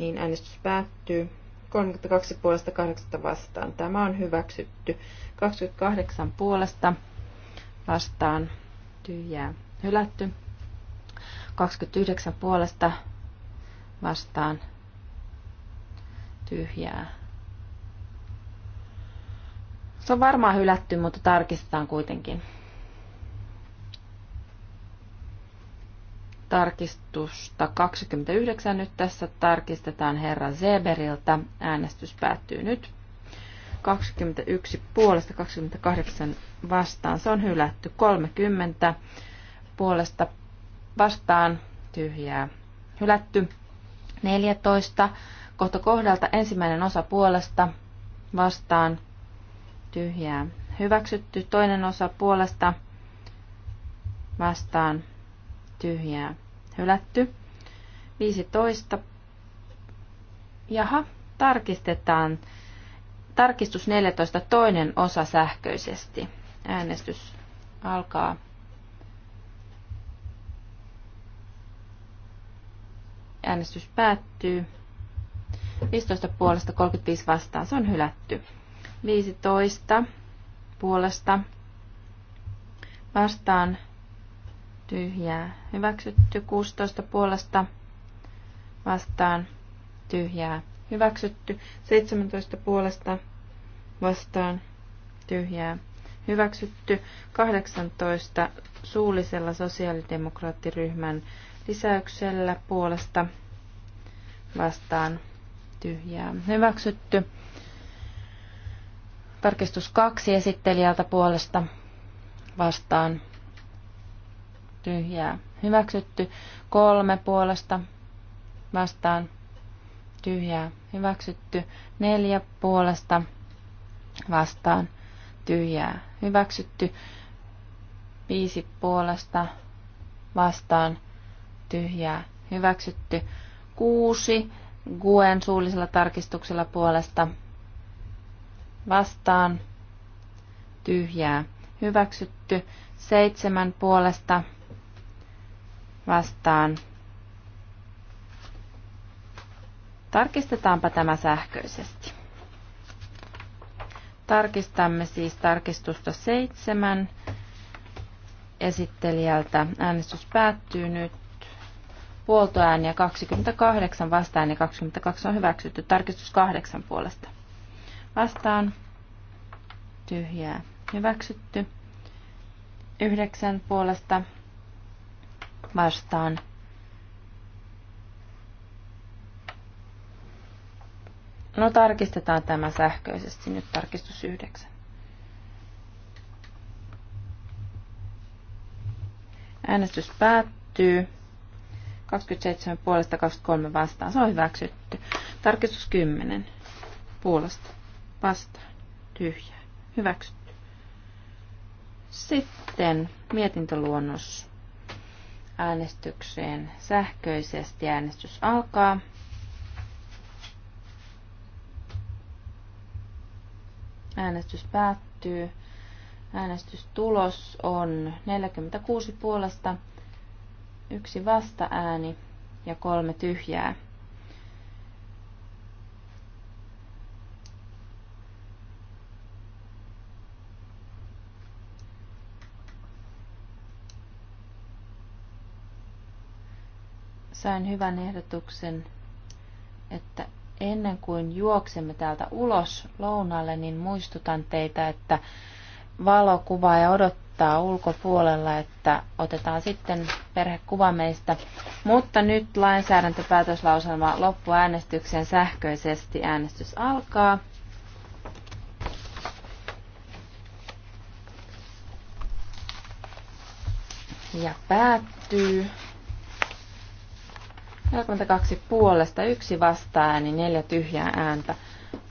niin äänestys päättyy. 32 puolesta 8 vastaan. Tämä on hyväksytty. 28 puolesta vastaan tyhjää hylätty. 29 puolesta vastaan tyhjää. Se on varmaan hylätty, mutta tarkistetaan kuitenkin. tarkistusta 29 nyt tässä tarkistetaan herra Zeberiltä. Äänestys päättyy nyt. 21 puolesta 28 vastaan. Se on hylätty. 30 puolesta vastaan. Tyhjää. Hylätty. 14. Kohta kohdalta ensimmäinen osa puolesta vastaan. Tyhjää. Hyväksytty. Toinen osa puolesta vastaan tyhjää hylätty. 15. Jaha, tarkistetaan. Tarkistus 14, toinen osa sähköisesti. Äänestys alkaa. Äänestys päättyy. 15 puolesta 35 vastaan. Se on hylätty. 15 puolesta vastaan tyhjää hyväksytty. 16 puolesta vastaan tyhjää hyväksytty. 17 puolesta vastaan tyhjää hyväksytty. 18 suullisella sosiaalidemokraattiryhmän lisäyksellä puolesta vastaan tyhjää hyväksytty. Tarkistus kaksi esittelijältä puolesta vastaan tyhjää hyväksytty. Kolme puolesta vastaan tyhjää hyväksytty. Neljä puolesta vastaan tyhjää hyväksytty. Viisi puolesta vastaan tyhjää hyväksytty. Kuusi Guen suullisella tarkistuksella puolesta vastaan tyhjää hyväksytty. Seitsemän puolesta vastaan vastaan. Tarkistetaanpa tämä sähköisesti. Tarkistamme siis tarkistusta seitsemän esittelijältä. Äänestys päättyy nyt. Puoltoääniä 28, vastaan ja 22 on hyväksytty. Tarkistus kahdeksan puolesta. Vastaan. Tyhjää. Hyväksytty. yhdeksän puolesta vastaan. No tarkistetaan tämä sähköisesti nyt tarkistus 9. Äänestys päättyy. 27 puolesta 23 vastaan. Se on hyväksytty. Tarkistus 10 puolesta vastaan. Tyhjää. Hyväksytty. Sitten mietintöluonnos äänestykseen sähköisesti. Äänestys alkaa. Äänestys päättyy. Äänestystulos on 46 puolesta, yksi vasta ääni ja kolme tyhjää. Sain hyvän ehdotuksen, että ennen kuin juoksemme täältä ulos lounalle, niin muistutan teitä, että valokuva ja odottaa ulkopuolella, että otetaan sitten perhekuva meistä. Mutta nyt lainsäädäntöpäätöslauselma loppuäänestykseen sähköisesti. Äänestys alkaa. Ja päättyy. 42 puolesta, yksi vastaa, ääni, neljä tyhjää ääntä.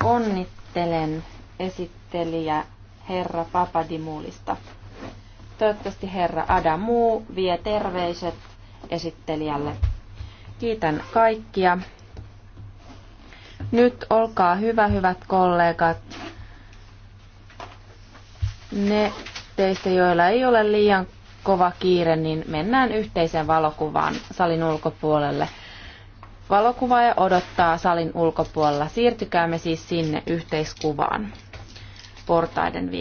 Onnittelen esittelijä herra Papadimulista. Toivottavasti herra Adamu vie terveiset esittelijälle. Kiitän kaikkia. Nyt olkaa hyvä, hyvät kollegat. Ne teistä, joilla ei ole liian kova kiire, niin mennään yhteisen valokuvaan salin ulkopuolelle. Valokuvaaja odottaa salin ulkopuolella. Siirtykäämme siis sinne yhteiskuvaan portaiden viereen.